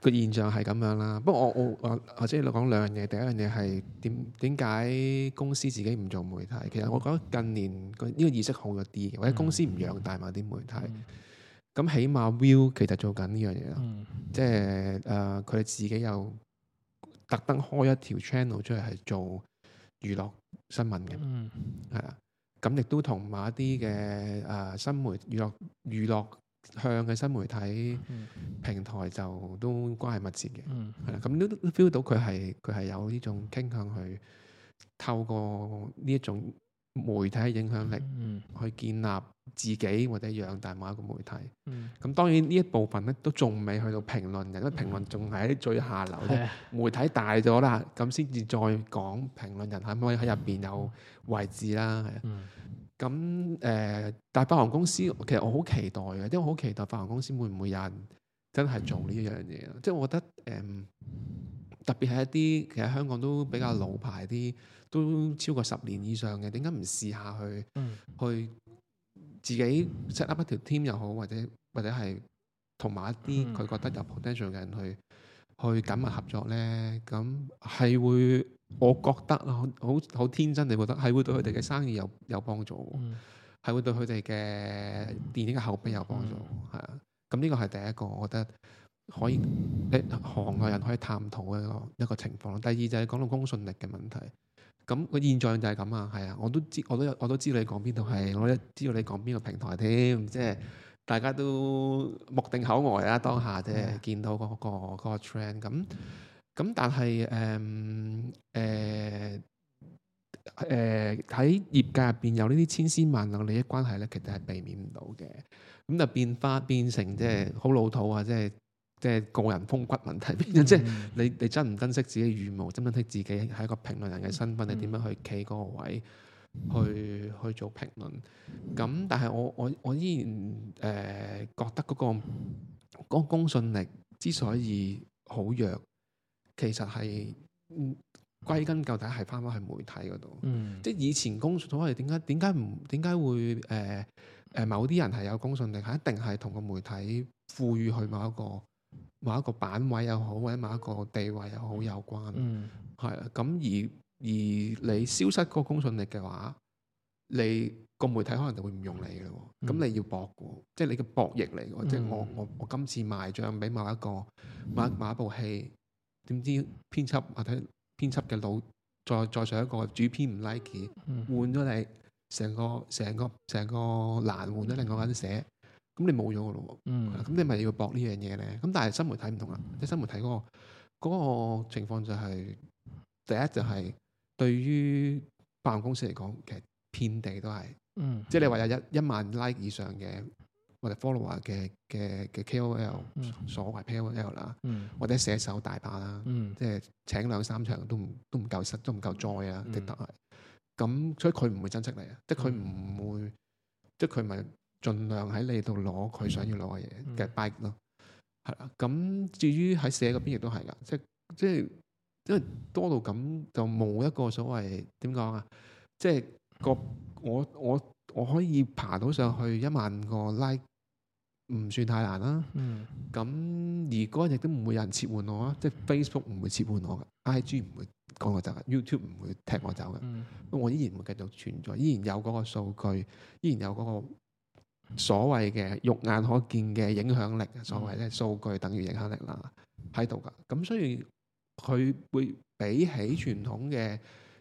個現象係咁樣啦。不過我我我我即係你講兩樣嘢，第一樣嘢係點點解公司自己唔做媒體？其實我覺得近年呢個意識好咗啲，或者公司唔養大埋啲媒體。咁起碼 Will 其實做緊呢樣嘢啦，嗯、即係誒佢哋自己又特登開一條 channel 出嚟係做娛樂新聞嘅，係啦、嗯。咁亦都同某一啲嘅誒新媒娛樂娛樂向嘅新媒體平台就都關係密切嘅，係啦、嗯。咁、嗯嗯、都 feel 到佢係佢係有呢種傾向去透過呢一種。媒體嘅影響力，嗯、去建立自己或者養大某一個媒體。咁、嗯、當然呢一部分咧都仲未去到評論人，因為評論仲係喺最下流。嗯、媒體大咗啦，咁先至再講評論人可唔可以喺入邊有位置啦。咁誒、嗯呃，但係發行公司其實我好期待嘅，因為我好期待發行公司會唔會有人真係做呢一樣嘢。即係、嗯、我覺得誒、嗯，特別係一啲其實香港都比較老牌啲。都超過十年以上嘅，點解唔試下去、嗯、去自己 set up 一條 team 又好，或者或者係同埋一啲佢覺得有 potential 嘅人去去緊密合作呢？咁係會，我覺得好好天真，你覺得係會對佢哋嘅生意有有幫助，係、嗯、會對佢哋嘅電影嘅口碑有幫助，係啊、嗯。咁呢個係第一個，我覺得可以，你行內人可以探討一個一個情況。第二就係講到公信力嘅問題。咁個現象就係咁啊，係啊，我都知，我都有，我都知你講邊度，係我都知道你講邊、嗯、個平台添，即係大家都目定口呆、呃、啊，當下即係，嗯、見到嗰、那個嗰、那個 trend 咁，咁但係誒誒誒喺業界入邊有呢啲千絲萬縷嘅利益關係咧，其實係避免唔到嘅，咁就變化變成即係好老土啊，即係、嗯。即係即係個人風骨問題，即係你你珍唔珍惜自己嘅羽毛，珍唔珍惜自己係一個評論人嘅身份，你點樣去企嗰個位去，去去做評論？咁但係我我我依然誒、呃、覺得嗰、嗰個、嗰個公信力之所以好弱，其實係歸根究底係翻返去媒體嗰度。嗯、即係以前公信度係點解？點解唔點解會誒誒、呃呃？某啲人係有公信力，係一定係同個媒體賦予去某一個。某一個版位又好，或者某一個地位又好，有關，係咁、嗯、而而你消失個公信力嘅話，你個媒體可能就會唔用你嘅喎。咁、嗯、你要博嘅即係你嘅博弈嚟嘅。即係、嗯、我我我今次賣帳俾某一個、嗯、某某一部戲，點知編輯啊睇編輯嘅老再再上一個主編唔 like 換咗你，成、嗯、個成個成個欄換咗另外一個人寫。咁你冇咗噶咯喎，咁、嗯、你咪要搏呢樣嘢咧？咁但係新媒體唔同啦，即係新媒體嗰、嗰個嗰個情況就係、是、第一就係、是、對於報案公司嚟講，其實遍地都係，即係你話有一一萬 like 以上嘅或者 follower 嘅嘅嘅 KOL，、嗯、所謂 KOL 啦、嗯，或者寫手大把啦，即係、嗯、請兩三場都唔都唔夠實，都唔夠，夠 joy 啊、嗯，的確係。咁所以佢唔會珍惜你啊，即係佢唔會，即係佢咪。盡量喺你度攞佢想要攞嘅嘢嘅 back 咯，係啦。咁至於喺寫嗰邊亦都係噶，即即係因為多到咁就冇一個所謂點講啊，即係個我我我可以爬到上去一萬個 like，唔算太難啦。咁、嗯、而嗰日亦都唔會有人撤換我啊，即係 Facebook 唔會撤換我嘅，IG 唔會趕我走嘅，YouTube 唔會踢我走嘅。嗯、我依然會繼續存在，依然有嗰個數據，依然有嗰、嗰個。所謂嘅肉眼可見嘅影響力，所謂咧數據等於影響力啦，喺度㗎。咁所以，佢會比起傳統嘅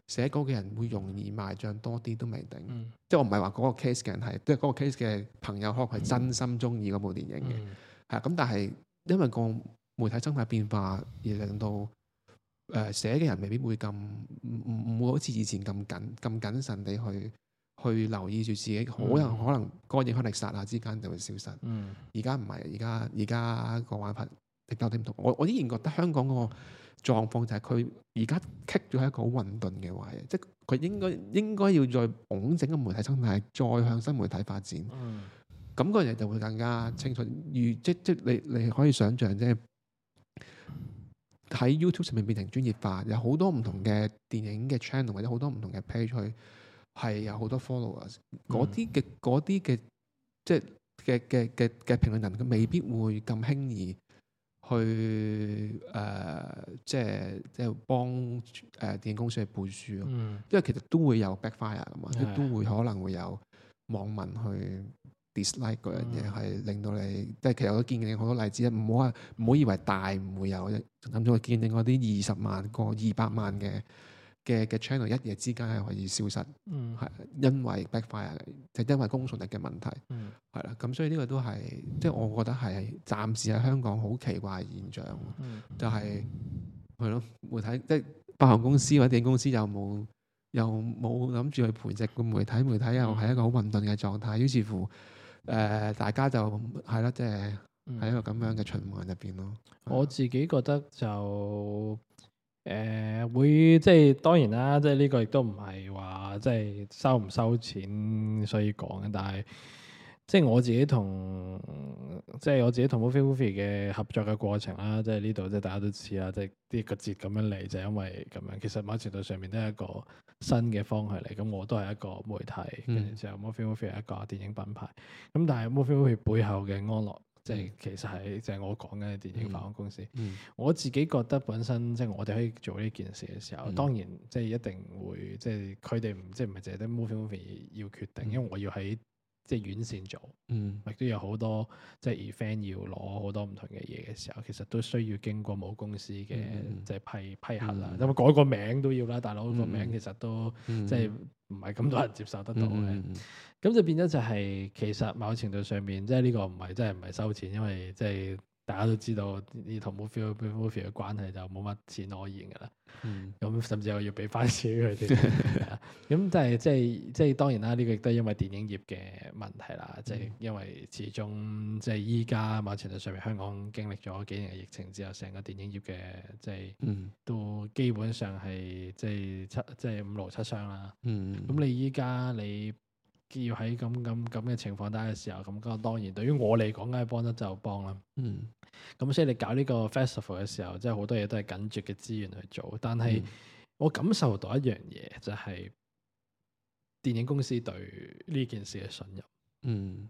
寫稿嘅人會容易賣帳多啲都未定。嗯、即係我唔係話嗰個 case 嘅人係，即係嗰個 case 嘅朋友可能係真心中意嗰部電影嘅，係咁、嗯、但係因為個媒體生態變化而令到誒寫嘅人未必會咁唔唔唔會好似以前咁緊咁謹慎地去。去留意住自己，嗯、可能可能個影響力剎那之間就會消失。而家唔係，而家而家個玩法亦都有啲唔同。我我依然覺得香港嗰個狀況就係佢而家棘住係一個好混沌嘅位，即係佢應該應該要再鞏整個媒體生態，再向新媒體發展。咁、嗯、個嘢就會更加清楚。如即即你你可以想像即係喺 YouTube 上面變成專業化，有好多唔同嘅電影嘅 channel 或者好多唔同嘅 page 去。係有好多 followers，嗰啲嘅、嗯、啲嘅即係嘅嘅嘅嘅評論人，佢未必會咁輕易去誒、呃，即係即係幫誒電影公司去背書咯。嗯、因為其實都會有 backfire 咁嘛的，都會可能會有網民去 dislike 嗰樣嘢，係、嗯、令到你即係其實我都見證好多例子啊！唔好啊，唔好以為大唔會有，咁就見證嗰啲二十萬過二百萬嘅，嘅嘅 channel 一夜之間係可以消失，係、嗯、因為 backfire，就因為公信力嘅問題，係啦、嗯，咁所以呢個都係，即、就、係、是、我覺得係暫時喺香港好奇怪現象，嗯、就係係咯媒體，即係百行公司或者電影公司又冇又冇諗住去培植個媒體？媒體又係一個好混沌嘅狀態，於是乎誒、呃，大家就係咯，即係喺一個咁樣嘅循環入邊咯。我自己覺得就。誒、呃、會即係當然啦，即係呢、這個亦都唔係話即係收唔收錢所以講嘅，但係即係我自己同即係我自己同 Movie Movie 嘅合作嘅過程啦，即係呢度即係大家都知啦，即係啲、這個節咁樣嚟就因為咁樣，其實某程度上面都係一個新嘅方向嚟，咁我都係一個媒體，跟住之後 Movie Movie 係一個電影品牌，咁但係 Movie Movie 背後嘅安樂。即係其實係，就係、是、我講嘅電影發行公司。嗯嗯、我自己覺得本身，即、就、係、是、我哋可以做呢件事嘅時候，當然即係、就是、一定會，即係佢哋唔即係唔係凈係得 movie movie 要決定，因為我要喺，即係遠線做，亦都、嗯、有好多即係、就是、event 要攞好多唔同嘅嘢嘅時候，其實都需要經過某公司嘅即係批批核啦、啊，有冇、嗯、改個名都要啦。大佬個、嗯、名其實都即係唔係咁多人接受得到嘅，咁、嗯嗯嗯、就變咗就係、是、其實某程度上面即係呢個唔係即係唔係收錢，因為即、就、係、是。大家都知道，啲同、嗯、movie movie 嘅關係就冇乜錢可言嘅啦。咁、嗯、甚至我要俾翻錢佢哋。咁 [LAUGHS] [LAUGHS] 但係即係即係當然啦，呢、呢個亦都係因為電影業嘅問題啦。即係、嗯、因為始終即係依家啊嘛，程、就、度、是、上面香港經歷咗幾年嘅疫情之後，成個電影業嘅即係都基本上係即係七即係、就是、五勞七傷啦。咁、嗯、你依家你。要喺咁咁咁嘅情況底下嘅時候，咁嗰當然對於我嚟講，梗係幫得就幫啦。嗯。咁所以你搞呢個 festival 嘅時候，即係好多嘢都係緊絕嘅資源去做。但係我感受到一樣嘢，就係、是、電影公司對呢件事嘅信任。嗯。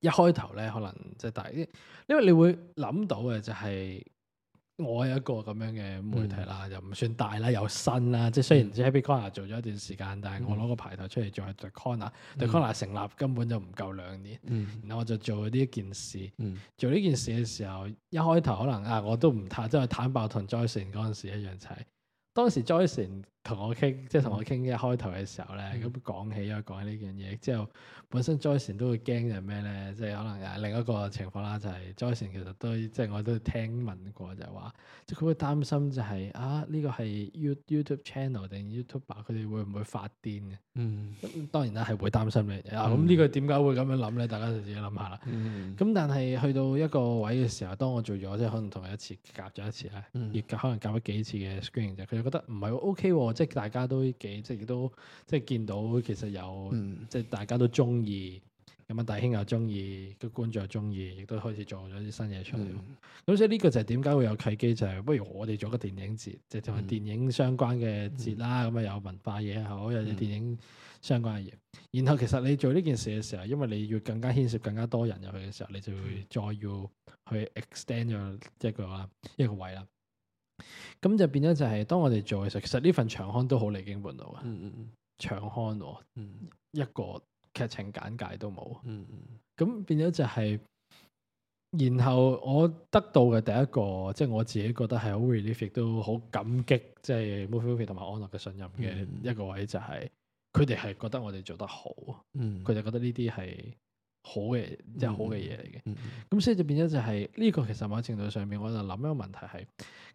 一開頭咧，可能即係大啲，因為你會諗到嘅就係、是。我有一個咁樣嘅媒體啦，嗯、又唔算大啦，又新啦。即係雖然 Happy Kongner 做咗一段時間，嗯、但係我攞個牌頭出嚟做係 The Kongner、嗯、The Kongner 成立根本就唔夠兩年。嗯、然後我就做呢一件事，嗯、做呢件事嘅時候，一開頭可能啊我都唔太，即係坦白同 Joyce Chan 嗰時一樣踩。當時 Joyce 同我傾，即係同我傾一開頭嘅時候咧，咁、嗯、講起咗講起呢樣嘢之後，本身 Joyce 都會驚嘅係咩咧？即係可能另一個情況啦，就係 Joyce 其實都即係我都聽聞過就，就係話即係佢會擔心就係、是、啊呢、呢個係 You, YouTube Channel 定 YouTuber 佢哋會唔會發癲嘅？嗯，咁當然啦，係會擔心嘅。咁、啊、呢個點解會咁樣諗咧？大家就自己諗下啦。咁、嗯、但係去到一個位嘅時候，當我做咗即係可能同佢一次夾咗一次咧，亦、嗯、可能夾咗幾次嘅 screen 就佢就覺得唔係喎 OK 喎。即係大家都幾，即係都即係見到，其實有，嗯、即係大家都中意，咁啊大兄又中意，啲觀眾又中意，亦都開始做咗啲新嘢出嚟。咁、嗯、所以呢個就係點解會有契機，就係、是、不如我哋做個電影節，即係就係電影相關嘅節啦。咁啊、嗯嗯、有文化嘢，好有啲電影相關嘅嘢。然後其實你做呢件事嘅時候，因為你要更加牽涉更加多人入去嘅時候，你就會再要去 extend 咗一個啦，一個位啦。咁就變咗就係當我哋做嘅時候，其實呢份場刊都好離經叛道嘅。嗯嗯場刊，嗯，一個劇情簡介都冇。嗯嗯、mm，咁、hmm. 變咗就係、是，然後我得到嘅第一個，即、就、係、是、我自己覺得係好 relief 都好感激，即係 MOViE MOViE 同埋安樂嘅信任嘅一個位就係、是，佢哋係覺得我哋做得好。嗯、mm，佢、hmm. 哋覺得呢啲係。好嘅，即、就、係、是、好嘅嘢嚟嘅。咁、嗯嗯、所以變就變咗就係呢個，其實某程度上面，我就諗一個問題係：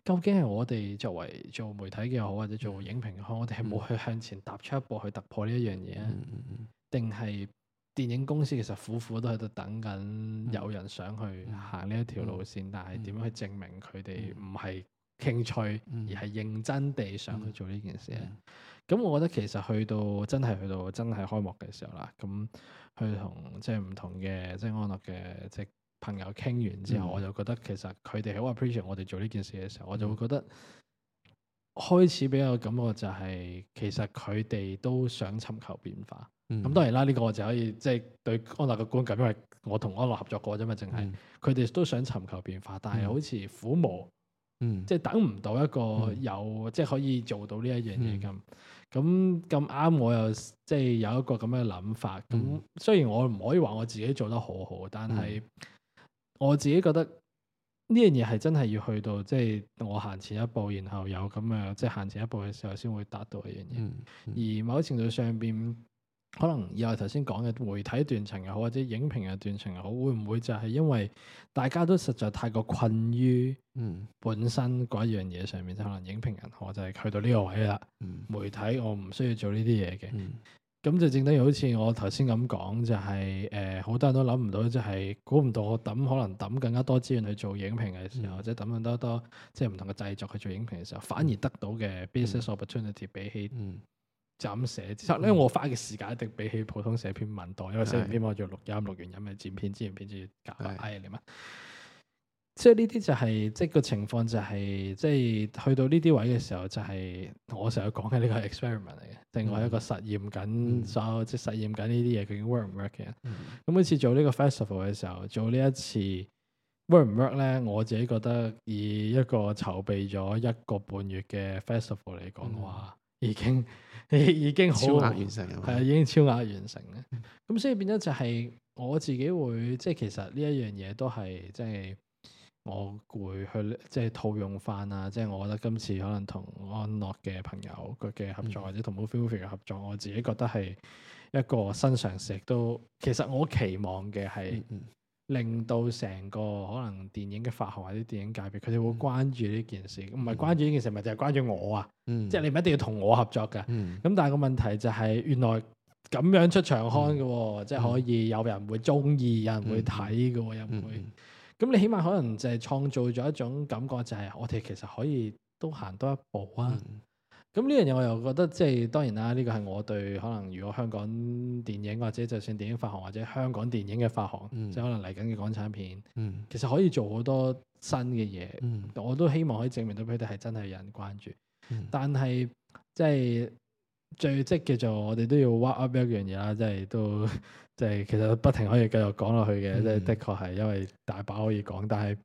究竟係我哋作為做媒體嘅好，或者做影評嘅好，我哋係冇去向前踏出一步去突破呢一樣嘢，定係、嗯嗯嗯、電影公司其實苦苦都喺度等緊有人想去行呢一條路線，嗯嗯、但係點樣去證明佢哋唔係興趣，嗯嗯、而係認真地想去做呢件事？咁、嗯嗯嗯嗯、我覺得其實去到真係去到真係開幕嘅時候啦，咁。去同即係唔同嘅，即係安樂嘅即係朋友傾完之後，嗯、我就覺得其實佢哋好 appreciate 我哋做呢件事嘅時候，我就會覺得開始比較感覺就係其實佢哋都想尋求變化。咁、嗯、當然啦，呢、這個我就可以即係、就是、對安樂嘅觀感，因為我同安樂合作過啫嘛，淨係佢哋都想尋求變化，但係好似苦無，嗯，即係等唔到一個有、嗯、即係可以做到呢一樣嘢咁。嗯咁咁啱我又即係有一個咁嘅諗法，咁雖然我唔可以話我自己做得好好，但係我自己覺得呢樣嘢係真係要去到即係、就是、我行前一步，然後有咁嘅即係行前一步嘅時候先會達到一樣嘢，嗯嗯、而某程度上邊。可能又係頭先講嘅媒體斷層又好，或者影評嘅斷層又好，會唔會就係因為大家都實在太過困於本身嗰一樣嘢上面，就、嗯、可能影評人我就係去到呢個位啦。嗯、媒體我唔需要做呢啲嘢嘅。咁、嗯、就正等於好似我頭先咁講，就係誒好多人都諗唔到、就係，即係估唔到我抌可能抌更加多資源去做影評嘅時候，嗯、或者抌更多即係唔同嘅製作去做影評嘅時候，反而得到嘅 business opportunity、嗯、比起。嗯就咁寫，之後咧我花嘅時間一定比起普通寫篇文多，因為寫完篇文仲要錄音，錄完音咪剪片，之片，剪完片仲要夾 I A 你嘛。即係呢啲就係、是、即係個情況，就係即係去到呢啲位嘅時候就，就係我成日講嘅呢個 experiment 嚟嘅，另外一個實驗緊，就、嗯嗯、即係實驗緊呢啲嘢，究竟 work 唔 work 嘅。咁每次做呢個 festival 嘅時候，做呢一次 work 唔 work 咧，我自己覺得以一個籌備咗一個半月嘅 festival 嚟講嘅話。嗯已經已經超額完成，係啊，已經超額完成咧。咁、嗯、所以變咗就係我自己會，即係其實呢一樣嘢都係，即係我會去即係套用翻啊！即係我覺得今次可能同安樂嘅朋友佢嘅合作，或者同 b l 嘅合作，嗯、我自己覺得係一個新嘗試，試。都其實我期望嘅係。嗯嗯令到成個可能電影嘅發行或者電影界別，佢哋會關注呢件事，唔係、嗯、關注呢件事，咪就係關注我啊，即係、嗯、你唔一定要同我合作嘅。咁、嗯、但係個問題就係原來咁樣出場刊嘅，即係、嗯、可以有人會中意，有人會睇嘅、哦，嗯、又唔會咁、嗯嗯、你起碼可能就係創造咗一種感覺，就係我哋其實可以都行多一步啊。嗯咁呢樣嘢我又覺得即係當然啦，呢、這個係我對可能如果香港電影或者就算電影發行或者香港電影嘅發行，嗯、即係可能嚟緊嘅港產片，嗯、其實可以做好多新嘅嘢，嗯、我都希望可以證明到佢哋係真係有人關注。嗯、但係即係最即係叫做我哋都要挖 Up 一樣嘢啦，即係都即係其實不停可以繼續講落去嘅，即係、嗯、的確係因為大把可以講，但係。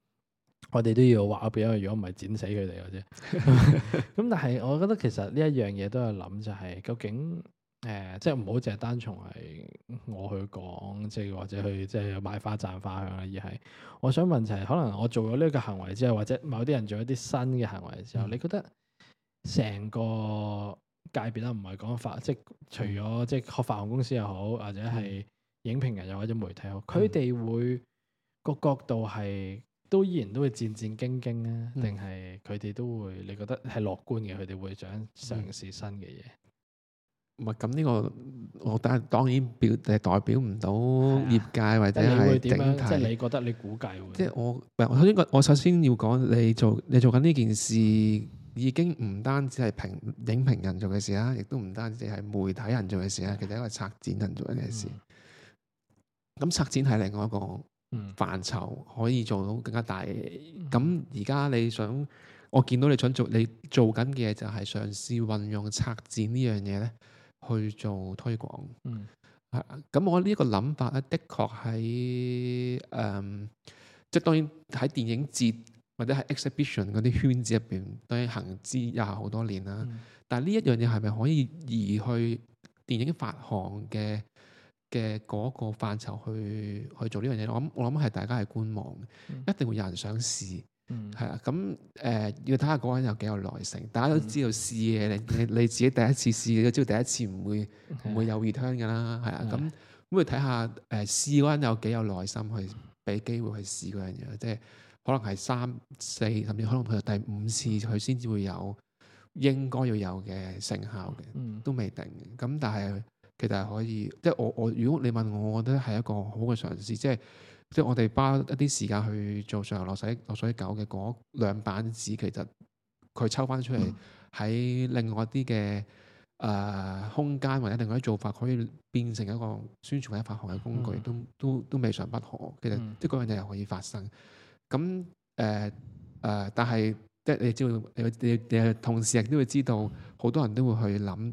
我哋都要畫下邊，如果唔係剪死佢哋嘅啫。咁 [MUSIC] [LAUGHS] 但係，我覺得其實呢一樣嘢都有諗，就係究竟誒、呃，即係唔好淨係單從係我去講，即係或者去即係買花讚花香啦。而係我想問就係，可能我做咗呢一個行為之後，或者某啲人做一啲新嘅行為之後，嗯、你覺得成個界別咧，唔係講法，即係除咗即係發行公司又好，或者係影評人又或者媒體又好，佢哋會個角度係？都依然都會戰戰兢兢咧、啊，定係佢哋都會？你覺得係樂觀嘅，佢哋會想、嗯、嘗試新嘅嘢。唔係咁呢個，我但係當然表代表唔到業界或者係整、啊、即係你覺得你估計會，即係我唔係我首先我首先要講，你做你做緊呢件事已經唔單止係評影評人做嘅事啦，亦都唔單止係媒體人做嘅事啦，其實係一個策展人做嘅事。咁、嗯、策展係另外一個。範疇、嗯、可以做到更加大，咁而家你想，我見到你想做，你做緊嘅嘢就係嘗試運用策展呢樣嘢咧去做推廣。嗯，啊，咁我呢一個諗法咧的確喺誒，即、呃、係、就是、當然喺電影節或者係 exhibition 嗰啲圈子入邊當然行之廿好多年啦。嗯、但係呢一樣嘢係咪可以移去電影發行嘅嘅嗰個範疇去去做呢樣嘢，我諗我諗係大家係觀望嘅，嗯、一定會有人想試，係啊、嗯，咁誒、呃、要睇下嗰個人有幾有耐性。嗯、大家都知道試嘢，嗯、你你自己第一次試，都知道第一次唔會唔 Okay, 會有 return 㗎啦，係啊 okay, 的，咁咁你睇下誒試嗰個人有幾有耐心去俾機會去試嗰樣嘢，即係可能係三四甚至可能佢第五次佢先至會有應該要有嘅成效嘅，都未定嘅。咁但係。但其實係可以，即係我我如果你問我，我覺得係一個好嘅嘗試，即係即係我哋花一啲時間去做上游落水落水狗嘅嗰兩版紙，其實佢抽翻出嚟喺另外一啲嘅誒空間或者另外一啲做法，可以變成一個宣傳嘅一發行嘅工具，嗯、都都都未嘗不可。其實啲嗰、嗯、樣嘢又可以發生。咁誒誒，但係即係你知道，你你你同時亦都會知道，好多人都會去諗。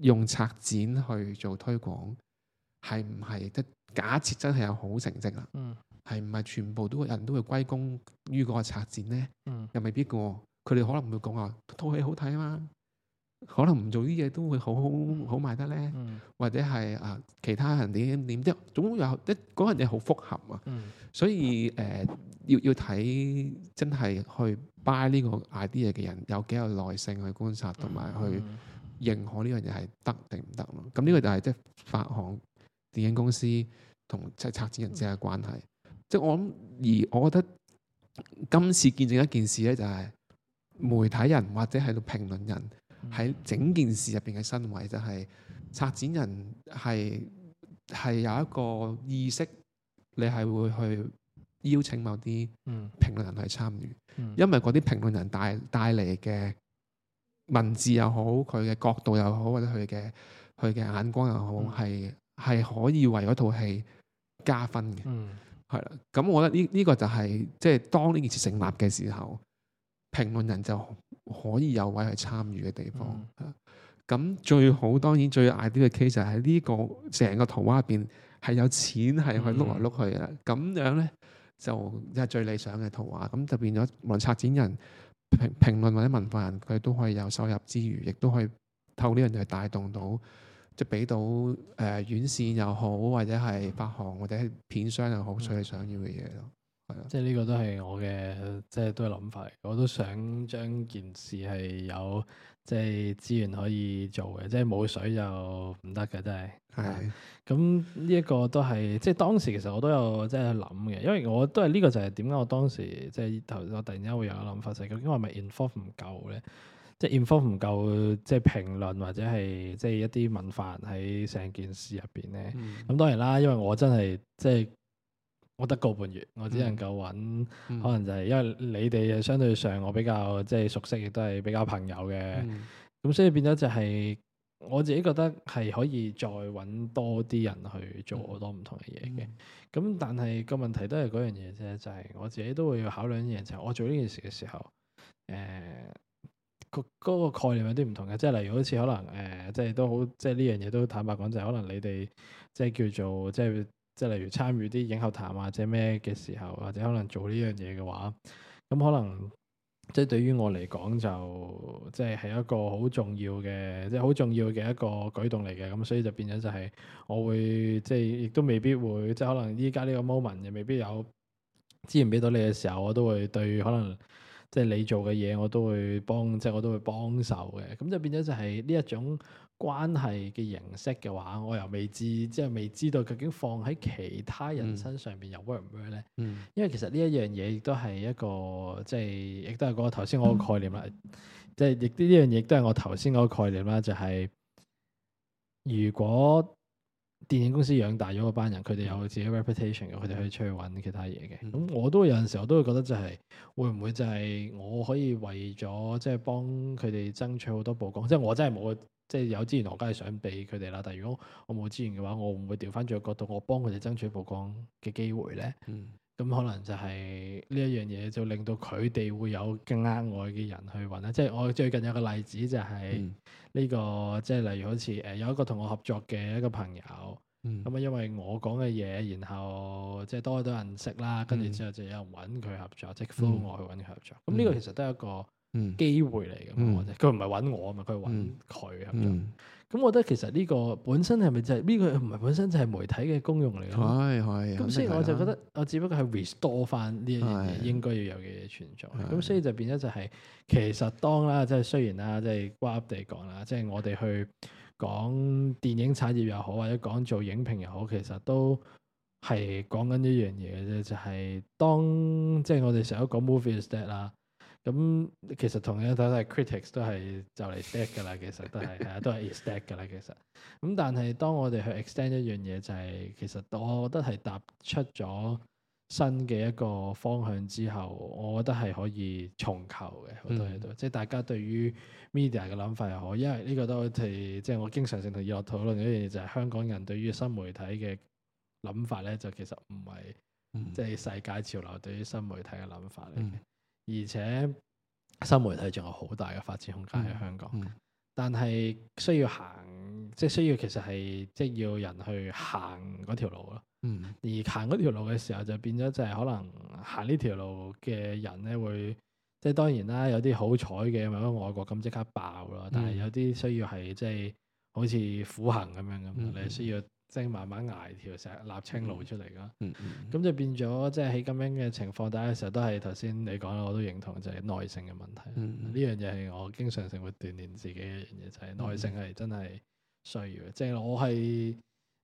用策展去做推廣，係唔係？即假設真係有好成績啦，係唔係全部都人都會歸功於個策展咧？嗯、又未必個，佢哋可能會講話套戲好睇啊嘛，可能唔做啲嘢都會好好好賣得咧，嗯、或者係啊其他人點點即總有一嗰樣嘢好複合啊，嗯嗯、所以誒、呃、要要睇真係去 buy 呢個 idea 嘅人有幾有耐性去觀察同埋去。嗯嗯認可呢樣嘢係得定唔得咯？咁呢個就係即係發行電影公司同即係策展人之間嘅關係。即係我諗，而我覺得今次見證一件事咧，就係媒體人或者係評論人喺整件事入邊嘅身位，就係策展人係係有一個意識，你係會去邀請某啲評論人去參與，嗯嗯、因為嗰啲評論人帶帶嚟嘅。文字又好，佢嘅角度又好，或者佢嘅佢嘅眼光又好，係係、嗯、可以為嗰套戲加分嘅。係啦、嗯，咁我覺得呢呢、這個就係、是、即係當呢件事成立嘅時候，評論人就可以有位去參與嘅地方。咁、嗯、最好當然最 ideal 嘅 case 就係呢、這個成個圖畫入邊係有錢係去碌嚟碌去啦。咁、嗯、樣呢，就係、是、最理想嘅圖畫，咁就變咗無論策展人。評評論或者文化人佢都可以有收入之餘，亦都可以透過呢樣嘢帶動到，即係俾到誒院、呃、線又好，或者係發行或者係片商又好，佢哋、嗯、想要嘅嘢咯。即係呢個都係我嘅，的即係都係諗法嚟。我都想將件事係有。即係資源可以做嘅，即係冇水就唔得嘅，真係。係的。咁呢一個都係，即係當時其實我都有即係諗嘅，因為我都係呢個就係點解我當時即係頭，我突然之間會有一個諗法，就係究竟我係咪 info 唔夠咧？即係 info 唔夠，即係評論或者係即係一啲文法喺成件事入邊咧。咁、嗯嗯、當然啦，因為我真係即係。我得個半月，我只能夠揾，嗯、可能就係、是、因為你哋相對上我比較即係、就是、熟悉，亦都係比較朋友嘅，咁、嗯、所以變咗就係、是、我自己覺得係可以再揾多啲人去做好多唔同嘅嘢嘅。咁、嗯、但係個問題都係嗰樣嘢啫，就係、是、我自己都會要考慮一樣嘢，就係、是、我做呢件事嘅時候，誒個嗰個概念有啲唔同嘅，即、就、係、是、例如好似可能誒，即、呃、係、就是、都好，即係呢樣嘢都坦白講就係可能你哋即係叫做即係。就是即係例如參與啲影後談或者咩嘅時候，或者可能做呢樣嘢嘅話，咁、嗯、可能即係對於我嚟講就即係係一個好重要嘅，即係好重要嘅一個舉動嚟嘅。咁、嗯、所以就變咗就係我會即係亦都未必會，即係可能依家呢個 moment 又未必有資源俾到你嘅時候，我都會對可能即係你做嘅嘢，我都會幫，即係我都會幫手嘅。咁、嗯、就變咗就係呢一種，關係嘅形式嘅話，我又未知，即係未知道究竟放喺其他人身上邊又 work 唔 work 咧？嗯、因為其實呢一樣嘢亦都係一個即係，亦都係嗰個頭先我個概念啦。即係亦呢樣嘢都係我頭先嗰個概念啦，就係、是、如果電影公司養大咗嗰班人，佢哋、嗯、有自己 reputation 嘅，佢哋可以出去揾其他嘢嘅。咁、嗯、我都有陣時，我都會覺得就係、是、會唔會就係我可以為咗即係幫佢哋爭取好多曝光？即、就、係、是、我真係冇。即係有資源，我梗係想俾佢哋啦。但係如果我冇資源嘅話，我會唔會調翻轉個角度，我幫佢哋爭取曝光嘅機會咧？咁、嗯、可能就係呢一樣嘢，就令到佢哋會有更額外嘅人去揾啦。即係我最近有個例子就係呢、這個，即係、嗯、例如好似誒有一個同我合作嘅一個朋友，咁啊、嗯，因為我講嘅嘢，然後即係多咗好多人識啦，跟住之後就有人揾佢合作，嗯、即係 follow 我去揾佢合作。咁呢、嗯、個其實都係一個。嗯、機會嚟嘅，佢唔係揾我啊嘛，佢揾佢咁樣。咁我覺得其實呢個本身係咪就係、是、呢、這個唔係本身就係媒體嘅功用嚟？係係、嗯。咁、嗯嗯、所以我就覺得，我只不過係 restore 翻呢一樣嘢應該要有嘅嘢存在。咁、嗯嗯、所以就變咗就係、是，其實當啦，即、就、係、是、雖然啦，即係 hard 地講啦，即、就、係、是、我哋去講電影產業又好，或者講做影評又好，其實都係講緊一樣嘢嘅啫，就係、是、當即係、就是、我哋成日都講 movie is dead 啦。咁其實同樣睇都係 critics 都係就嚟 dead 㗎啦，其實都係係啊，都係 is dead 㗎啦，其實。咁但係當我哋去 extend 一樣嘢，就係、是、其實我覺得係踏出咗新嘅一個方向之後，我覺得係可以重構嘅好多嘢都。即係、嗯、大家對於 media 嘅諗法又好，因為呢個都係即係我經常性同葉學討論一樣嘢，就係、是、香港人對於新媒體嘅諗法咧，就其實唔係即係世界潮流對於新媒體嘅諗法嚟嘅。嗯嗯。而且新媒體仲有好大嘅發展空間喺香港，嗯、但係需要行，即係需要其實係即係要人去行嗰條路咯。嗯、而行嗰條路嘅時候就變咗就係可能行呢條路嘅人咧會即係當然啦，有啲好彩嘅，咪喺外國咁即刻爆咯。但係有啲需要係即係好似苦行咁樣咁，嗯、你係需要。即係慢慢捱條成立青路出嚟啦，咁、嗯嗯、就變咗即係喺咁樣嘅情況底下嘅時候，都係頭先你講啦，我都認同，就係、是、耐性嘅問題。呢樣嘢係我經常性會鍛鍊自己嘅一樣嘢，就係、是、耐性係真係需要嘅。即係、嗯、我係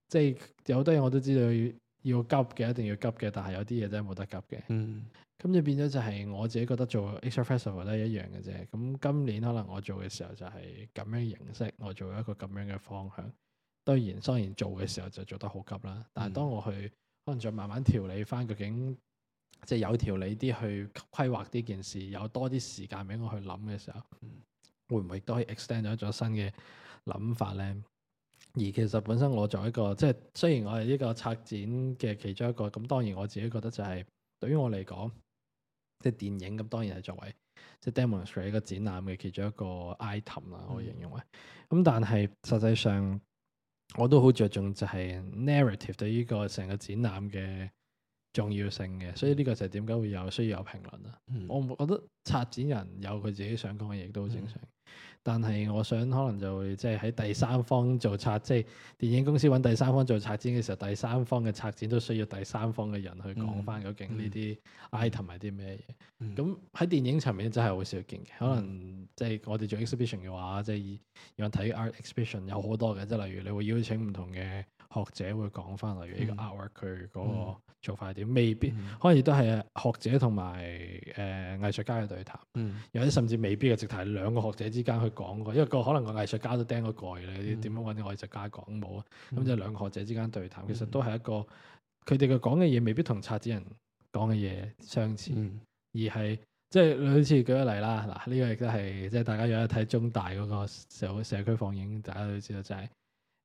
即係有好多嘢我都知道要急嘅，一定要急嘅，但係有啲嘢真係冇得急嘅。咁、嗯、就變咗就係我自己覺得做 extra festival 都係一樣嘅啫。咁今年可能我做嘅時候就係咁樣形式，我做一個咁樣嘅方向。當然，雖然做嘅時候就做得好急啦。但係當我去可能再慢慢調理翻，究竟即係有條理啲去規劃呢件事，有多啲時間俾我去諗嘅時候，會唔會都可以 extend 咗一種新嘅諗法咧？而其實本身我作為一個即係雖然我係呢個策展嘅其中一個，咁當然我自己覺得就係、是、對於我嚟講，即係電影咁當然係作為即係、就是、Demonstrate 一個展覽嘅其中一個 item 啦，可以形容為。咁、嗯、但係實際上，我都好着重就係 narrative 對於個成個展覽嘅重要性嘅，所以呢個就係點解會有需要有評論啦。我、嗯、我覺得策展人有佢自己想講嘅嘢都好正常。嗯但係，我想可能就會即係喺第三方做策即係電影公司揾第三方做策展嘅時候，第三方嘅策展都需要第三方嘅人去講返究竟呢啲 item 係啲咩嘢。咁喺、嗯嗯、電影層面真係好少見嘅，嗯、可能即係我哋做 exhibition 嘅話，即係有人睇 art exhibition 有好多嘅，即係例如你會邀請唔同嘅，學者會講翻嚟嘅呢個 artwork 佢嗰、嗯、個做法係點，未必、嗯、可能亦都係學者同埋誒藝術家嘅對談，有啲、嗯、甚至未必係直頭係兩個學者之間去講嘅，因為個可能個藝術家都釘個蓋，你點樣揾個藝術家講冇啊？咁就兩個學者之間對談，其實都係一個佢哋嘅講嘅嘢未必同策展人講嘅嘢相似，嗯、而係即係好似舉，一舉例、這個例啦，嗱呢個亦都係即係大家有得睇中大嗰個社會社區放映，大家都知道就係。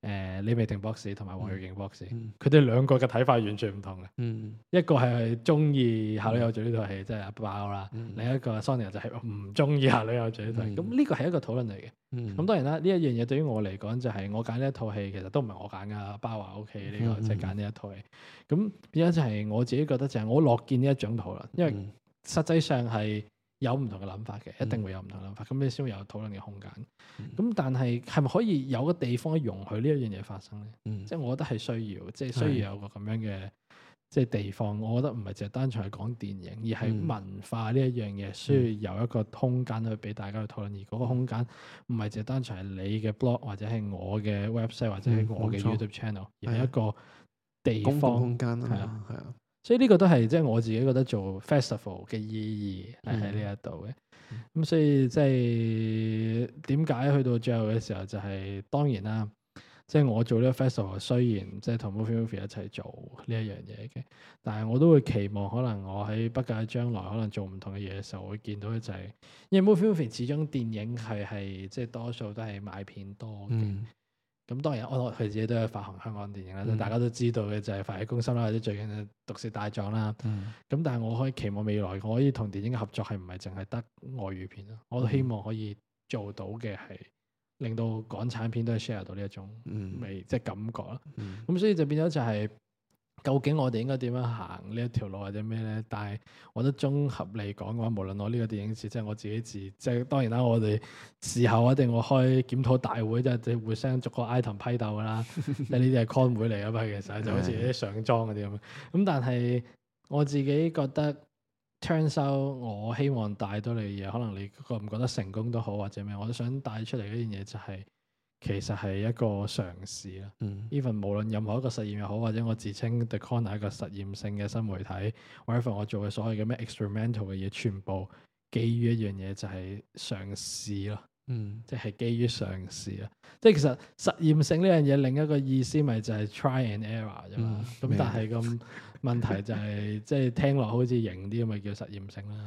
誒，李美婷博士同埋黃玉瑩博士，佢哋兩個嘅睇法完全唔同嘅。一個係中意《夏女夷》做呢套戲，即係阿包啦。另一個 Sonya 就係唔中意《夏女夷》做呢套戲。咁呢個係一個討論嚟嘅。咁當然啦，呢一樣嘢對於我嚟講，就係我揀呢一套戲，其實都唔係我揀噶。包話 OK 呢個即係揀呢一套戲。咁點解就係我自己覺得就係我樂見呢一種討論，因為實際上係。有唔同嘅諗法嘅，一定會有唔同諗法，咁、嗯、你先會有討論嘅空間。咁、嗯、但係係咪可以有個地方容許呢一樣嘢發生咧？即係、嗯、我覺得係需要，即、就、係、是、需要有個咁樣嘅即係地方。嗯、我覺得唔係淨係單純係講電影，而係文化呢一樣嘢需要有一個空間去俾大家去討論。而嗰個空間唔係淨係單純係你嘅 blog 或者係我嘅 website 或者係我嘅 YouTube channel，嗯、而係一個地方。公共空間啦。啊，係啊。所以呢個都係即係我自己覺得做 festival 嘅意義係喺呢一度嘅。咁、嗯、所以即係點解去到最後嘅時候就係、是、當然啦，即、就、係、是、我做呢個 festival 雖然即係同 MOViE MOViE 一齊做呢一樣嘢嘅，但係我都會期望可能我喺不久將來可能做唔同嘅嘢嘅時候會、就是，會見到一就因為 MOViE MOViE 始終電影係係即係多數都係買片多嘅。嗯咁當然，安樂佢自己都係發行香港電影、嗯、大家都知道嘅就係《飯戲攻心》啦，或者最近嘅《毒舌大狀》啦。咁但係我可以期望未來，我可以同電影嘅合作係唔係淨係得外語片？我都希望可以做到嘅係令到港產片都係 share 到呢一種美、嗯、即感覺咁、嗯嗯、所以就變咗就係、是。究竟我哋應該點樣行呢一條路或者咩咧？但係我覺得綜合嚟講嘅話，無論我呢個電影節即係我自己自己即係當然啦，我哋事後一定會開檢討大會，即係互相逐個 item 批鬥噶啦。 [LAUGHS] 即係呢啲係 con 會嚟啊嘛，其實就好似啲上莊嗰啲咁。咁 [LAUGHS] 但係我自己覺得 t r n s o u [LAUGHS] 我希望帶到你嘅嘢，可能你覺唔覺得成功都好或者咩？我都想帶出嚟嗰啲嘢就係、是。其實係一個嘗試啦，Even 無論任何一個實驗又好，或者我自稱 The Corner 係一個實驗性嘅新媒體 whatever 我做嘅所謂嘅咩 experimental 嘅嘢，全部基於一樣嘢就係嘗試咯，即係基於嘗試啊！即係其實實驗性呢樣嘢另一個意思咪就係 try and error 啫嘛，咁、嗯、但係咁。 [LAUGHS] 問題就係、是、 [LAUGHS] 即係聽落好似型啲，咪叫實驗性啦。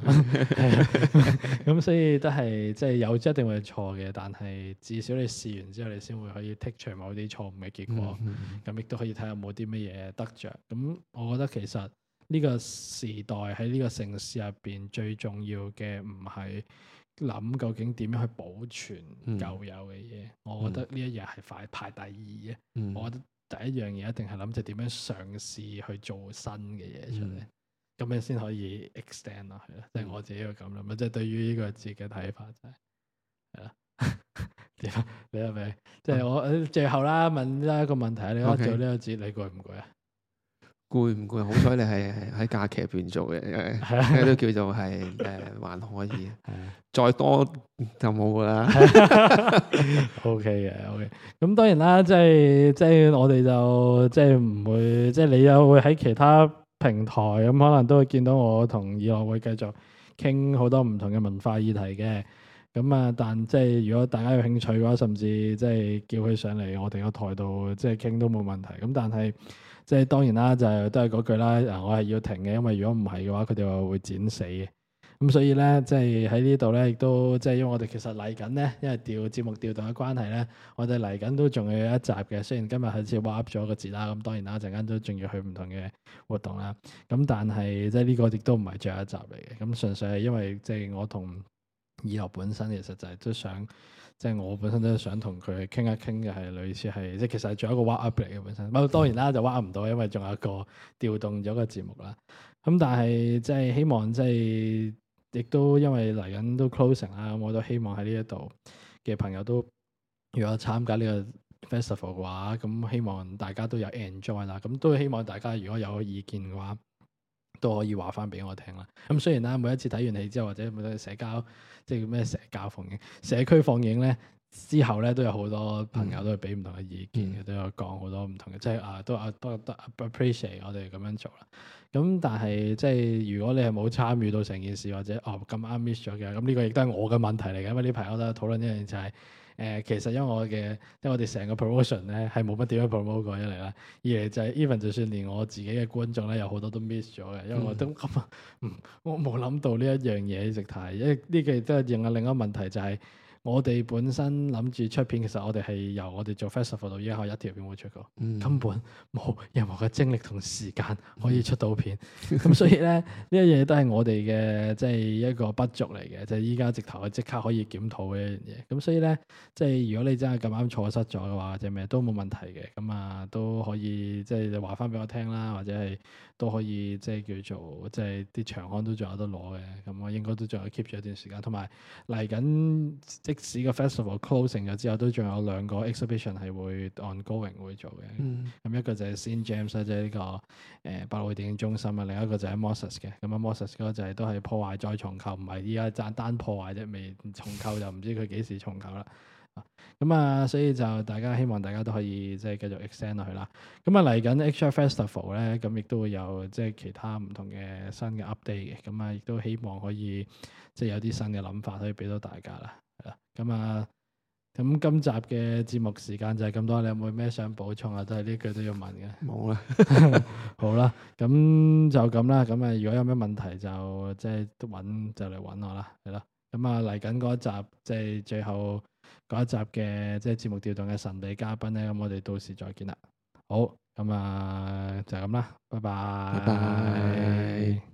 咁 [LAUGHS] [LAUGHS] 所以都係即係有一定會錯嘅，但係至少你試完之後，你先會可以剔除某啲錯誤嘅結果。咁亦都可以睇下冇啲乜嘢得着。咁我覺得其實呢個時代喺呢個城市入邊最重要嘅唔係諗究竟點樣去保存舊有嘅嘢。嗯嗯、我覺得呢一樣係快排第二嘅。嗯、我覺得。第一樣嘢一定係諗住點樣嘗試去做新嘅嘢出嚟，咁、嗯、樣先可以 extend 落去。咯、嗯，即係我自己個咁諗，咪即係對於呢個節嘅睇法，就係係啦，點啊？ [LAUGHS] 你係咪？嗯，即係我最後啦，問呢一個問題，你可以做呢個節，Okay. 你攰唔攰？」呀？攰唔攰？好彩你係喺假期入面做嘅， [LAUGHS] 都叫做係誒還可以。 [LAUGHS] 再多就冇啦。OK 嘅，OK。咁當然啦，即係即係我哋就即係唔會，即係你又會喺其他平台咁，可能都會見到我同以諾會繼續傾好多唔同嘅文化議題嘅。咁啊，但即係如果大家有興趣嘅話，甚至即係叫佢上嚟我哋個台度即係傾都冇問題。咁但係。即係當然啦，就係、是、都係嗰句啦。啊，我係要停嘅，因為如果唔係嘅話，佢哋話會剪死嘅。咁所以咧，即係喺呢度咧，亦都即係因為我哋其實嚟緊咧，因為調節目調動嘅關係咧，我哋嚟緊都仲有一集嘅。雖然今日好似話咗個字啦，咁當然啦，陣間都仲要去唔同嘅活動啦。咁但係即係呢個亦都唔係最後一集嚟嘅。咁純粹係因為即係我同以諾本身其實就係都想。即係我本身都想同佢傾一傾嘅係類似係，即係其實係仲有一個 wrap up 嚟嘅本身。不過當然啦，就 wrap up 唔到，因為仲有一個調動咗個節目啦。咁但係即係希望即係亦都因為嚟緊都 closing 啦，我都希望喺呢一度嘅朋友都如果參加呢個 festival 嘅話，咁希望大家都有 enjoy 啦。咁都希望大家如果有意見嘅話，都可以話翻俾我聽啦。咁雖然啦，每一次睇完戲之後，或者每個社交即係叫咩社交放映、社區放映咧，之後咧都有好多朋友都係俾唔同嘅意見，都、嗯、有講好多唔同嘅。嗯、即係啊，都啊，都都 appreciate 我哋咁樣做啦。咁但係即係如果你係冇參與到成件事，或者哦咁啱 miss 咗嘅，咁呢個亦都係我嘅問題嚟嘅，因為呢排我都討論一樣嘢就係、是。誒、呃、其實因為我嘅，因為我哋成個 promotion 咧係冇乜點樣 promote 過一嚟啦，二嚟就係 even 就算連我自己嘅觀眾咧有好多都 miss 咗嘅，因為我都、嗯嗯、我冇諗到呢一樣嘢直睇，因為呢個亦都係應啊另一個問題就係、是。我哋本身諗住出片嘅時候，我哋係由我哋做 festival 到依家，以後一條片冇出過，嗯、根本冇任何嘅精力同時間可以出到片，咁、嗯、所以咧呢一樣嘢 [LAUGHS] 都係我哋嘅即係一個不足嚟嘅，即係依家直頭係即刻可以檢討嘅一樣嘢。咁所以咧，即係如果你真係咁啱錯失咗嘅話，或者咩都冇問題嘅，咁啊都可以即係話翻俾我聽啦，或者係。都可以即係叫做即係啲場刊都仲有得攞嘅，咁我應該都仲有 keep 住一段時間。同埋嚟緊即使個 festival closing 咗之後，都仲有兩個 exhibition 係會 ongoing 會做嘅。咁、嗯嗯、一個就係 Sin James，啊，即係呢個誒百老匯電影中心啊，另一個就係 Mosses 嘅。咁啊 Mosses 嗰個就係都係破壞再重構，唔係依家爭單破壞啫，未重構就唔知佢幾時重構啦。 [LAUGHS] 咁啊，所以就大家希望大家都可以即係繼續 extend 落去啦。咁啊，嚟緊 Extra Festival 咧，咁亦都會有即係其他唔同嘅新嘅 update 嘅。咁啊，亦都希望可以即係有啲新嘅諗法可以俾到大家啦。係啦，咁啊，咁今集嘅節目時間就係咁多。你有冇咩想補充啊？都係呢句都要問嘅。冇啦有。 [LAUGHS] [LAUGHS] 好啦，咁就咁啦。咁啊，如果有咩問題就即係都揾就嚟揾我啦。係啦。咁啊，嚟緊嗰集即係最後。嗰一集嘅即係節目調動嘅神秘嘉賓咧，咁我哋到時再見啦。好，咁啊就係咁啦，拜拜。拜拜。